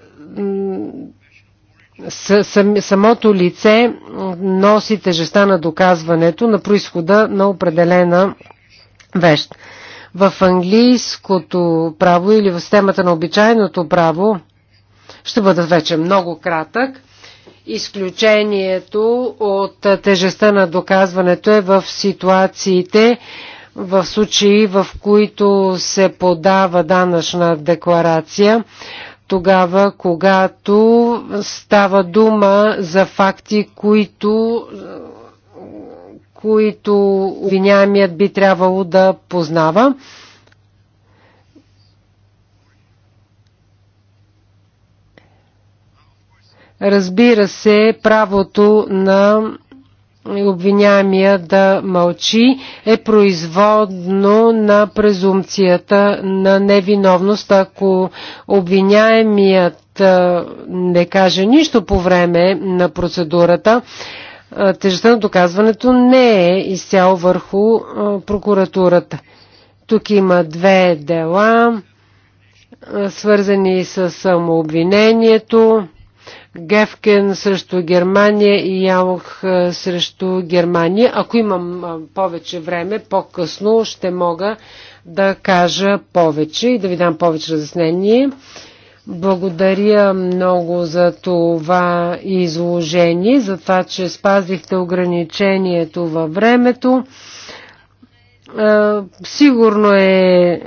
[SPEAKER 2] самото лице носи тежеста на доказването на происхода на определена вещ. В английското право или в системата на обичайното право ще бъда вече много кратък. Изключението от тежеста на доказването е в ситуациите, в случаи, в които се подава данъчна декларация тогава, когато става дума за факти, които, които обвиняемият би трябвало да познава. Разбира се, правото на обвиняемия да мълчи е производно на презумцията на невиновност. Ако обвиняемият не каже нищо по време на процедурата, тежестта на доказването не е изцяло върху прокуратурата. Тук има две дела, свързани с самообвинението Гевкен срещу Германия и Ялох е, срещу Германия. Ако имам е, повече време, по-късно ще мога да кажа повече и да ви дам повече разяснение. Благодаря много за това изложение, за това, че спазихте ограничението във времето. Е, сигурно е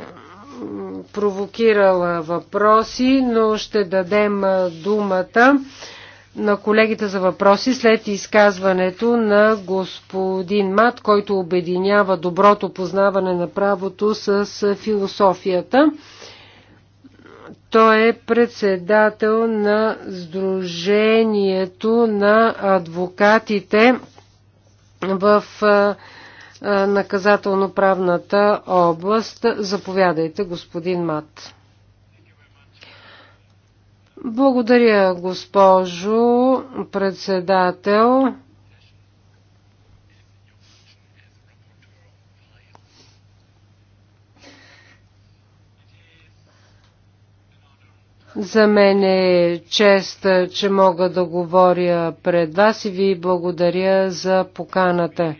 [SPEAKER 2] провокирала въпроси, но ще дадем думата на колегите за въпроси след изказването на господин Мат, който обединява доброто познаване на правото с философията. Той е председател на Сдружението на адвокатите в наказателно-правната област. Заповядайте, господин Мат. Благодаря, госпожо председател. За мен е чест, че мога да говоря пред вас и ви благодаря за поканата.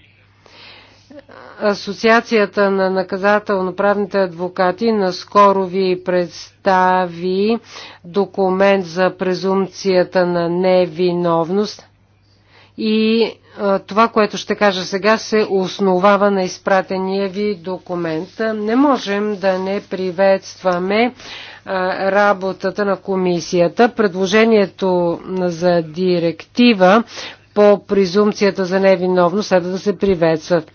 [SPEAKER 2] Асоциацията на наказателно-правните адвокати наскоро ви представи документ за презумпцията на невиновност и това, което ще кажа сега, се основава на изпратения ви документ. Не можем да не приветстваме работата на комисията. Предложението за директива по презумцията за невиновност следва да се приветстват.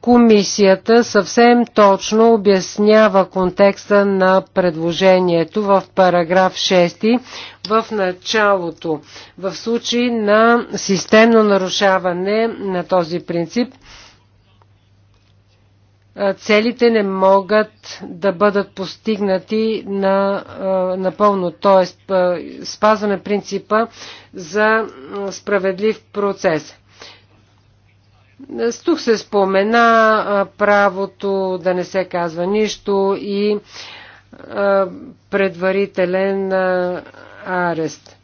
[SPEAKER 2] Комисията съвсем точно обяснява контекста на предложението в параграф 6 в началото. В случай на системно нарушаване на този принцип, целите не могат да бъдат постигнати на, напълно, т.е. спазваме принципа за справедлив процес. Тук се спомена правото да не се казва нищо и предварителен арест.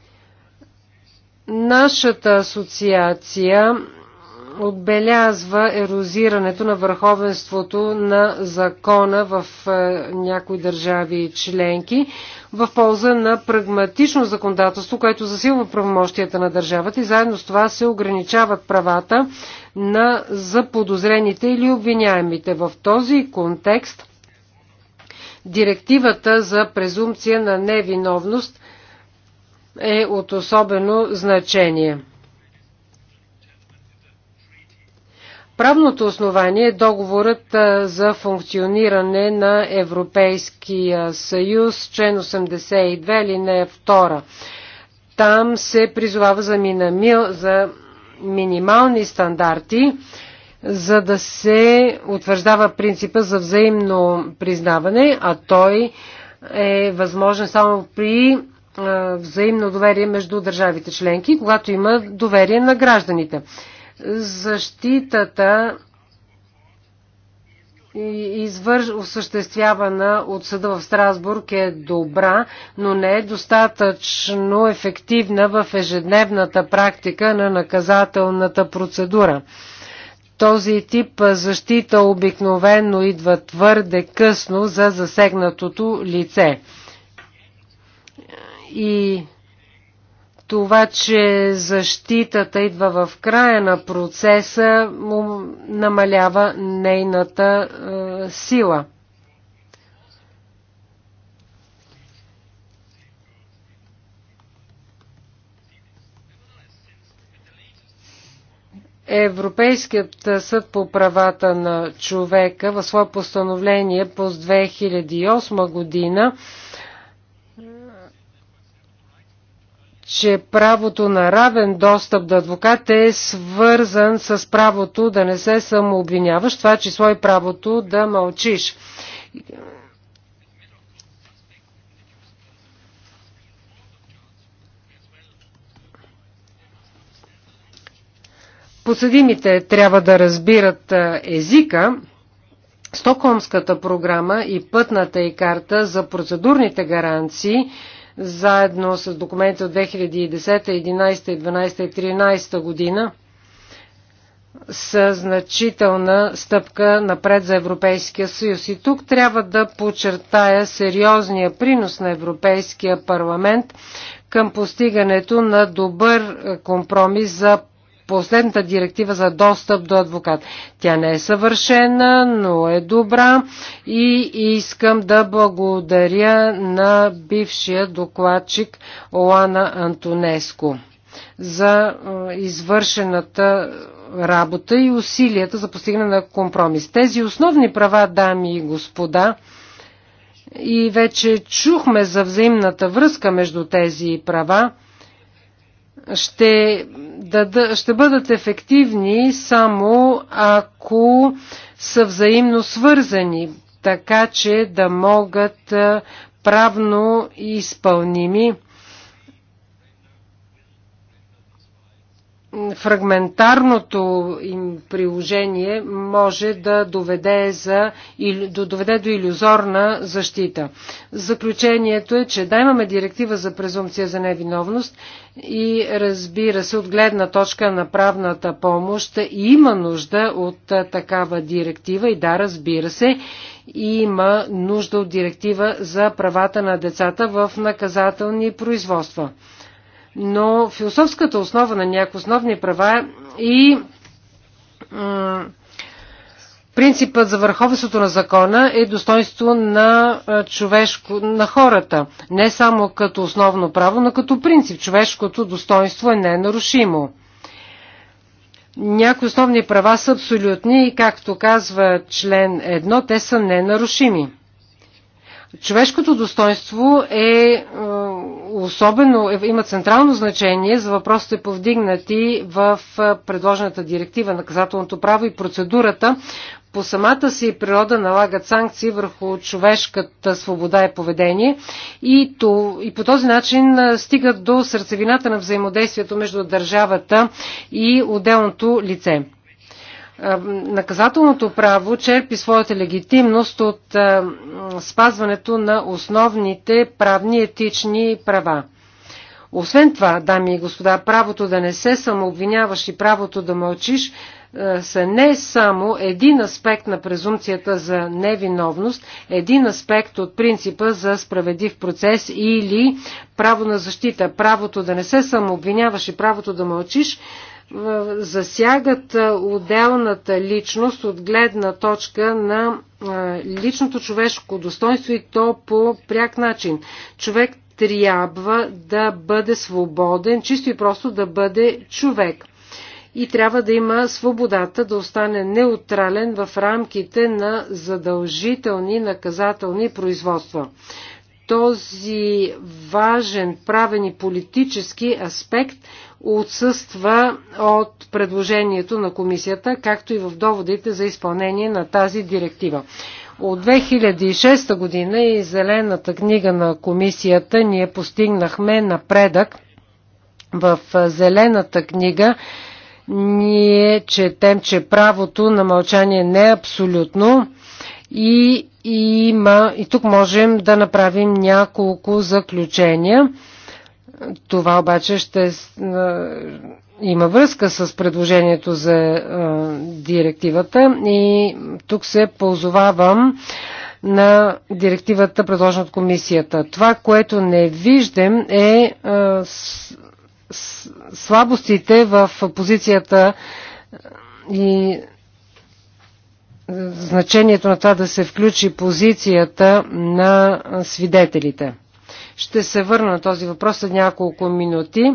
[SPEAKER 2] Нашата асоциация отбелязва ерозирането на върховенството на закона в е, някои държави и членки в полза на прагматично законодателство, което засилва правомощията на държавата и заедно с това се ограничават правата на заподозрените или обвиняемите. В този контекст директивата за презумпция на невиновност е от особено значение. Правното основание е договорът за функциониране на Европейския съюз, член 82 или не 2. Там се призовава за, минамил, за минимални стандарти, за да се утвърждава принципа за взаимно признаване, а той е възможен само при взаимно доверие между държавите членки, когато има доверие на гражданите защитата извърж, осъществявана от съда в Страсбург е добра, но не е достатъчно ефективна в ежедневната практика на наказателната процедура. Този тип защита обикновено идва твърде късно за засегнатото лице. И това, че защитата идва в края на процеса, намалява нейната е, сила. Европейският съд по правата на човека в свое постановление по 2008 година че правото на равен достъп до адвокат е свързан с правото да не се самообвиняваш, това число и правото да мълчиш. Посъдимите трябва да разбират езика. Стокхолмската програма и пътната и карта за процедурните гаранции – заедно с документите от 2010, 2011, 2012 и 2013 година са значителна стъпка напред за Европейския съюз. И тук трябва да подчертая сериозния принос на Европейския парламент към постигането на добър компромис за последната директива за достъп до адвокат. Тя не е съвършена, но е добра и искам да благодаря на бившия докладчик Олана Антонеско за извършената работа и усилията за постигане на компромис. Тези основни права, дами и господа, и вече чухме за взаимната връзка между тези права, ще да, ще бъдат ефективни само ако са взаимно свързани, така че да могат правно изпълними фрагментарното им приложение може да доведе, за, да доведе до иллюзорна защита. Заключението е, че да имаме директива за презумпция за невиновност и разбира се от гледна точка на правната помощ има нужда от такава директива и да разбира се има нужда от директива за правата на децата в наказателни производства но философската основа на някои основни права и принципът за върховенството на закона е достоинство на, човешко, на хората. Не само като основно право, но като принцип. Човешкото достоинство е ненарушимо. Някои основни права са абсолютни и, както казва член 1, те са ненарушими. Човешкото достоинство е, е особено, е, има централно значение за въпросите повдигнати в е, предложената директива наказателното право и процедурата по самата си природа налагат санкции върху човешката свобода и поведение и, то, и по този начин стигат до сърцевината на взаимодействието между държавата и отделното лице. Е, наказателното право черпи своята легитимност от е, спазването на основните правни етични права. Освен това, дами и господа, правото да не се самообвиняваш и правото да мълчиш е, са не само един аспект на презумцията за невиновност, един аспект от принципа за справедлив процес или право на защита. Правото да не се самообвиняваш и правото да мълчиш засягат отделната личност от гледна точка на личното човешко достоинство и то по пряк начин. Човек трябва да бъде свободен, чисто и просто да бъде човек. И трябва да има свободата да остане неутрален в рамките на задължителни наказателни производства. Този важен правен и политически аспект отсъства от предложението на комисията, както и в доводите за изпълнение на тази директива. От 2006 година и зелената книга на комисията ние постигнахме напредък в зелената книга ние четем, че правото на мълчание не е абсолютно и, и, има, и тук можем да направим няколко заключения. Това обаче ще има връзка с предложението за директивата и тук се ползовавам на директивата, предложена от комисията. Това, което не виждам е слабостите в позицията и значението на това да се включи позицията на свидетелите. Ще се върна на този въпрос след няколко минути.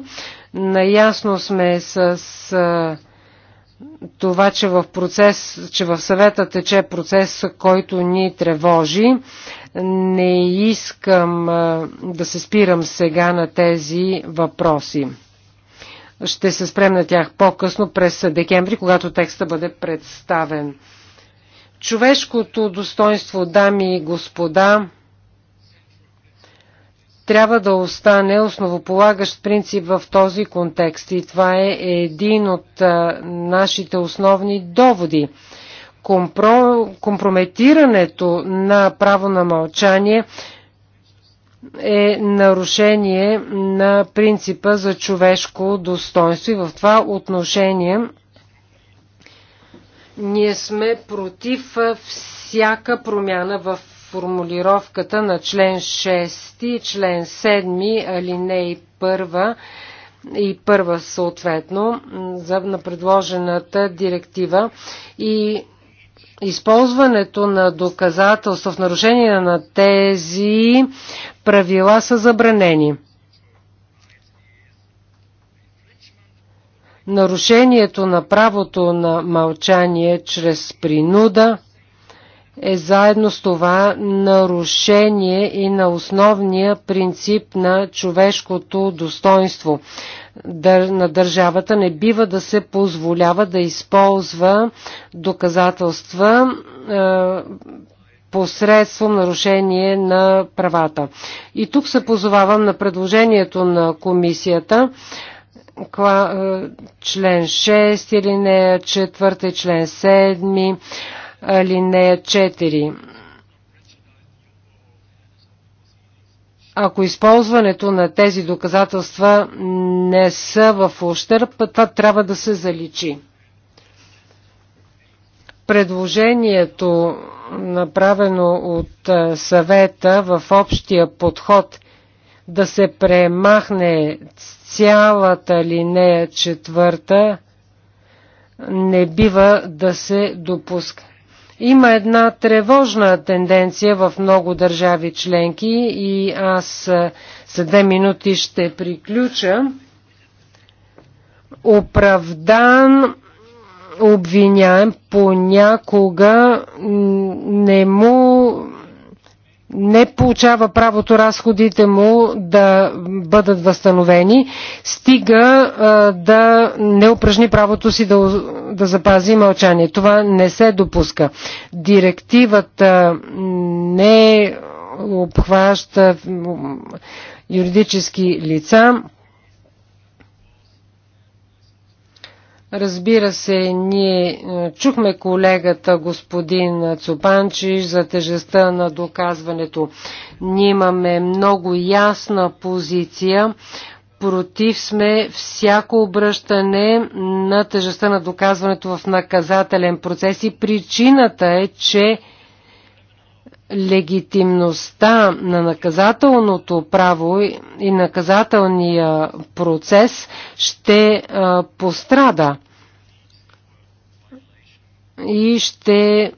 [SPEAKER 2] Наясно сме с това, че в, процес, че в съвета тече процес, който ни тревожи. Не искам да се спирам сега на тези въпроси. Ще се спрем на тях по-късно през декември, когато текста бъде представен. Човешкото достоинство, дами и господа, трябва да остане основополагащ принцип в този контекст и това е един от нашите основни доводи. Компро... Компрометирането на право на мълчание е нарушение на принципа за човешко достоинство и в това отношение ние сме против всяка промяна в формулировката на член 6, член 7, алинеи 1 и 1 съответно за, на предложената директива и използването на доказателства в нарушение на тези правила са забранени. Нарушението на правото на мълчание чрез принуда – е заедно с това нарушение и на основния принцип на човешкото достоинство на държавата. Не бива да се позволява да използва доказателства е, посредством нарушение на правата. И тук се позовавам на предложението на комисията е, член 6 или не, 4 член 7 Алинея 4. Ако използването на тези доказателства не са в ущърп, това трябва да се заличи. Предложението, направено от съвета в общия подход да се премахне цялата линея четвърта, не бива да се допуска. Има една тревожна тенденция в много държави членки и аз за две минути ще приключа. Оправдан обвиняем понякога не му не получава правото разходите му да бъдат възстановени, стига да не упражни правото си да, да запази мълчание. Това не се допуска. Директивата не обхваща юридически лица. Разбира се, ние е, чухме колегата господин Цупанчи за тежестта на доказването. Ние имаме много ясна позиция. Против сме всяко обръщане на тежестта на доказването в наказателен процес и причината е, че легитимността на наказателното право и наказателния процес ще пострада и ще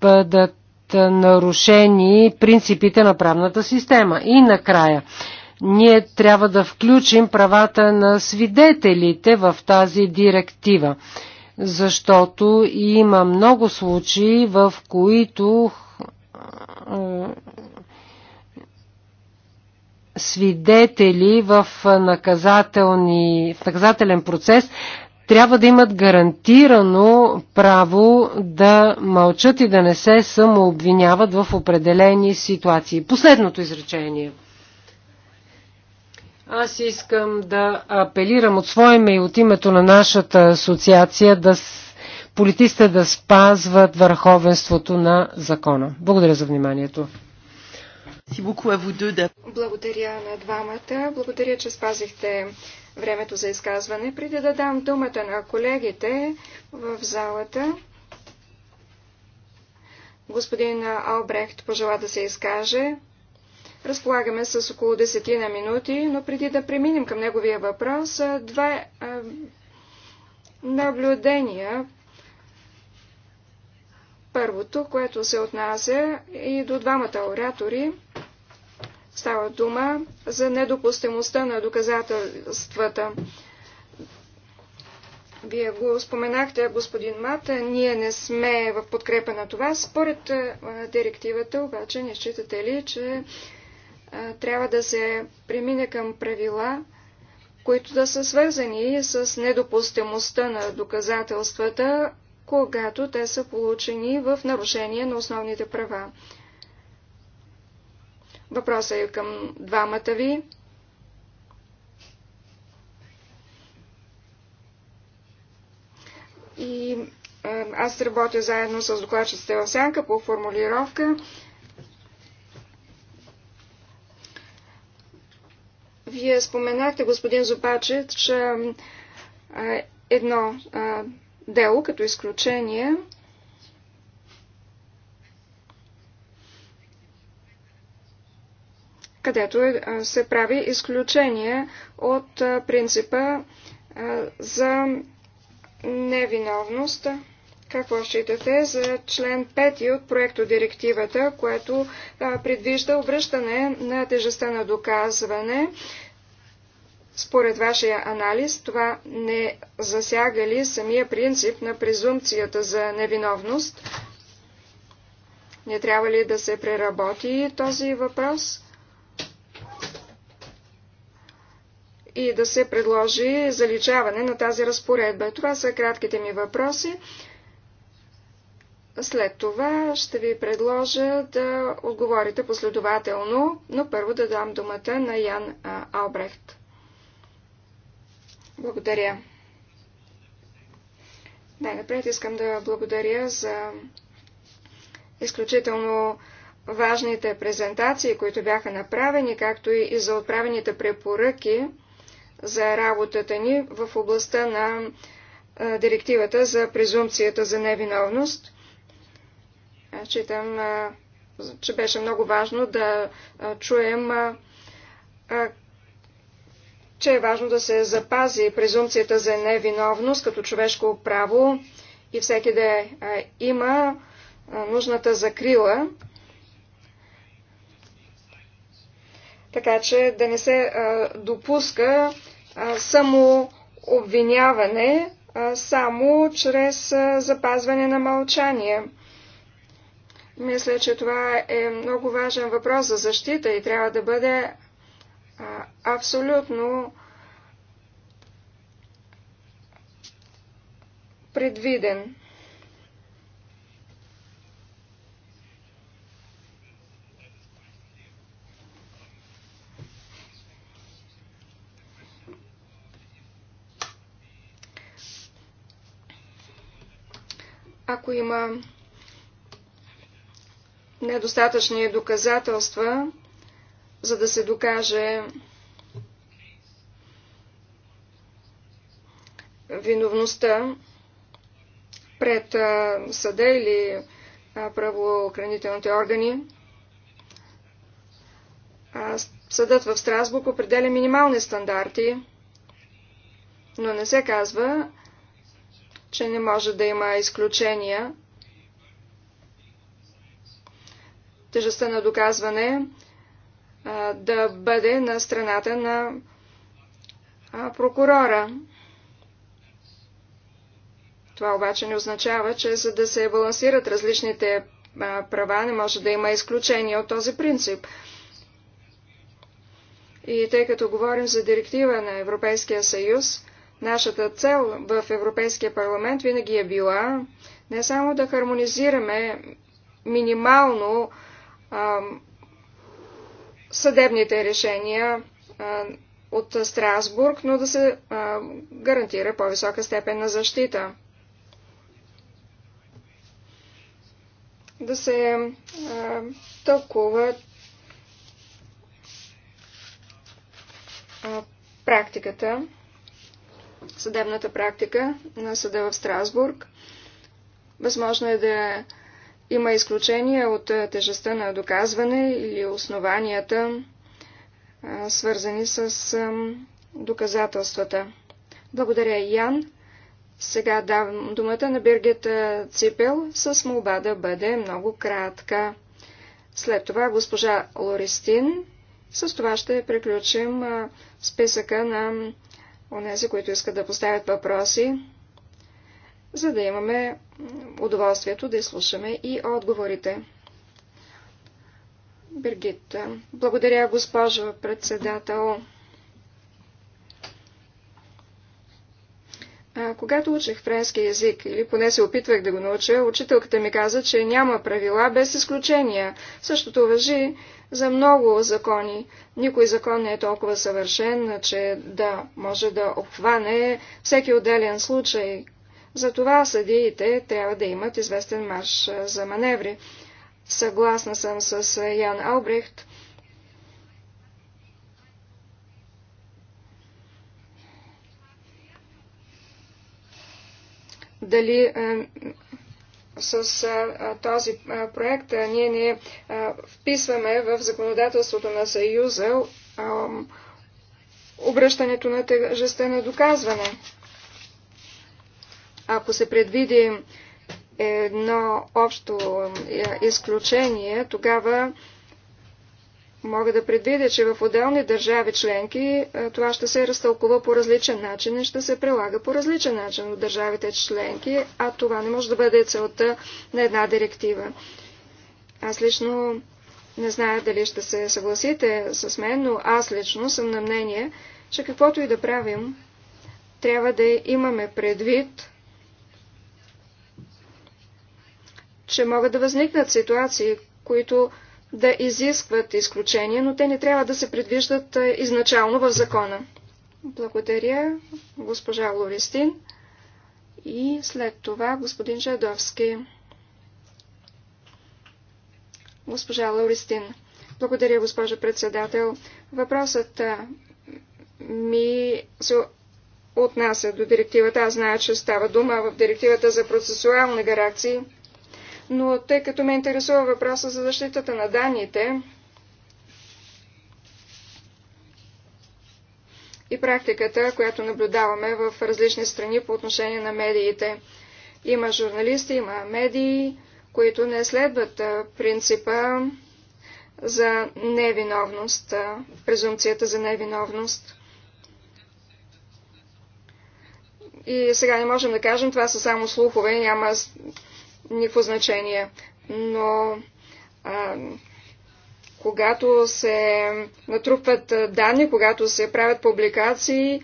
[SPEAKER 2] бъдат нарушени принципите на правната система. И накрая, ние трябва да включим правата на свидетелите в тази директива, защото има много случаи, в които свидетели в, наказателни, в наказателен процес трябва да имат гарантирано право да мълчат и да не се самообвиняват в определени ситуации. Последното изречение. Аз искам да апелирам от своя име и от името на нашата асоциация да Политиста да спазват върховенството на закона. Благодаря за вниманието.
[SPEAKER 1] Благодаря на двамата. Благодаря, че спазихте времето за изказване. Преди да дам думата на колегите в залата, господин Албрехт пожела да се изкаже. Разполагаме с около десетина минути, но преди да преминем към неговия въпрос, два наблюдения Първото, което се отнася и до двамата оратори, става дума за недопустимостта на доказателствата. Вие го споменахте, господин Мата, ние не сме в подкрепа на това. Според директивата обаче не считате ли, че а, трябва да се премине към правила, които да са свързани с недопустимостта на доказателствата когато те са получени в нарушение на основните права. Въпросът е към двамата ви. И аз работя заедно с докладчиците в Сянка по формулировка. Вие споменахте, господин Зопачет, че едно дело като изключение където е, се прави изключение от принципа за невиновност. Какво считате за член 5 от проекто директивата, което предвижда обръщане на тежестта на доказване според вашия анализ, това не засяга ли самия принцип на презумпцията за невиновност? Не трябва ли да се преработи този въпрос? и да се предложи заличаване на тази разпоредба. Това са кратките ми въпроси. След това ще ви предложа да отговорите последователно, но първо да дам думата на Ян Албрехт. Благодаря. Най-напред искам да благодаря за изключително важните презентации, които бяха направени, както и за отправените препоръки за работата ни в областта на директивата за презумпцията за невиновност. Читам, че беше много важно да чуем че е важно да се запази презумпцията за невиновност като човешко право и всеки да има нужната закрила, така че да не се допуска само обвиняване, само чрез запазване на мълчание. Мисля, че това е много важен въпрос за защита и трябва да бъде абсолютно предвиден. Ако има недостатъчни доказателства, за да се докаже виновността пред съда или правоохранителните органи. Съдът в Страсбург определя минимални стандарти, но не се казва, че не може да има изключения. Тежестта на доказване да бъде на страната на прокурора. Това обаче не означава, че за да се балансират различните права не може да има изключение от този принцип. И тъй като говорим за директива на Европейския съюз, нашата цел в Европейския парламент винаги е била не само да хармонизираме минимално съдебните решения от Страсбург, но да се гарантира по-висока степен на защита. Да се тълкуват практиката, съдебната практика на съда в Страсбург. Възможно е да има изключение от е, тежестта на доказване или основанията, е, свързани с е, доказателствата. Благодаря, Ян. Сега давам думата на Биргета Ципел с молба да бъде много кратка. След това госпожа Лористин. С това ще приключим списъка на онези, които искат да поставят въпроси за да имаме удоволствието да изслушаме и отговорите. Бергита, благодаря, госпожо председател. Когато учих френски язик, или поне се опитвах да го науча, учителката ми каза, че няма правила без изключения. Същото въжи за много закони. Никой закон не е толкова съвършен, че да може да обхване всеки отделен случай, затова съдиите трябва да имат известен марш за маневри. Съгласна съм с Ян Албрехт. Дали е, с е, този е, проект ние не вписваме в законодателството на Съюза обръщането на тежестта на доказване. Ако се предвиди едно общо е, изключение, тогава мога да предвидя, че в отделни държави членки е, това ще се разтълкува по различен начин и ще се прилага по различен начин от държавите членки, а това не може да бъде целта на една директива. Аз лично не зная дали ще се съгласите с мен, но аз лично съм на мнение, че каквото и да правим, трябва да имаме предвид че могат да възникнат ситуации, които да изискват изключения, но те не трябва да се предвиждат изначално в закона. Благодаря, госпожа Лористин. И след това господин Жадовски. Госпожа Лористин. Благодаря, госпожа председател. Въпросът ми се отнася до директивата. Аз знае, че става дума в директивата за процесуални гаракции но тъй като ме интересува въпроса за защитата на данните и практиката, която наблюдаваме в различни страни по отношение на медиите. Има журналисти, има медии, които не следват принципа за невиновност, презумцията за невиновност. И сега не можем да кажем, това са само слухове, няма никакво значение. Но а, когато се натрупват данни, когато се правят публикации,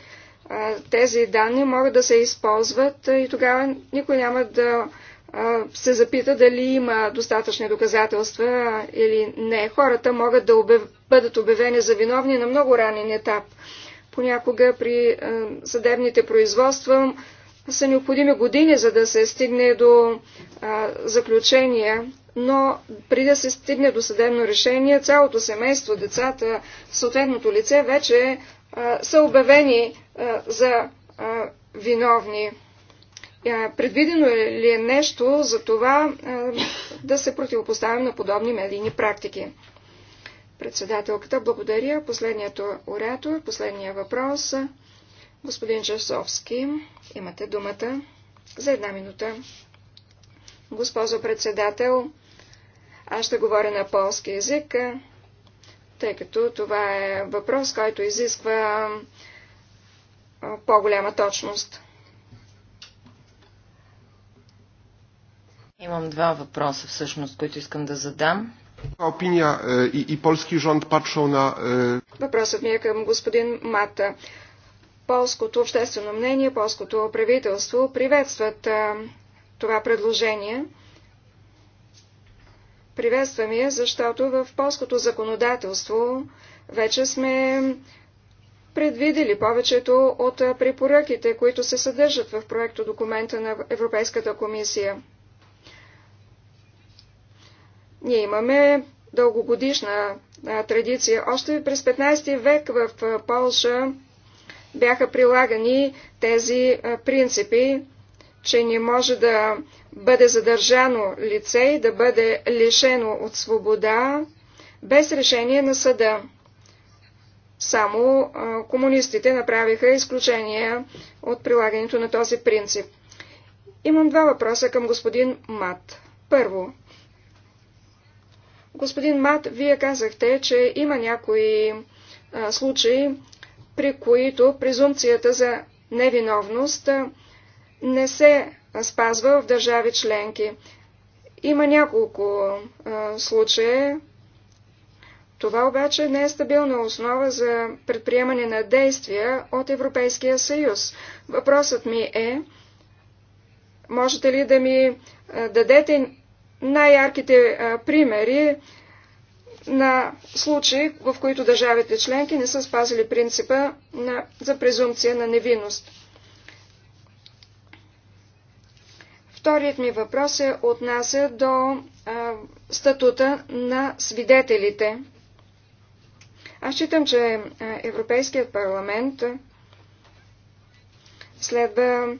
[SPEAKER 1] а, тези данни могат да се използват и тогава никой няма да а, се запита дали има достатъчни доказателства или не. Хората могат да обяв... бъдат обявени за виновни на много ранен етап. Понякога при съдебните производства са необходими години, за да се стигне до а, заключение, но преди да се стигне до съдебно решение, цялото семейство, децата, съответното лице вече а, са обявени а, за а, виновни. А, предвидено е ли е нещо за това а, да се противопоставим на подобни медийни практики? Председателката, благодаря. Последният оратор, последния въпрос. Господин Часовски, имате думата за една минута. Госпожо председател, аз ще говоря на полски язик, тъй като това е въпрос, който изисква по-голяма точност.
[SPEAKER 3] Имам два въпроса всъщност, които искам да задам.
[SPEAKER 2] Опиния е, и, и полски жонд на...
[SPEAKER 1] Е, Въпросът ми е към господин Мата. Полското обществено мнение, полското правителство приветстват а, това предложение. Приветствам я, защото в полското законодателство вече сме предвидели повечето от препоръките, които се съдържат в проекто документа на Европейската комисия. Ние имаме дългогодишна традиция. Още през 15 век в Полша бяха прилагани тези принципи, че не може да бъде задържано лице и да бъде лишено от свобода без решение на съда. Само комунистите направиха изключение от прилагането на този принцип. Имам два въпроса към господин Мат. Първо, господин Мат, вие казахте, че има някои случаи, при които презумпцията за невиновност не се спазва в държави членки. Има няколко а, случая. Това обаче не е стабилна основа за предприемане на действия от Европейския съюз. Въпросът ми е, можете ли да ми дадете най-ярките примери на случаи, в които държавите членки не са спазили принципа на, за презумпция на невинност. Вторият ми въпрос се отнася до а, статута на свидетелите. Аз считам, че Европейският парламент следва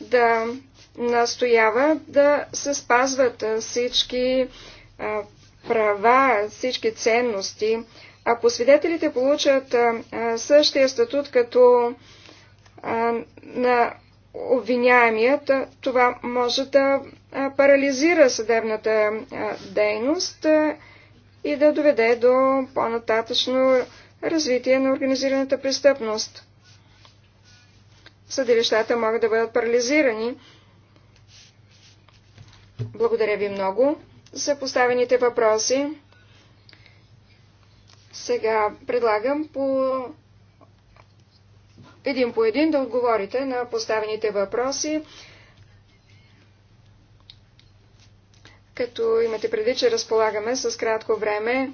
[SPEAKER 1] да настоява да се спазват всички права, всички ценности. Ако свидетелите получат същия статут като на обвиняемият, това може да парализира съдебната дейност и да доведе до по-нататъчно развитие на организираната престъпност. Съдилищата могат да бъдат парализирани благодаря ви много за поставените въпроси. Сега предлагам по един по един да отговорите на поставените въпроси. Като имате преди, че разполагаме с кратко време,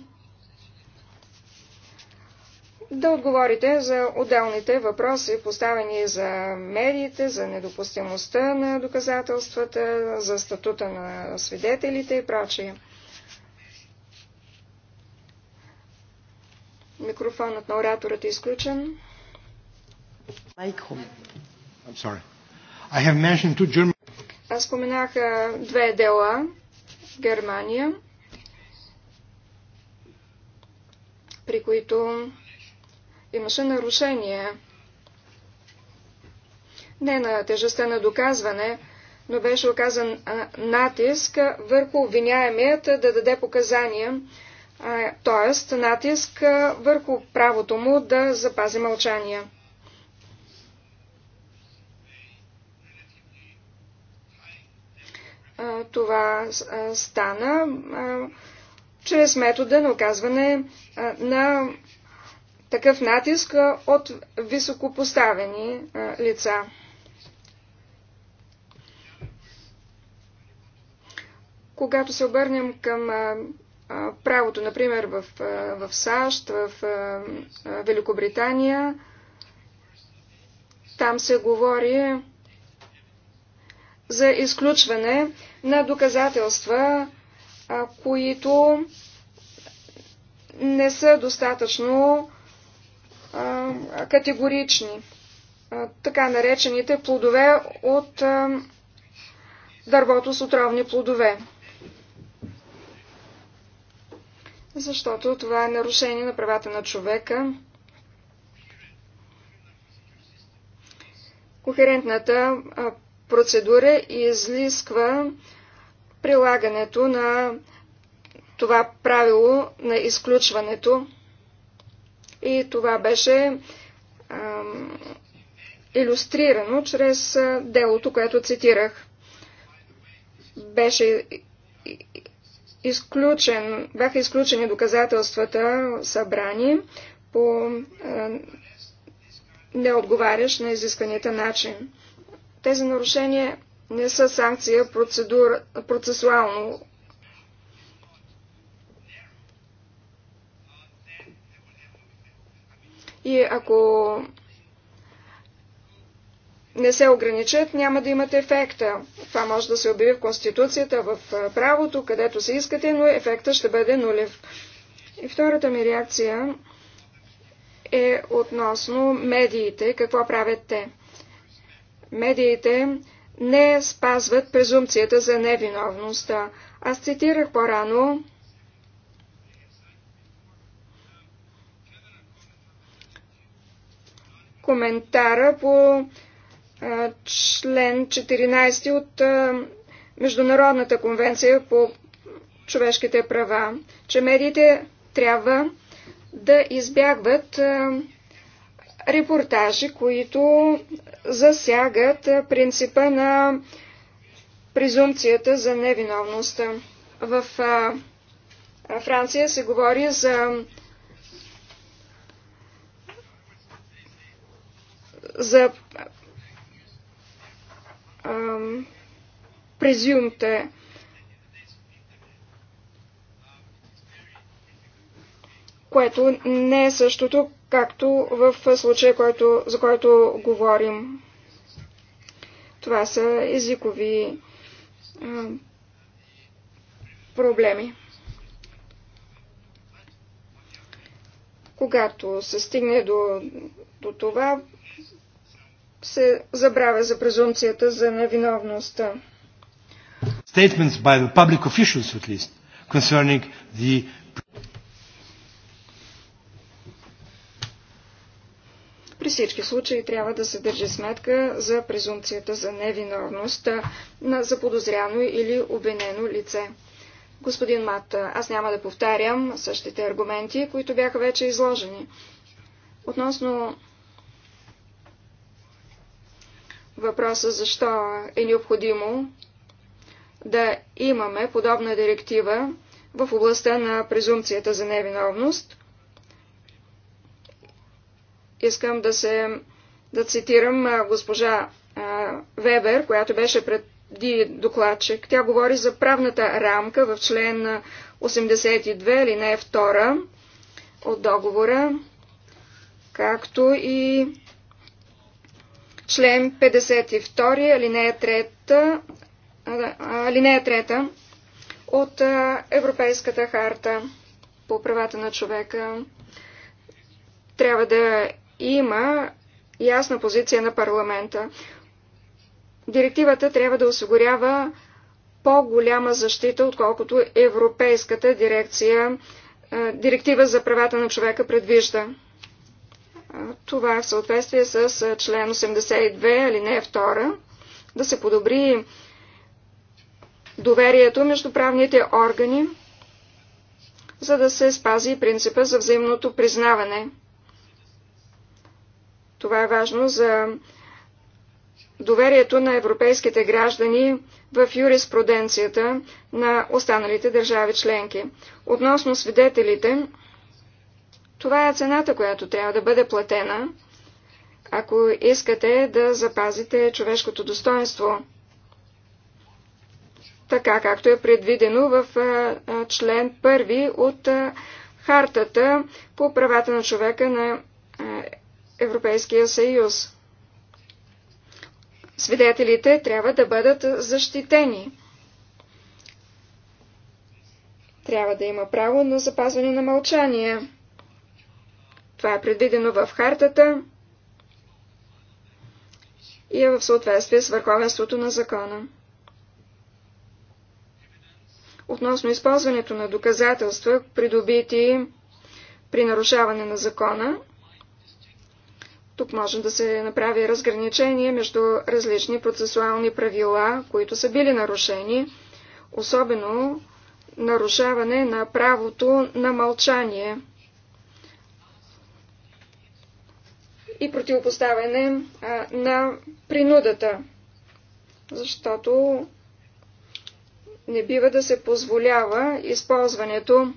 [SPEAKER 1] да отговорите за отделните въпроси, поставени за медиите, за недопустимостта на доказателствата, за статута на свидетелите и прочие. Микрофонът на ораторът е изключен. Аз споменах две дела. Германия, при които имаше нарушение. Не на тежестта на доказване, но беше оказан натиск върху обвиняемият да даде показания, т.е. натиск върху правото му да запази мълчание. Това стана чрез метода на оказване на такъв натиск от високопоставени лица. Когато се обърнем към правото, например, в, в САЩ, в Великобритания, там се говори за изключване на доказателства, които не са достатъчно категорични. Така наречените плодове от дървото с отровни плодове. Защото това е нарушение на правата на човека. Кохерентната процедура изисква прилагането на това правило на изключването и това беше ам, иллюстрирано чрез делото, което цитирах. Беше изключен, бяха изключени доказателствата събрани по а, неотговарящ на изисканията начин. Тези нарушения не са санкция процедура, процесуално И ако не се ограничат, няма да имат ефекта. Това може да се обяви в Конституцията, в правото, където се искате, но ефекта ще бъде нулев. И втората ми реакция е относно медиите, какво правят те. Медиите не спазват презумпцията за невиновността. Аз цитирах по-рано коментара по член 14 от Международната конвенция по човешките права, че медиите трябва да избягват репортажи, които засягат принципа на презумпцията за невиновността. В Франция се говори за за презюмте. което не е същото, както в случая, който, за който говорим. Това са езикови а, проблеми. Когато се стигне до, до това, се забравя за презумцията за невиновността.
[SPEAKER 2] Statements by the public officials, at least, concerning the
[SPEAKER 1] При всички случаи трябва да се държи сметка за презумпцията за невиновност на заподозряно или обвинено лице. Господин Мат, аз няма да повтарям същите аргументи, които бяха вече изложени. Относно въпроса защо е необходимо да имаме подобна директива в областта на презумцията за невиновност. Искам да се да цитирам госпожа Вебер, която беше преди докладчик. Тя говори за правната рамка в член 82 или не 2 от договора, както и член 52, алинея 3, алинея 3 от Европейската харта по правата на човека. Трябва да има ясна позиция на парламента. Директивата трябва да осигурява по-голяма защита, отколкото Европейската дирекция, директива за правата на човека предвижда. Това е в съответствие с член 82, алинея 2, да се подобри доверието между правните органи, за да се спази принципа за взаимното признаване. Това е важно за доверието на европейските граждани в юриспруденцията на останалите държави членки. Относно свидетелите, това е цената, която трябва да бъде платена, ако искате да запазите човешкото достоинство, така както е предвидено в член 1 от Хартата по правата на човека на Европейския съюз. Свидетелите трябва да бъдат защитени. Трябва да има право на запазване на мълчание. Това е предвидено в хартата и е в съответствие с върховенството на закона. Относно използването на доказателства, придобити при нарушаване на закона, тук може да се направи разграничение между различни процесуални правила, които са били нарушени, особено нарушаване на правото на мълчание – и противопоставяне на принудата, защото не бива да се позволява използването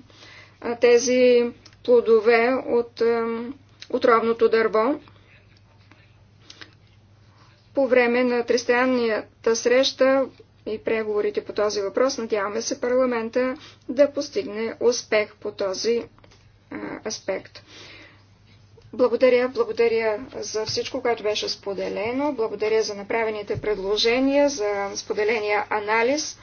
[SPEAKER 1] на тези плодове от отровното дърво. По време на тристранната среща и преговорите по този въпрос, надяваме се парламента да постигне успех по този аспект. Благодаря, благодаря за всичко, което беше споделено. Благодаря за направените предложения, за споделения анализ.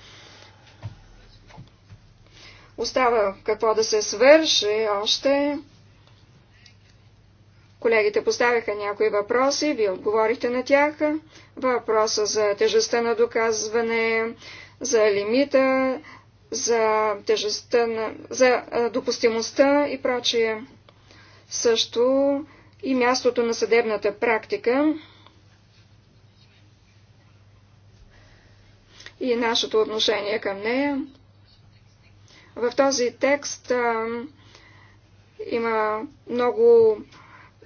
[SPEAKER 1] Остава какво да се свърши още. Колегите поставяха някои въпроси, вие отговорихте на тях. Въпроса за тежестта на доказване, за лимита, за тежестта на, за допустимостта и прочие също и мястото на съдебната практика и нашето отношение към нея. В този текст а, има много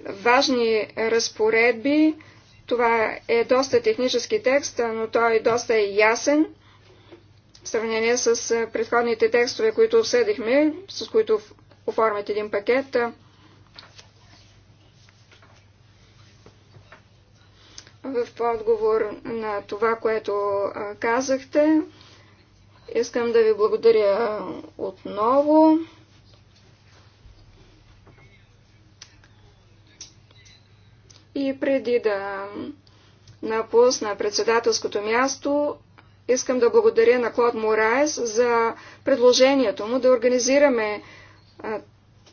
[SPEAKER 1] важни разпоредби. Това е доста технически текст, но той доста е ясен в сравнение с предходните текстове, които обсъдихме, с които оформят един пакет. В отговор на това, което казахте, искам да ви благодаря отново. И преди да напусна председателското място, искам да благодаря на Клод Мораес за предложението му да организираме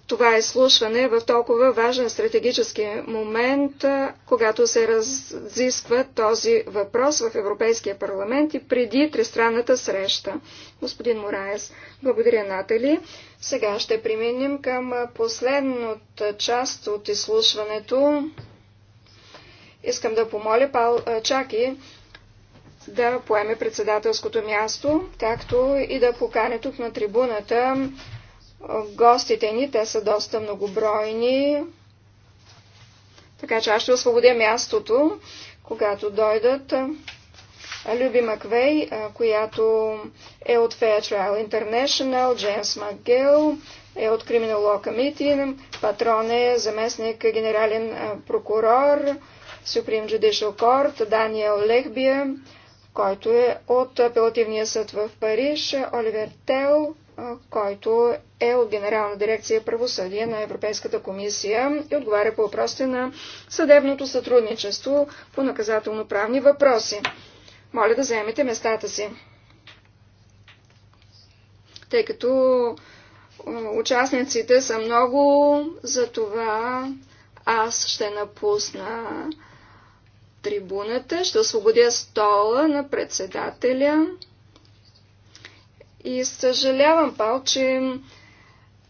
[SPEAKER 1] това изслушване в толкова важен стратегически момент, когато се разисква този въпрос в Европейския парламент и преди тристранната среща. Господин Мораес, благодаря, Натали. Сега ще преминем към последната част от изслушването. Искам да помоля Пал Чаки да поеме председателското място, както и да покане тук на трибуната гостите ни. Те са доста многобройни. Така че аз ще освободя мястото, когато дойдат. Люби Маквей, която е от Fair Trial International, Джеймс МакГел е от Criminal Law Committee, патрон е заместник генерален прокурор, Supreme Judicial Court, Даниел Лехбия, който е от апелативния съд в Париж, Оливер Тел, който е от Генерална дирекция правосъдие на Европейската комисия и отговаря по въпросите на съдебното сътрудничество по наказателно-правни въпроси. Моля да заемете местата си. Тъй като участниците са много, за това, аз ще напусна трибуната, ще освободя стола на председателя. И съжалявам, Пал, че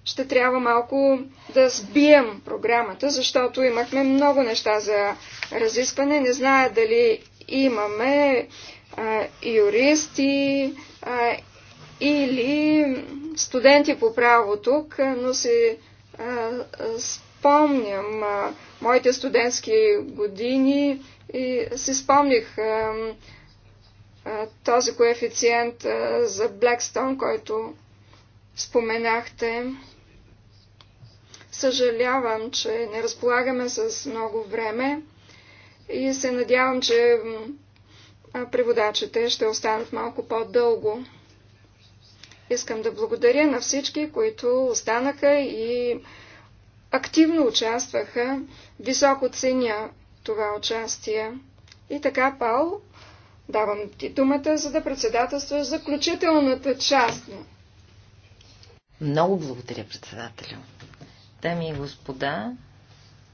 [SPEAKER 1] ще трябва малко да сбием програмата, защото имахме много неща за разискване. Не зная дали имаме а, юристи а, или студенти по право тук, но се спомням а, моите студентски години и си спомних а, този коефициент за Блекстон, който споменахте. Съжалявам, че не разполагаме с много време и се надявам, че преводачите ще останат малко по-дълго. Искам да благодаря на всички, които останаха и активно участваха. Високо ценя това участие. И така, Пал, Давам ти думата, за да председателстваш заключителната част.
[SPEAKER 3] Много благодаря, председателю. Дами и господа,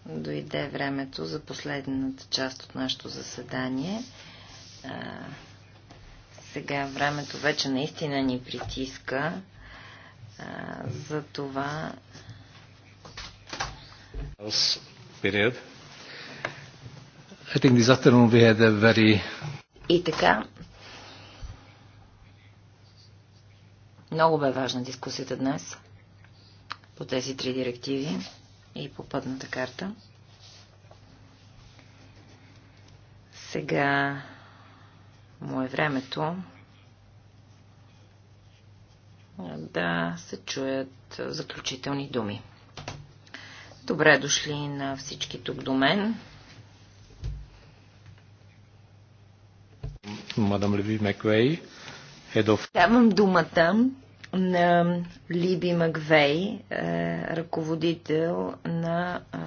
[SPEAKER 3] дойде времето за последната част от нашето заседание. А, сега времето вече наистина ни притиска. А, за това...
[SPEAKER 2] период. I think this afternoon we had a very
[SPEAKER 3] и така, много бе важна дискусията днес по тези три директиви и по пътната карта. Сега му е времето да се чуят заключителни думи. Добре дошли на всички тук до мен. мадам Маквей, Head Давам думата на Либи Маквей, е, ръководител на е,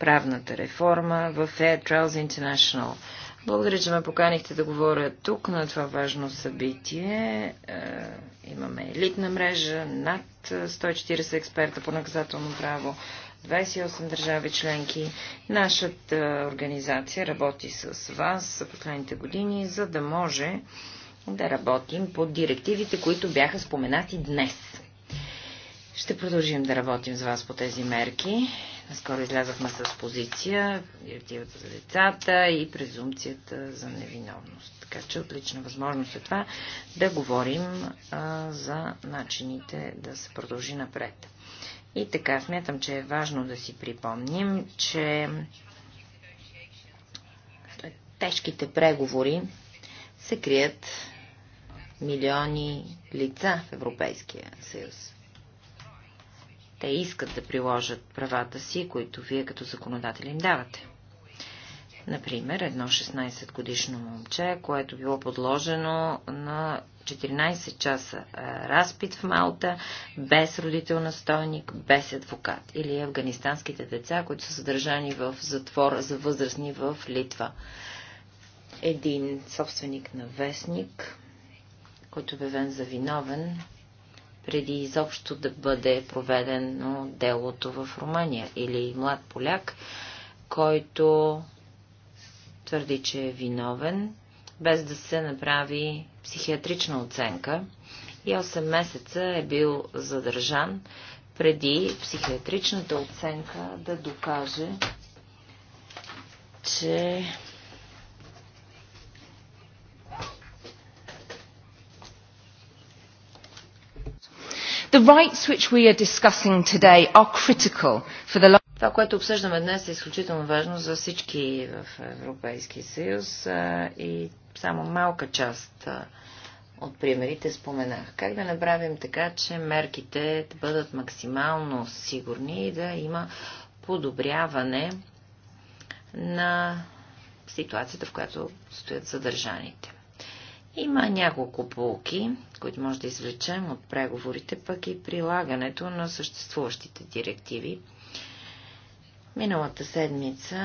[SPEAKER 3] правната реформа в Fair Trials International. Благодаря, че ме поканихте да говоря тук на това важно събитие. Е, имаме елитна мрежа, над 140 експерта по наказателно право 28 държави членки. Нашата е, организация работи с вас за последните години, за да може да работим по директивите, които бяха споменати днес. Ще продължим да работим с вас по тези мерки. Наскоро излязахме с позиция, директивата за децата и презумцията за невиновност. Така че отлична възможност е това да говорим а, за начините да се продължи напред. И така, смятам, че е важно да си припомним, че след тежките преговори се крият милиони лица в Европейския съюз. Те искат да приложат правата си, които вие като законодатели им давате. Например, едно 16-годишно момче, което било подложено на 14 часа разпит в Малта, без родител настойник, без адвокат. Или афганистанските деца, които са съдържани в затвора за възрастни в Литва. Един собственик на вестник, който е бевен за виновен, преди изобщо да бъде проведено делото в Румъния. Или млад поляк, който твърди, че е виновен, без да се направи психиатрична оценка и 8 месеца е бил задържан преди психиатричната оценка да докаже, че The rights which we are discussing today are critical for the това, което обсъждаме днес е изключително важно за всички в Европейския съюз и само малка част от примерите споменах. Как да направим така, че мерките да бъдат максимално сигурни и да има подобряване на ситуацията, в която стоят задържаните. Има няколко полки, които може да извлечем от преговорите, пък и прилагането на съществуващите директиви – Миналата седмица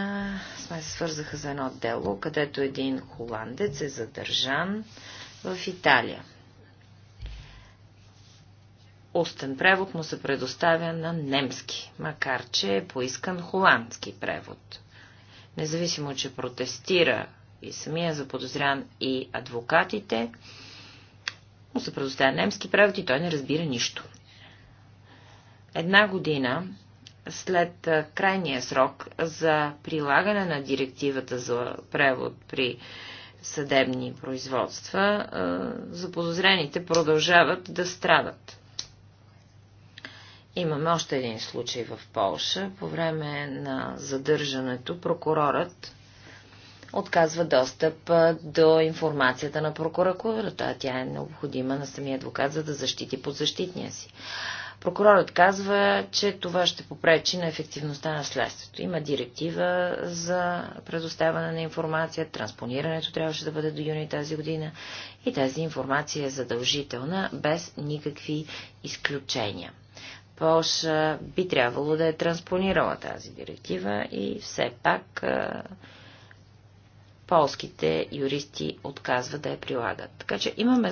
[SPEAKER 3] сме се свързаха за едно дело, където един холандец е задържан в Италия. Устен превод му се предоставя на немски, макар че е поискан холандски превод. Независимо, че протестира и самия заподозрян и адвокатите, му се предоставя немски превод и той не разбира нищо. Една година след крайния срок за прилагане на директивата за превод при съдебни производства, заподозрените продължават да страдат. Имаме още един случай в Полша. По време на задържането прокурорът отказва достъп до информацията на прокуратурата, тя е необходима на самия адвокат, за да защити подзащитния си. Прокурорът казва, че това ще попречи на ефективността на следствието. Има директива за предоставяне на информация, транспонирането трябваше да бъде до юни тази година и тази информация е задължителна, без никакви изключения. Полша би трябвало да е транспонирала тази директива и все пак полските юристи отказват да я прилагат. Така че имаме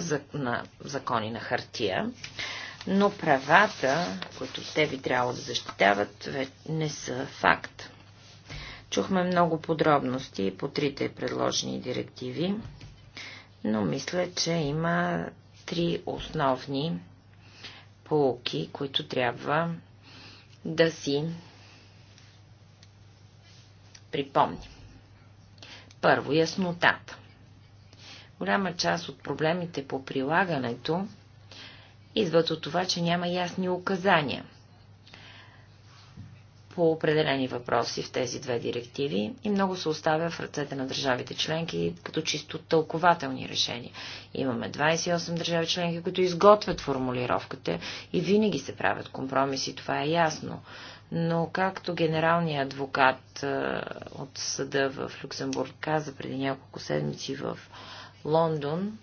[SPEAKER 3] закони на хартия, но правата, които те би трябвало да защитават, не са факт. Чухме много подробности по трите предложени директиви, но мисля, че има три основни полуки, които трябва да си припомним. Първо, яснотата. Голяма част от проблемите по прилагането идват от това, че няма ясни указания по определени въпроси в тези две директиви и много се оставя в ръцете на държавите членки като чисто тълкователни решения. Имаме 28 държави членки, които изготвят формулировката и винаги се правят компромиси, това е ясно. Но както генералният адвокат от съда в Люксембург каза преди няколко седмици в Лондон,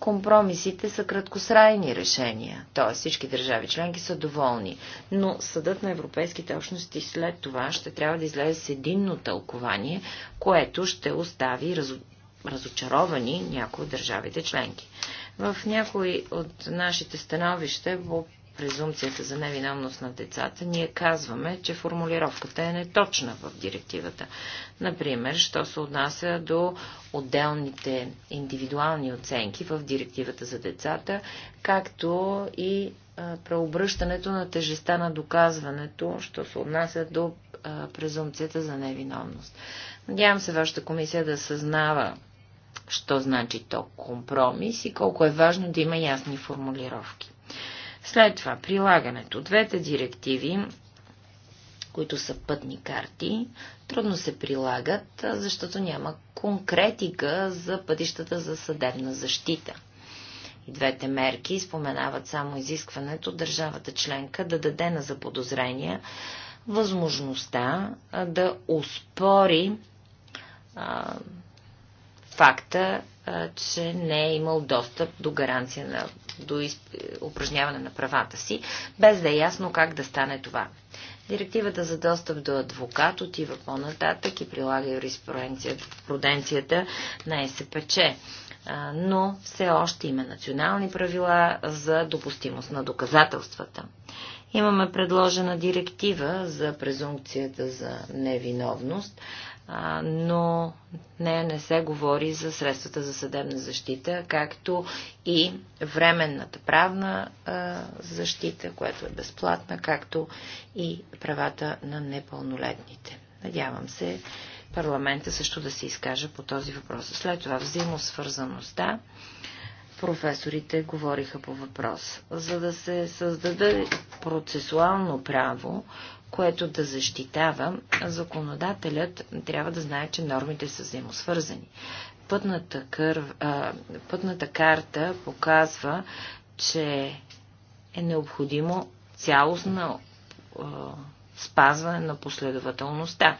[SPEAKER 3] компромисите са краткосрайни решения, т.е. всички държави членки са доволни, но съдът на европейските общности след това ще трябва да излезе с единно тълкование, което ще остави раз... разочаровани някои от държавите членки. В някои от нашите становища по презумцията за невиновност на децата, ние казваме, че формулировката е неточна в директивата. Например, що се отнася до отделните индивидуални оценки в директивата за децата, както и преобръщането на тежеста на доказването, що се отнася до презумцията за невиновност. Надявам се вашата комисия да съзнава що значи то компромис и колко е важно да има ясни формулировки. След това прилагането. Двете директиви, които са пътни карти, трудно се прилагат, защото няма конкретика за пътищата за съдебна защита. И двете мерки споменават само изискването държавата членка да даде на заподозрения възможността да успори а, факта, а, че не е имал достъп до гаранция на до из... упражняване на правата си, без да е ясно как да стане това. Директивата за достъп до адвокат отива по-нататък и прилага юриспруденцията на СПЧ но все още има национални правила за допустимост на доказателствата. Имаме предложена директива за презумпцията за невиновност, а, но нея не се говори за средствата за съдебна защита, както и временната правна а, защита, която е безплатна, както и правата на непълнолетните. Надявам се парламента също да се изкаже по този въпрос. След това взаимосвързаността. Професорите говориха по въпрос. За да се създаде процесуално право, което да защитава, законодателят трябва да знае, че нормите са взаимосвързани. Пътната, кър... пътната карта показва, че е необходимо цялостно спазване на последователността.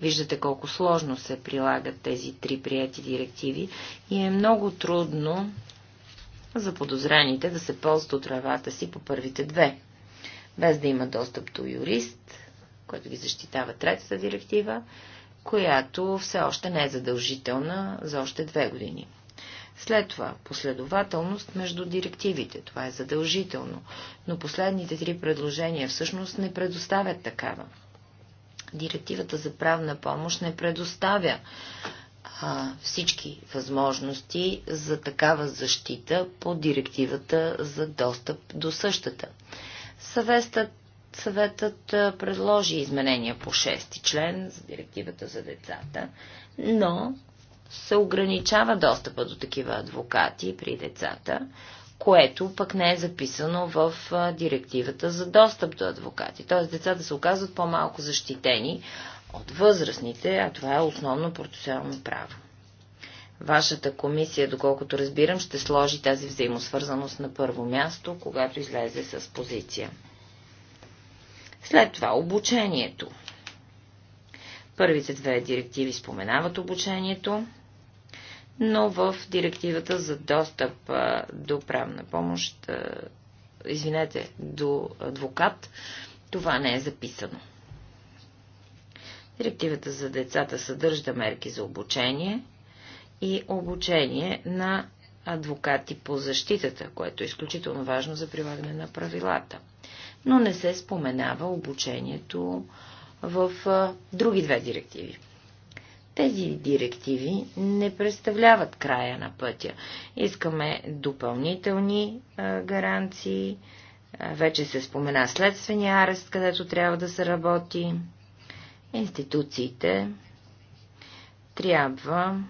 [SPEAKER 3] Виждате колко сложно се прилагат тези три прияти директиви и е много трудно за подозраните да се ползват от правата си по първите две без да има достъп до юрист, който ги защитава третата директива, която все още не е задължителна за още две години. След това последователност между директивите. Това е задължително, но последните три предложения всъщност не предоставят такава. Директивата за правна помощ не предоставя а, всички възможности за такава защита по директивата за достъп до същата. Съвестът, съветът предложи изменения по 6 член за директивата за децата, но се ограничава достъпа до такива адвокати при децата, което пък не е записано в директивата за достъп до адвокати. Т.е. децата се оказват по-малко защитени от възрастните, а това е основно процесуално право. Вашата комисия, доколкото разбирам, ще сложи тази взаимосвързаност на първо място, когато излезе с позиция. След това обучението. Първите две директиви споменават обучението, но в директивата за достъп до правна помощ, извинете, до адвокат, това не е записано. Директивата за децата съдържа мерки за обучение, и обучение на адвокати по защитата, което е изключително важно за прилагане на правилата. Но не се споменава обучението в други две директиви. Тези директиви не представляват края на пътя. Искаме допълнителни гаранции. Вече се спомена следствения арест, където трябва да се работи. Институциите трябва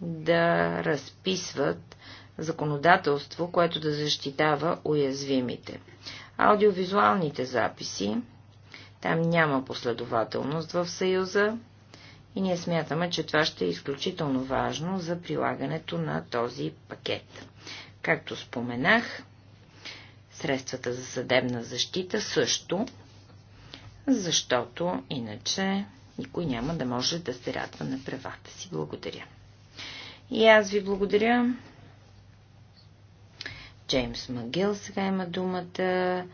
[SPEAKER 3] да разписват законодателство, което да защитава уязвимите. Аудиовизуалните записи, там няма последователност в Съюза и ние смятаме, че това ще е изключително важно за прилагането на този пакет. Както споменах, средствата за съдебна защита също, защото иначе никой няма да може да се радва на правата си. Благодаря. И аз ви благодаря. Джеймс Магил сега има думата,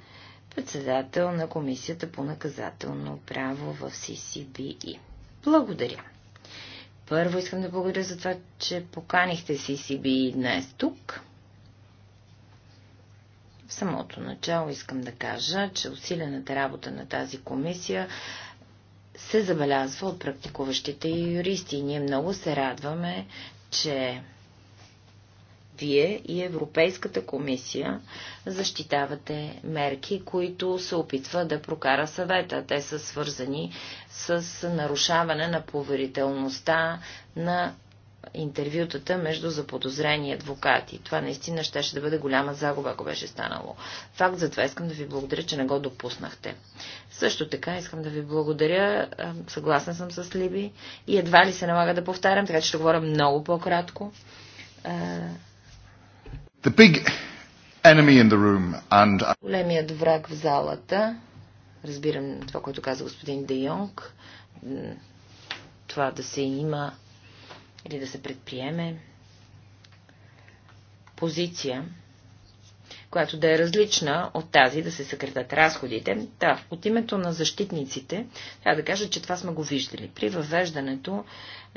[SPEAKER 3] председател на Комисията по наказателно право в CCBI. Благодаря. Първо искам да благодаря за това, че поканихте CCBI днес тук. В самото начало искам да кажа, че усилената работа на тази комисия се забелязва от практикуващите юристи. Ние много се радваме, че вие и Европейската комисия защитавате мерки, които се опитва да прокара съвета. Те са свързани с нарушаване на поверителността на интервютата между заподозрени адвокати. Това наистина щеше да бъде голяма загуба, ако беше станало. Факт за това искам да ви благодаря, че не го допуснахте. Също така искам да ви благодаря, съгласна съм с Либи и едва ли се налага да повтарям, така че ще говоря много по-кратко.
[SPEAKER 1] The big enemy in the room and... Uh,
[SPEAKER 3] големият враг в залата, разбирам това, което каза господин Де Йонг, това да се има или да се предприеме позиция, която да е различна от тази да се съкретат разходите. Да, от името на защитниците, трябва да кажа, че това сме го виждали. При въвеждането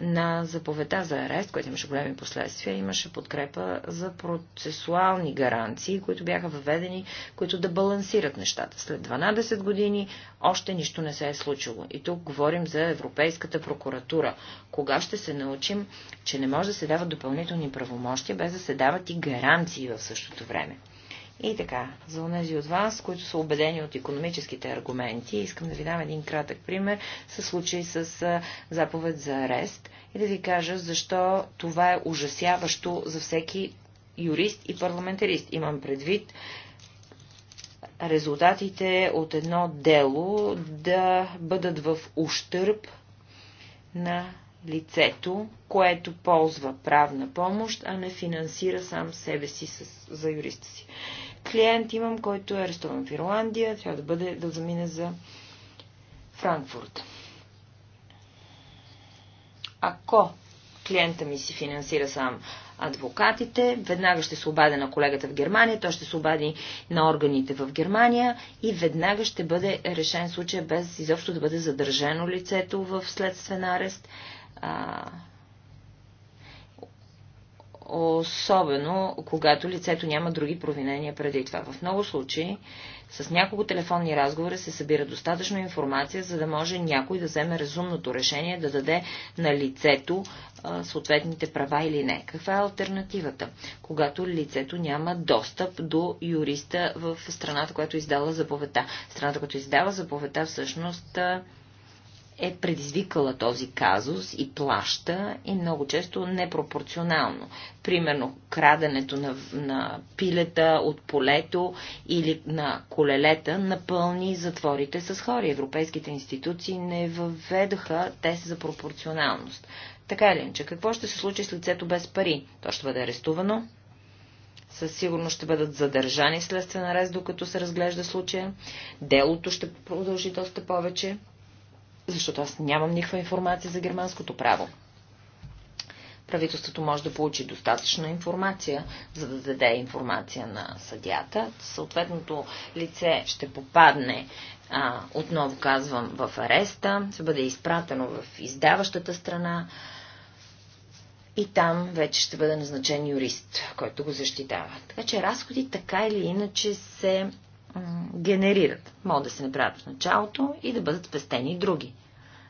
[SPEAKER 3] на заповеда за арест, което имаше големи последствия, имаше подкрепа за процесуални гаранции, които бяха въведени, които да балансират нещата. След 12 години още нищо не се е случило. И тук говорим за Европейската прокуратура. Кога ще се научим, че не може да се дават допълнителни правомощия, без да се дават и гаранции в същото време? И така, за онези от вас, които са убедени от економическите аргументи, искам да ви дам един кратък пример със случай с заповед за арест и да ви кажа защо това е ужасяващо за всеки юрист и парламентарист. Имам предвид резултатите от едно дело да бъдат в ущърб на лицето, което ползва правна помощ, а не финансира сам себе си с, за юриста си. Клиент имам, който е арестован в Ирландия, трябва да, бъде, да замине за Франкфурт. Ако клиента ми си финансира сам адвокатите, веднага ще се обаде на колегата в Германия, той ще се обади на органите в Германия и веднага ще бъде решен случай без изобщо да бъде задържено лицето в следствен арест, а, особено когато лицето няма други провинения преди това. В много случаи с няколко телефонни разговора се събира достатъчно информация, за да може някой да вземе разумното решение да даде на лицето а, съответните права или не. Каква е альтернативата, когато лицето няма достъп до юриста в страната, която издала заповедта? Страната, която издава заповедта, всъщност е предизвикала този казус и плаща и много често непропорционално. Примерно краденето на, на пилета от полето или на колелета напълни затворите с хори. Европейските институции не въведоха те за пропорционалност. Така или иначе, какво ще се случи с лицето без пари? То ще бъде арестувано, със сигурност ще бъдат задържани следствен арест, докато се разглежда случая. Делото ще продължи доста повече защото аз нямам никаква информация за германското право. Правителството може да получи достатъчно информация, за да даде информация на съдята. Съответното лице ще попадне, а, отново казвам, в ареста, ще бъде изпратено в издаващата страна и там вече ще бъде назначен юрист, който го защитава. Така че разходи така или иначе се генерират. Могат да се направят в началото и да бъдат спестени и други.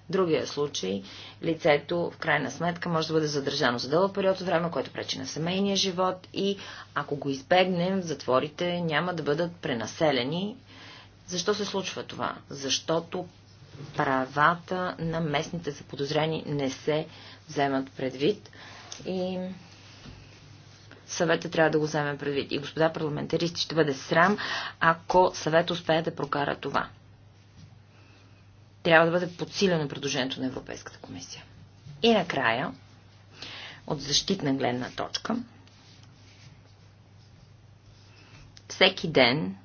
[SPEAKER 3] Другия случай, лицето в крайна сметка може да бъде задържано за дълъг период от време, което пречи на семейния живот и ако го избегнем, затворите няма да бъдат пренаселени. Защо се случва това? Защото правата на местните заподозрени не се вземат предвид и съвета трябва да го вземем предвид. И господа парламентаристи, ще бъде срам, ако съвет успее да прокара това. Трябва да бъде подсилено предложението на Европейската комисия. И накрая, от защитна гледна точка, всеки ден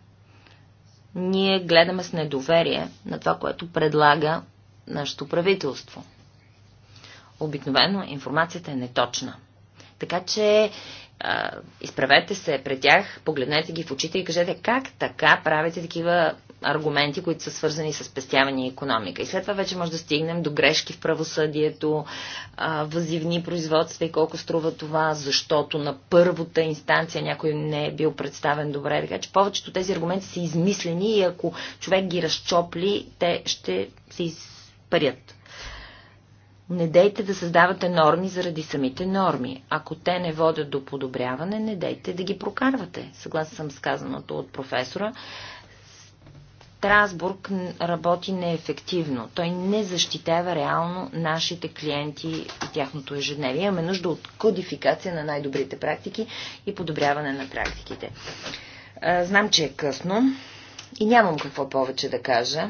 [SPEAKER 3] ние гледаме с недоверие на това, което предлага нашето правителство. Обикновено информацията е неточна – така че а, изправете се пред тях, погледнете ги в очите и кажете как така правите такива аргументи, които са свързани с спестяване и економика. И след това вече може да стигнем до грешки в правосъдието, възивни производства и колко струва това, защото на първата инстанция някой не е бил представен добре. Така че повечето тези аргументи са измислени и ако човек ги разчопли, те ще се изпарят. Не дейте да създавате норми заради самите норми. Ако те не водят до подобряване, не дейте да ги прокарвате. Съгласна съм с казаното от професора. Страсбург работи неефективно. Той не защитава реално нашите клиенти и тяхното ежедневие. Имаме нужда от кодификация на най-добрите практики и подобряване на практиките. Знам, че е късно и нямам какво повече да кажа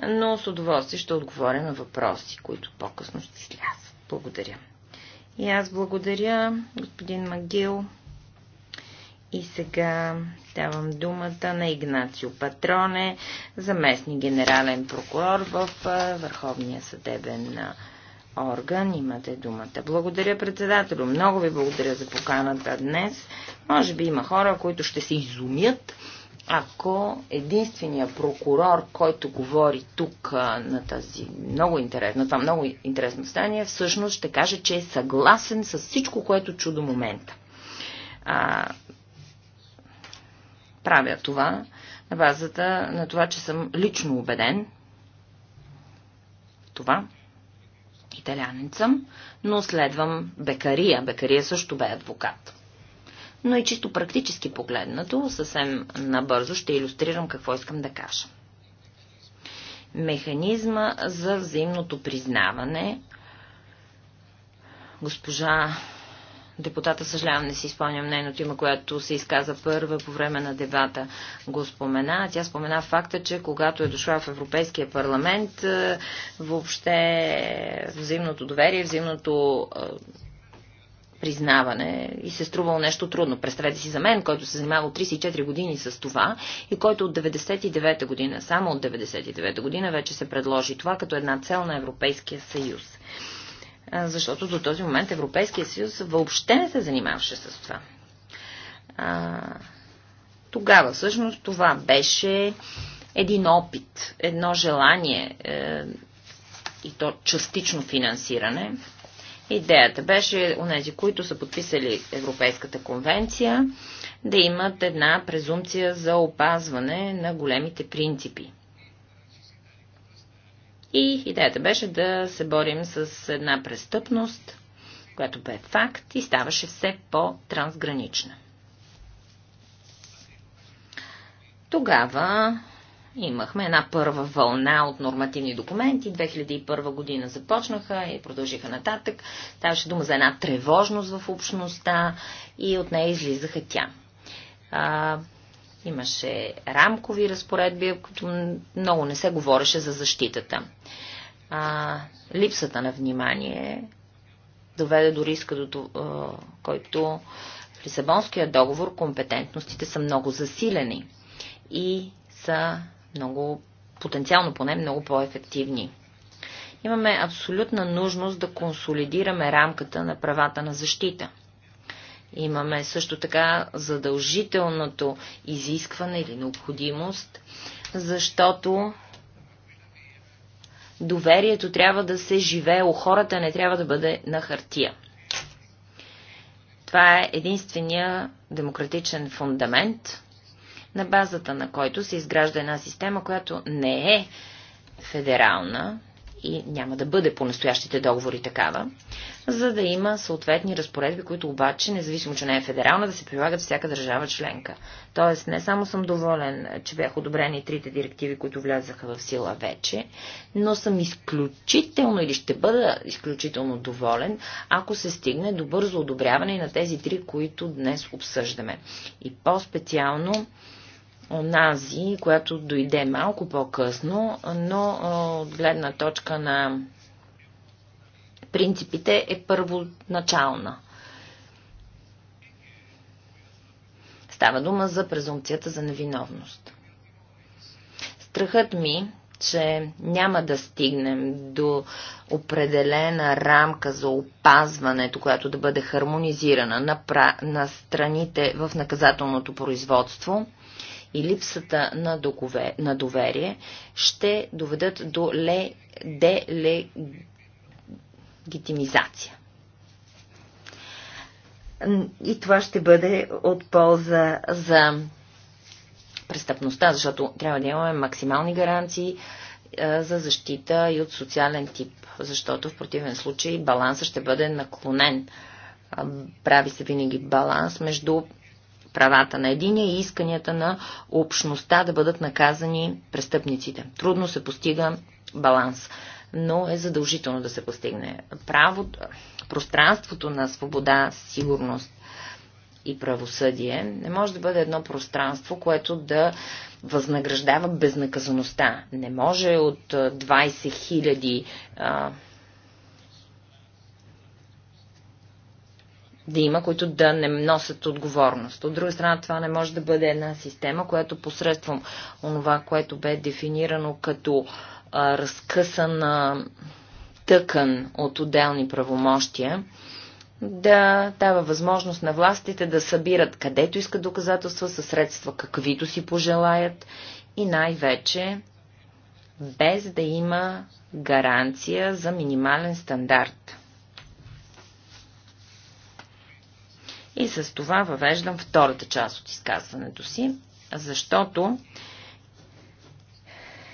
[SPEAKER 3] но с удоволствие ще отговоря на въпроси, които по-късно ще сляз. Благодаря. И аз благодаря, господин Магил. И сега давам думата на Игнацио Патроне, заместник генерален прокурор в Върховния съдебен орган. Имате думата. Благодаря, председателю. Много ви благодаря за поканата днес. Може би има хора, които ще се изумят ако единствения прокурор, който говори тук на тази много интересна, това много интересно стание, всъщност ще каже, че е съгласен с всичко, което чу до момента. А, правя това на базата на това, че съм лично убеден в това. Италянец съм, но следвам Бекария. Бекария също бе адвокат но и чисто практически погледнато, съвсем набързо ще иллюстрирам какво искам да кажа. Механизма за взаимното признаване. Госпожа депутата, съжалявам, не си изпълням нейното име, която се изказа първа по време на дебата, го спомена. Тя спомена факта, че когато е дошла в Европейския парламент, е, въобще взаимното доверие, взаимното е, признаване и се струвало нещо трудно. Представете си за мен, който се занимава от 34 години с това и който от 99-та година, само от 99-та година вече се предложи това като една цел на Европейския съюз. Защото до този момент Европейския съюз въобще не се занимаваше с това. А, тогава всъщност това беше един опит, едно желание е, и то частично финансиране Идеята беше у нези, които са подписали Европейската конвенция, да имат една презумпция за опазване на големите принципи. И идеята беше да се борим с една престъпност, която бе факт и ставаше все по-трансгранична. Тогава Имахме една първа вълна от нормативни документи. 2001 година започнаха и продължиха нататък. Ставаше дума за една тревожност в общността и от нея излизаха тя. А, имаше рамкови разпоредби, които много не се говореше за защитата. А, липсата на внимание доведе до риска, до, а, който в Лисабонския договор компетентностите са много засилени и са много, потенциално поне, много по-ефективни. Имаме абсолютна нужност да консолидираме рамката на правата на защита. Имаме също така задължителното изискване или необходимост, защото доверието трябва да се живее у хората, не трябва да бъде на хартия. Това е единствения демократичен фундамент, на базата на който се изгражда една система, която не е федерална и няма да бъде по настоящите договори такава, за да има съответни разпоредби, които обаче, независимо, че не е федерална, да се прилагат всяка държава членка. Тоест, не само съм доволен, че бях одобрени трите директиви, които влязаха в сила вече, но съм изключително или ще бъда изключително доволен, ако се стигне до бързо одобряване на тези три, които днес обсъждаме. И по-специално онази, която дойде малко по-късно, но от гледна точка на принципите е първоначална. Става дума за презумпцията за невиновност. Страхът ми, че няма да стигнем до определена рамка за опазването, която да бъде хармонизирана на, пра... на страните в наказателното производство – и липсата на, догове, на доверие ще доведат до ле, делегитимизация. И това ще бъде от полза за престъпността, защото трябва да имаме максимални гаранции е, за защита и от социален тип, защото в противен случай балансът ще бъде наклонен прави се винаги баланс между правата на единия и исканията на общността да бъдат наказани престъпниците. Трудно се постига баланс, но е задължително да се постигне. Право, пространството на свобода, сигурност и правосъдие не може да бъде едно пространство, което да възнаграждава безнаказаността. Не може от 20 000 да има, които да не носят отговорност. От друга страна, това не може да бъде една система, която посредством онова, което бе дефинирано като а, разкъсана тъкан от отделни правомощия, да дава възможност на властите да събират където искат доказателства, със средства каквито си пожелаят и най-вече без да има гаранция за минимален стандарт. И с това въвеждам втората част от изказването си, защото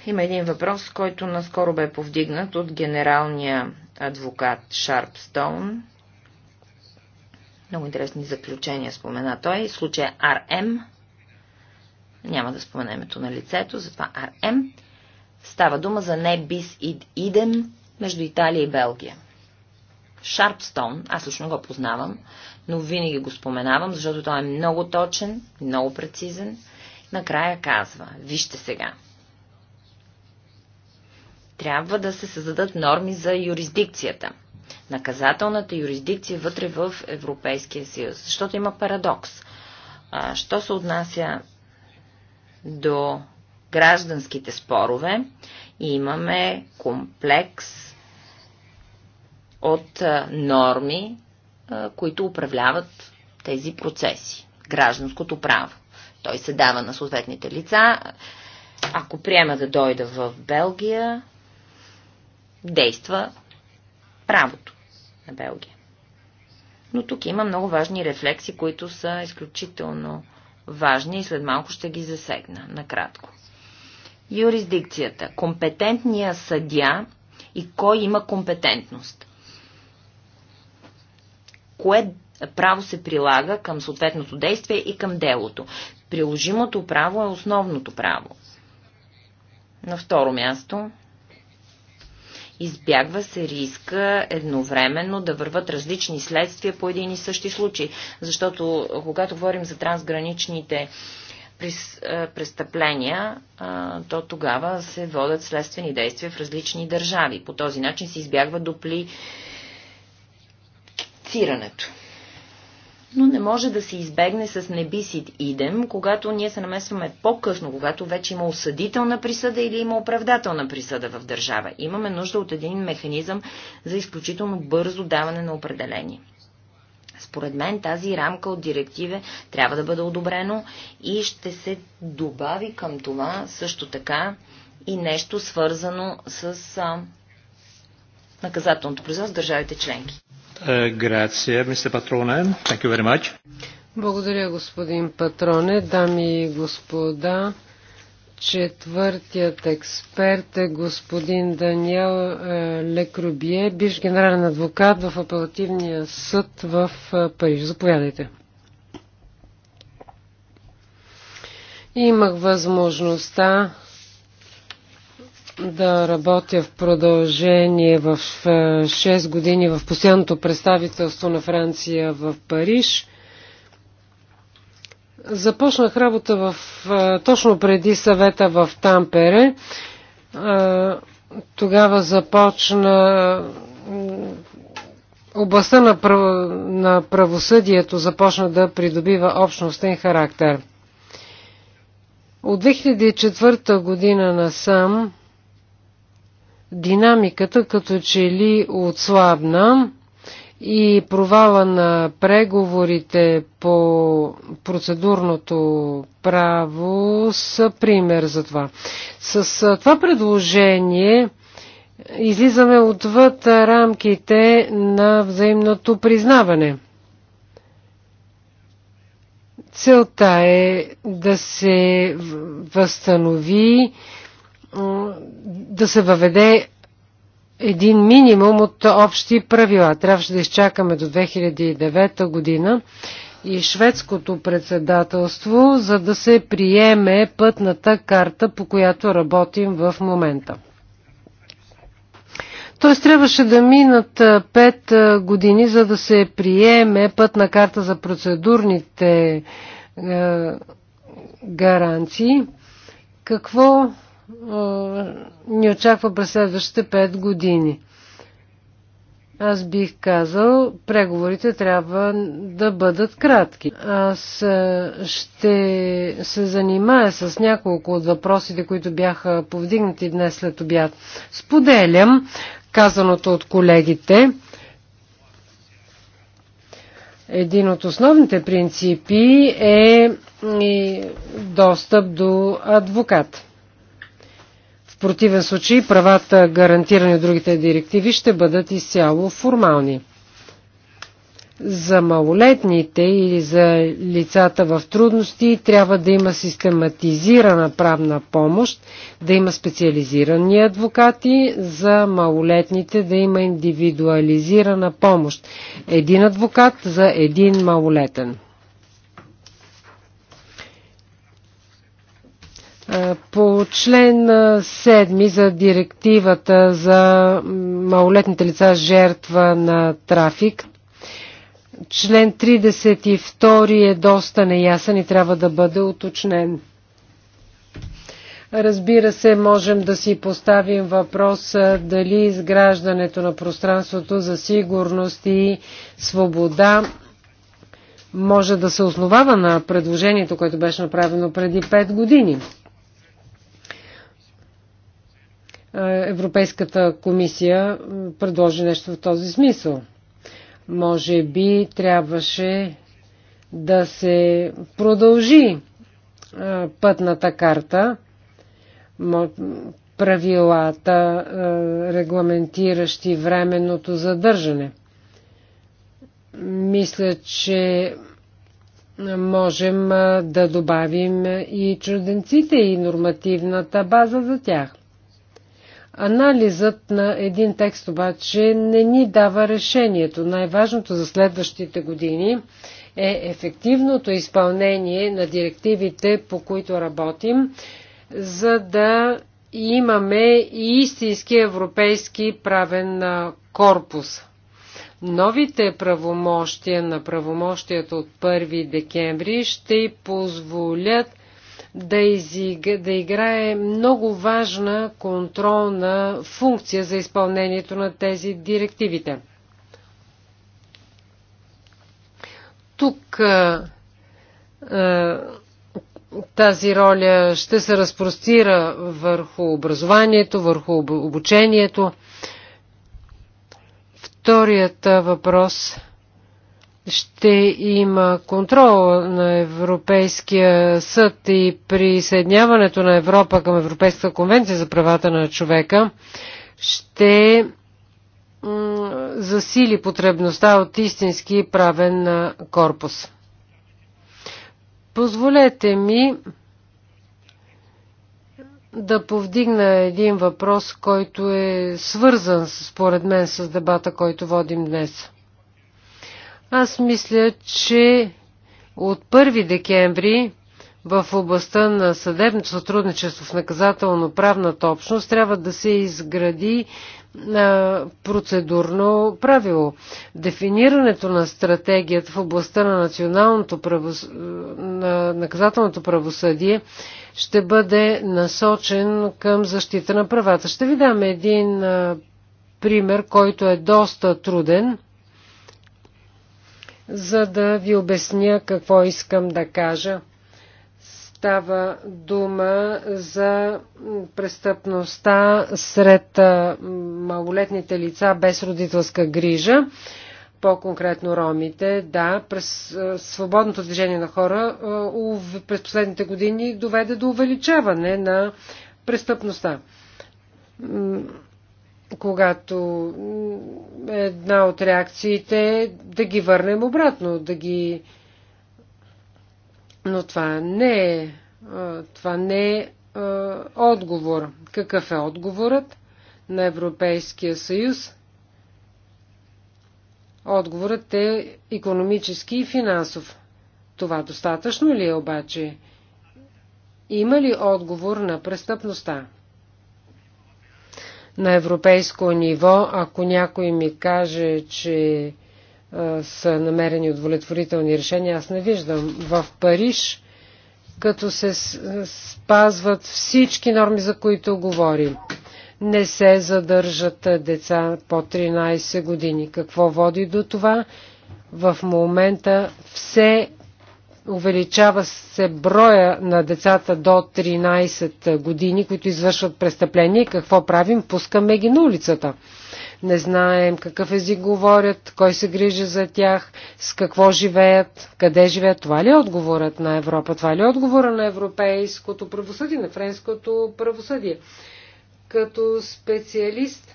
[SPEAKER 3] има един въпрос, който наскоро бе повдигнат от генералния адвокат Шарп Стоун. Много интересни заключения спомена той. Случая РМ. Няма да спомена името на лицето, затова РМ. Става дума за не бис ид между Италия и Белгия. Шарпстон, аз лично го познавам, но винаги го споменавам, защото той е много точен, много прецизен. Накрая казва, вижте сега. Трябва да се създадат норми за юрисдикцията. Наказателната юрисдикция вътре в Европейския съюз. Защото има парадокс. А, що се отнася до гражданските спорове, имаме комплекс от норми, които управляват тези процеси. Гражданското право. Той се дава на съответните лица. Ако приема да дойда в Белгия, действа правото на Белгия. Но тук има много важни рефлекси, които са изключително важни и след малко ще ги засегна накратко. Юрисдикцията. Компетентния съдя и кой има компетентност кое право се прилага към съответното действие и към делото. Приложимото право е основното право. На второ място, избягва се риска едновременно да върват различни следствия по един и същи случай. Защото когато говорим за трансграничните престъпления, то тогава се водят следствени действия в различни държави. По този начин се избягва дупли цирането. Но не може да се избегне с небисит идем, когато ние се намесваме по-късно, когато вече има осъдителна присъда или има оправдателна присъда в държава. Имаме нужда от един механизъм за изключително бързо даване на определение. Според мен тази рамка от директиве трябва да бъде одобрено и ще се добави към това също така и нещо свързано с а, наказателното производство с държавите членки.
[SPEAKER 1] Е,
[SPEAKER 2] Благодаря, господин Патроне. Дами и господа, четвъртият експерт е господин Даниел е, Лекрубие, биш генерален адвокат в апелативния съд в е, Париж. Заповядайте. Имах възможността да работя в продължение в 6 е, години в постоянното представителство на Франция в Париж. Започнах работа в, е, точно преди съвета в Тампере. Е, тогава започна областта на, прав... на правосъдието започна да придобива общностен характер. От 2004 година насам динамиката като че ли отслабна и провала на преговорите по процедурното право са пример за това. С това предложение излизаме отвъд рамките на взаимното признаване. Целта е да се възстанови да се въведе един минимум от общи правила. Трябваше да изчакаме до 2009 година и шведското председателство, за да се приеме пътната карта, по която работим в момента. Т.е. трябваше да минат 5 години, за да се приеме пътна карта за процедурните е, гаранции. Какво е, ни очаква през следващите 5 години. Аз бих казал, преговорите трябва да бъдат кратки. Аз е, ще се занимая с няколко от въпросите, които бяха повдигнати днес след обяд. Споделям казаното от колегите. Един от основните принципи е достъп до адвокат. В противен случай правата, гарантирани от другите директиви, ще бъдат изцяло формални. За малолетните или за лицата в трудности трябва да има систематизирана правна помощ, да има специализирани адвокати, за малолетните да има индивидуализирана помощ. Един адвокат за един малолетен. По член 7 за директивата за малолетните лица жертва на трафик, член 32 е доста неясен и трябва да бъде уточнен. Разбира се, можем да си поставим въпрос дали изграждането на пространството за сигурност и свобода може да се основава на предложението, което беше направено преди 5 години. Е, Европейската комисия предложи нещо в този смисъл. Може би трябваше да се продължи е, пътната карта, правилата, е, регламентиращи временното задържане. Мисля, че можем да добавим и чуденците и нормативната база за тях. Анализът на един текст обаче не ни дава решението. Най-важното за следващите години е ефективното изпълнение на директивите, по които работим, за да имаме и истински европейски правен корпус. Новите правомощия на правомощията от 1 декември ще позволят да, изиг... да играе много важна контролна функция за изпълнението на тези директивите. Тук тази роля ще се разпростира върху образованието, върху обучението. Вторият въпрос ще има контрол на Европейския съд и присъединяването на Европа към Европейската конвенция за правата на човека ще засили потребността от истински правен корпус. Позволете ми да повдигна един въпрос, който е свързан според мен с дебата, който водим днес. Аз мисля, че от 1 декември в областта на съдебното сътрудничество в наказателно-правната общност трябва да се изгради процедурно правило. Дефинирането на стратегията в областта на, националното правос... на наказателното правосъдие ще бъде насочен към защита на правата. Ще ви дам един пример, който е доста труден за да ви обясня какво искам да кажа. Става дума за престъпността сред малолетните лица без родителска грижа, по-конкретно ромите. Да, през свободното движение на хора през последните години доведе до увеличаване на престъпността когато една от реакциите е да ги върнем обратно, да ги... Но това не е, това не е отговор. Какъв е отговорът на Европейския съюз? Отговорът е економически и финансов. Това достатъчно ли е обаче? Има ли отговор на престъпността? на европейско ниво, ако някой ми каже, че а, са намерени удовлетворителни решения, аз не виждам. В Париж, като се спазват всички норми, за които говорим, не се задържат деца по 13 години. Какво води до това? В момента все увеличава се броя на децата до 13 години, които извършват престъпления. Какво правим? Пускаме ги на улицата. Не знаем какъв език говорят, кой се грижи за тях, с какво живеят, къде живеят. Това ли е отговорът на Европа? Това ли е отговора на европейското правосъдие, на френското правосъдие? Като специалист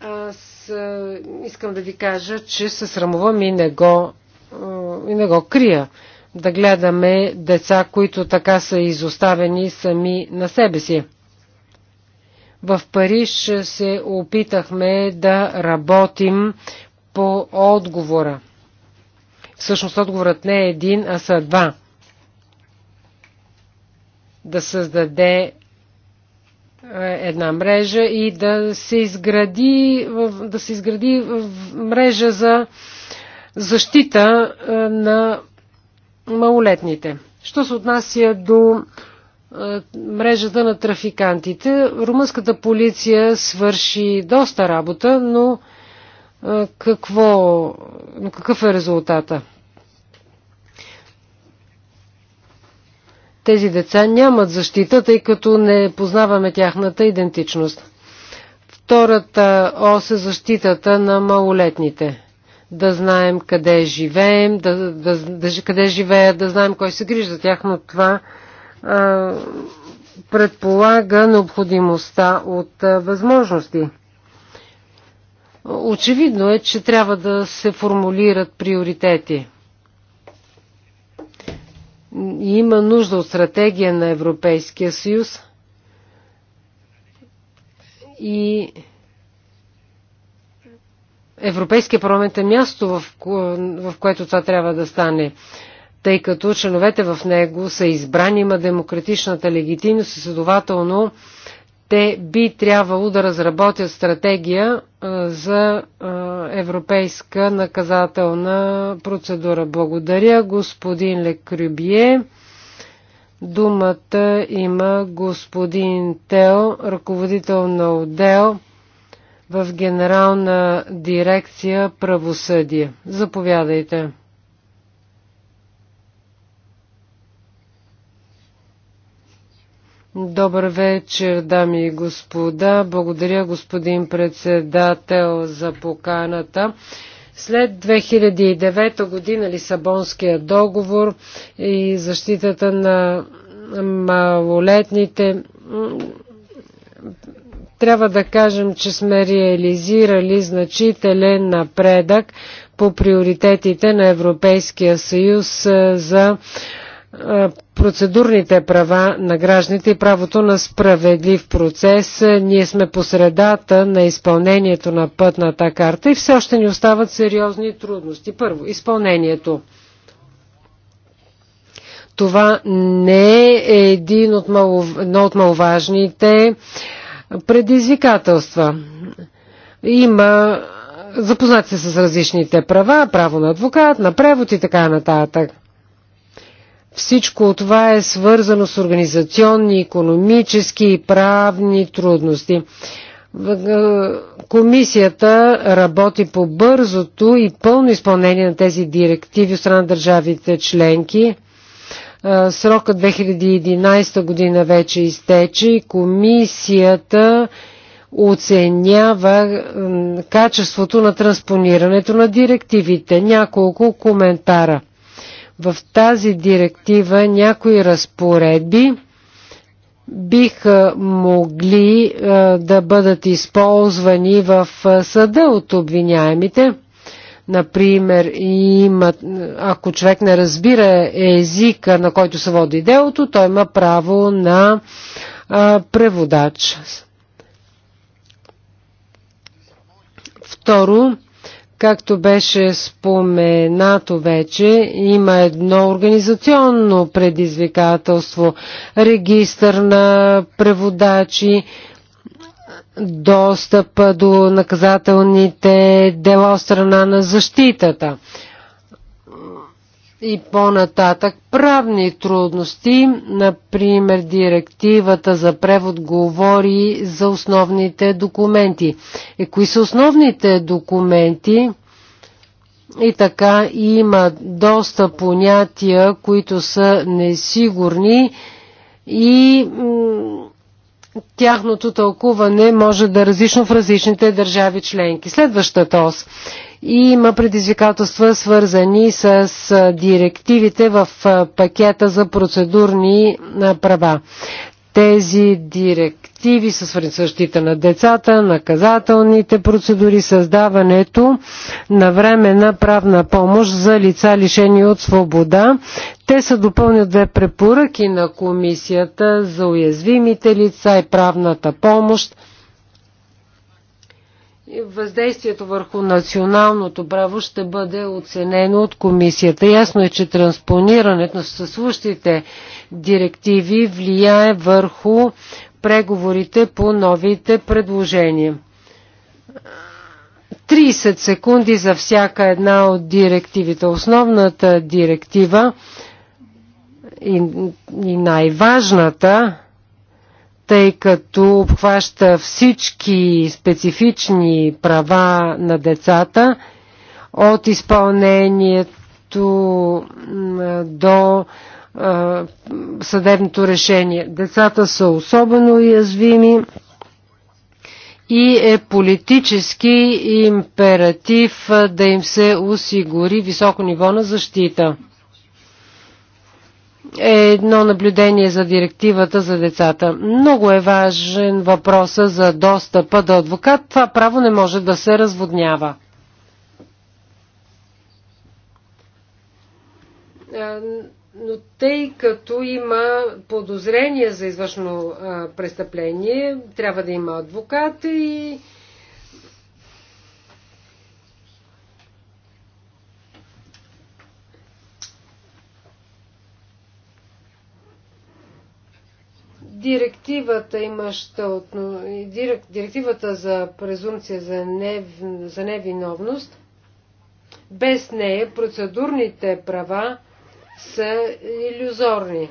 [SPEAKER 2] аз искам да ви кажа, че се срамувам и не го и не го крия. Да гледаме деца, които така са изоставени сами на себе си. В Париж се опитахме да работим по отговора. Всъщност отговорът не е един, а са два. Да създаде е, една мрежа и да се изгради, да се изгради мрежа за защита е, на малолетните. Що се отнася до е, мрежата на трафикантите, румънската полиция свърши доста работа, но е, какво, но какъв е резултата? Тези деца нямат защита, тъй като не познаваме тяхната идентичност. Втората ос е защитата на малолетните да знаем къде живеем, да, да, да, къде живеят, да знаем кой се грижи за тях, но това а, предполага необходимостта от а, възможности. Очевидно е, че трябва да се формулират приоритети. Има нужда от стратегия на Европейския съюз и Европейския парламент е място, в, в което това трябва да стане, тъй като членовете в него са избрани, има демократичната легитимност и следователно те би трябвало да разработят стратегия за европейска наказателна процедура. Благодаря, господин Лекрюбие. Думата има господин Тел, ръководител на отдел в Генерална дирекция правосъдие. Заповядайте. Добър вечер, дами и господа. Благодаря, господин председател, за поканата. След 2009 година Лисабонския договор и защитата на малолетните трябва да кажем, че сме реализирали значителен напредък по приоритетите на Европейския съюз за процедурните права на гражданите и правото на справедлив процес. Ние сме по средата на изпълнението на пътната карта и все още ни остават сериозни трудности. Първо, изпълнението. Това не е един от мало, едно от маловажните предизвикателства. Има запознати се с различните права, право на адвокат, на превод и така нататък. Всичко това е свързано с организационни, економически и правни трудности. Комисията работи по бързото и пълно изпълнение на тези директиви от страна на държавите членки. Е, срока 2011 година вече изтече и комисията оценява качеството на транспонирането на директивите. Няколко коментара. В тази директива някои разпоредби биха могли е, да бъдат използвани в е, съда от обвиняемите – Например, има, ако човек не разбира езика, на който се води делото, той има право на а, преводач. Второ, Както беше споменато вече, има едно организационно предизвикателство. Регистър на преводачи, достъпа до наказателните дела от страна на защитата. И по-нататък правни трудности, например директивата за превод говори за основните документи. Е, кои са основните документи? И така има доста понятия, които са несигурни и тяхното тълкуване може да е различно в различните държави членки. Следващата ос има предизвикателства свързани с директивите в пакета за процедурни права. Тези директиви са свързани с защита на децата, наказателните процедури, създаването на време на правна помощ за лица лишени от свобода. Те са допълнят две препоръки на комисията за уязвимите лица и правната помощ въздействието върху националното право ще бъде оценено от комисията. Ясно е, че транспонирането на съществуващите директиви влияе върху преговорите по новите предложения. 30 секунди за всяка една от директивите. Основната директива и, и най-важната, тъй като обхваща всички специфични права на децата от изпълнението до съдебното решение. Децата са особено уязвими и е политически императив да им се осигури високо ниво на защита. Е едно наблюдение за директивата за децата. Много е важен въпроса за достъпа до адвокат. Това право не може да се разводнява. Е, но тъй като има подозрение за извършено престъпление, трябва да има адвокат и директивата имаща отно... директивата за презумпция за, нев... за невиновност, без нея процедурните права са иллюзорни.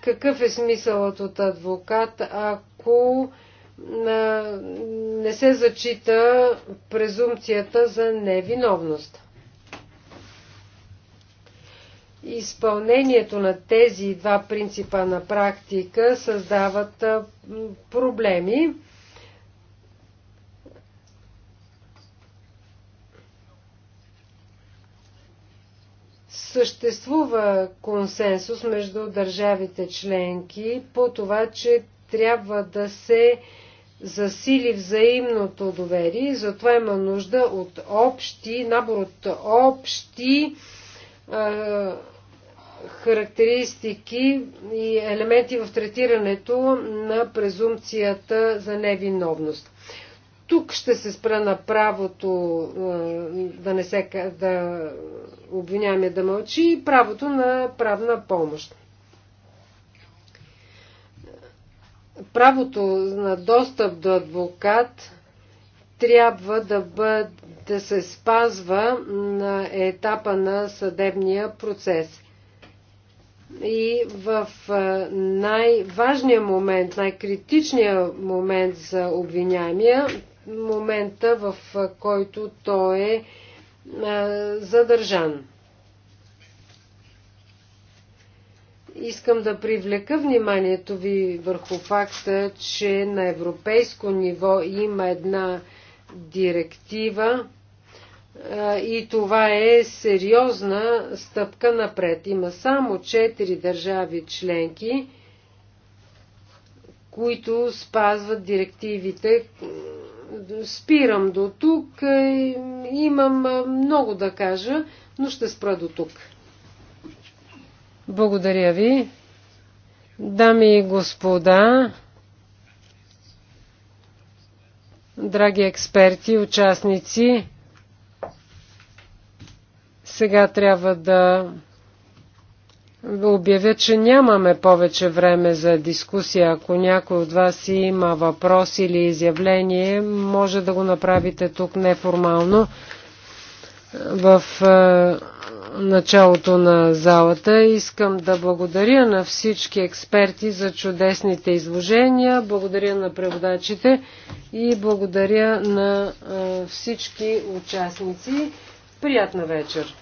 [SPEAKER 2] Какъв е смисълът от адвокат, ако не се зачита презумпцията за невиновност? Изпълнението на тези два принципа на практика създават проблеми Съществува консенсус между държавите членки по това, че трябва да се засили взаимното доверие. Затова има нужда от общи, набор от общи характеристики и елементи в третирането на презумпцията за невиновност. Тук ще се спра на правото да не се да обвиняваме да мълчи и правото на правна помощ. Правото на достъп до адвокат трябва да, бъде, да се спазва на етапа на съдебния процес. И в най-важния момент, най-критичния момент за обвиняемия, момента, в който той е задържан. Искам да привлека вниманието ви върху факта, че на европейско ниво има една директива и това е сериозна стъпка напред. Има само 4 държави членки, които спазват директивите, спирам до тук. Имам много да кажа, но ще спра до тук. Благодаря ви. Дами и господа, драги експерти, участници, сега трябва да обявя, че нямаме повече време за дискусия. Ако някой от вас има въпрос или изявление, може да го направите тук неформално в е, началото на залата. Искам да благодаря на всички експерти за чудесните изложения, благодаря на преводачите и благодаря на е, всички участници. Приятна вечер!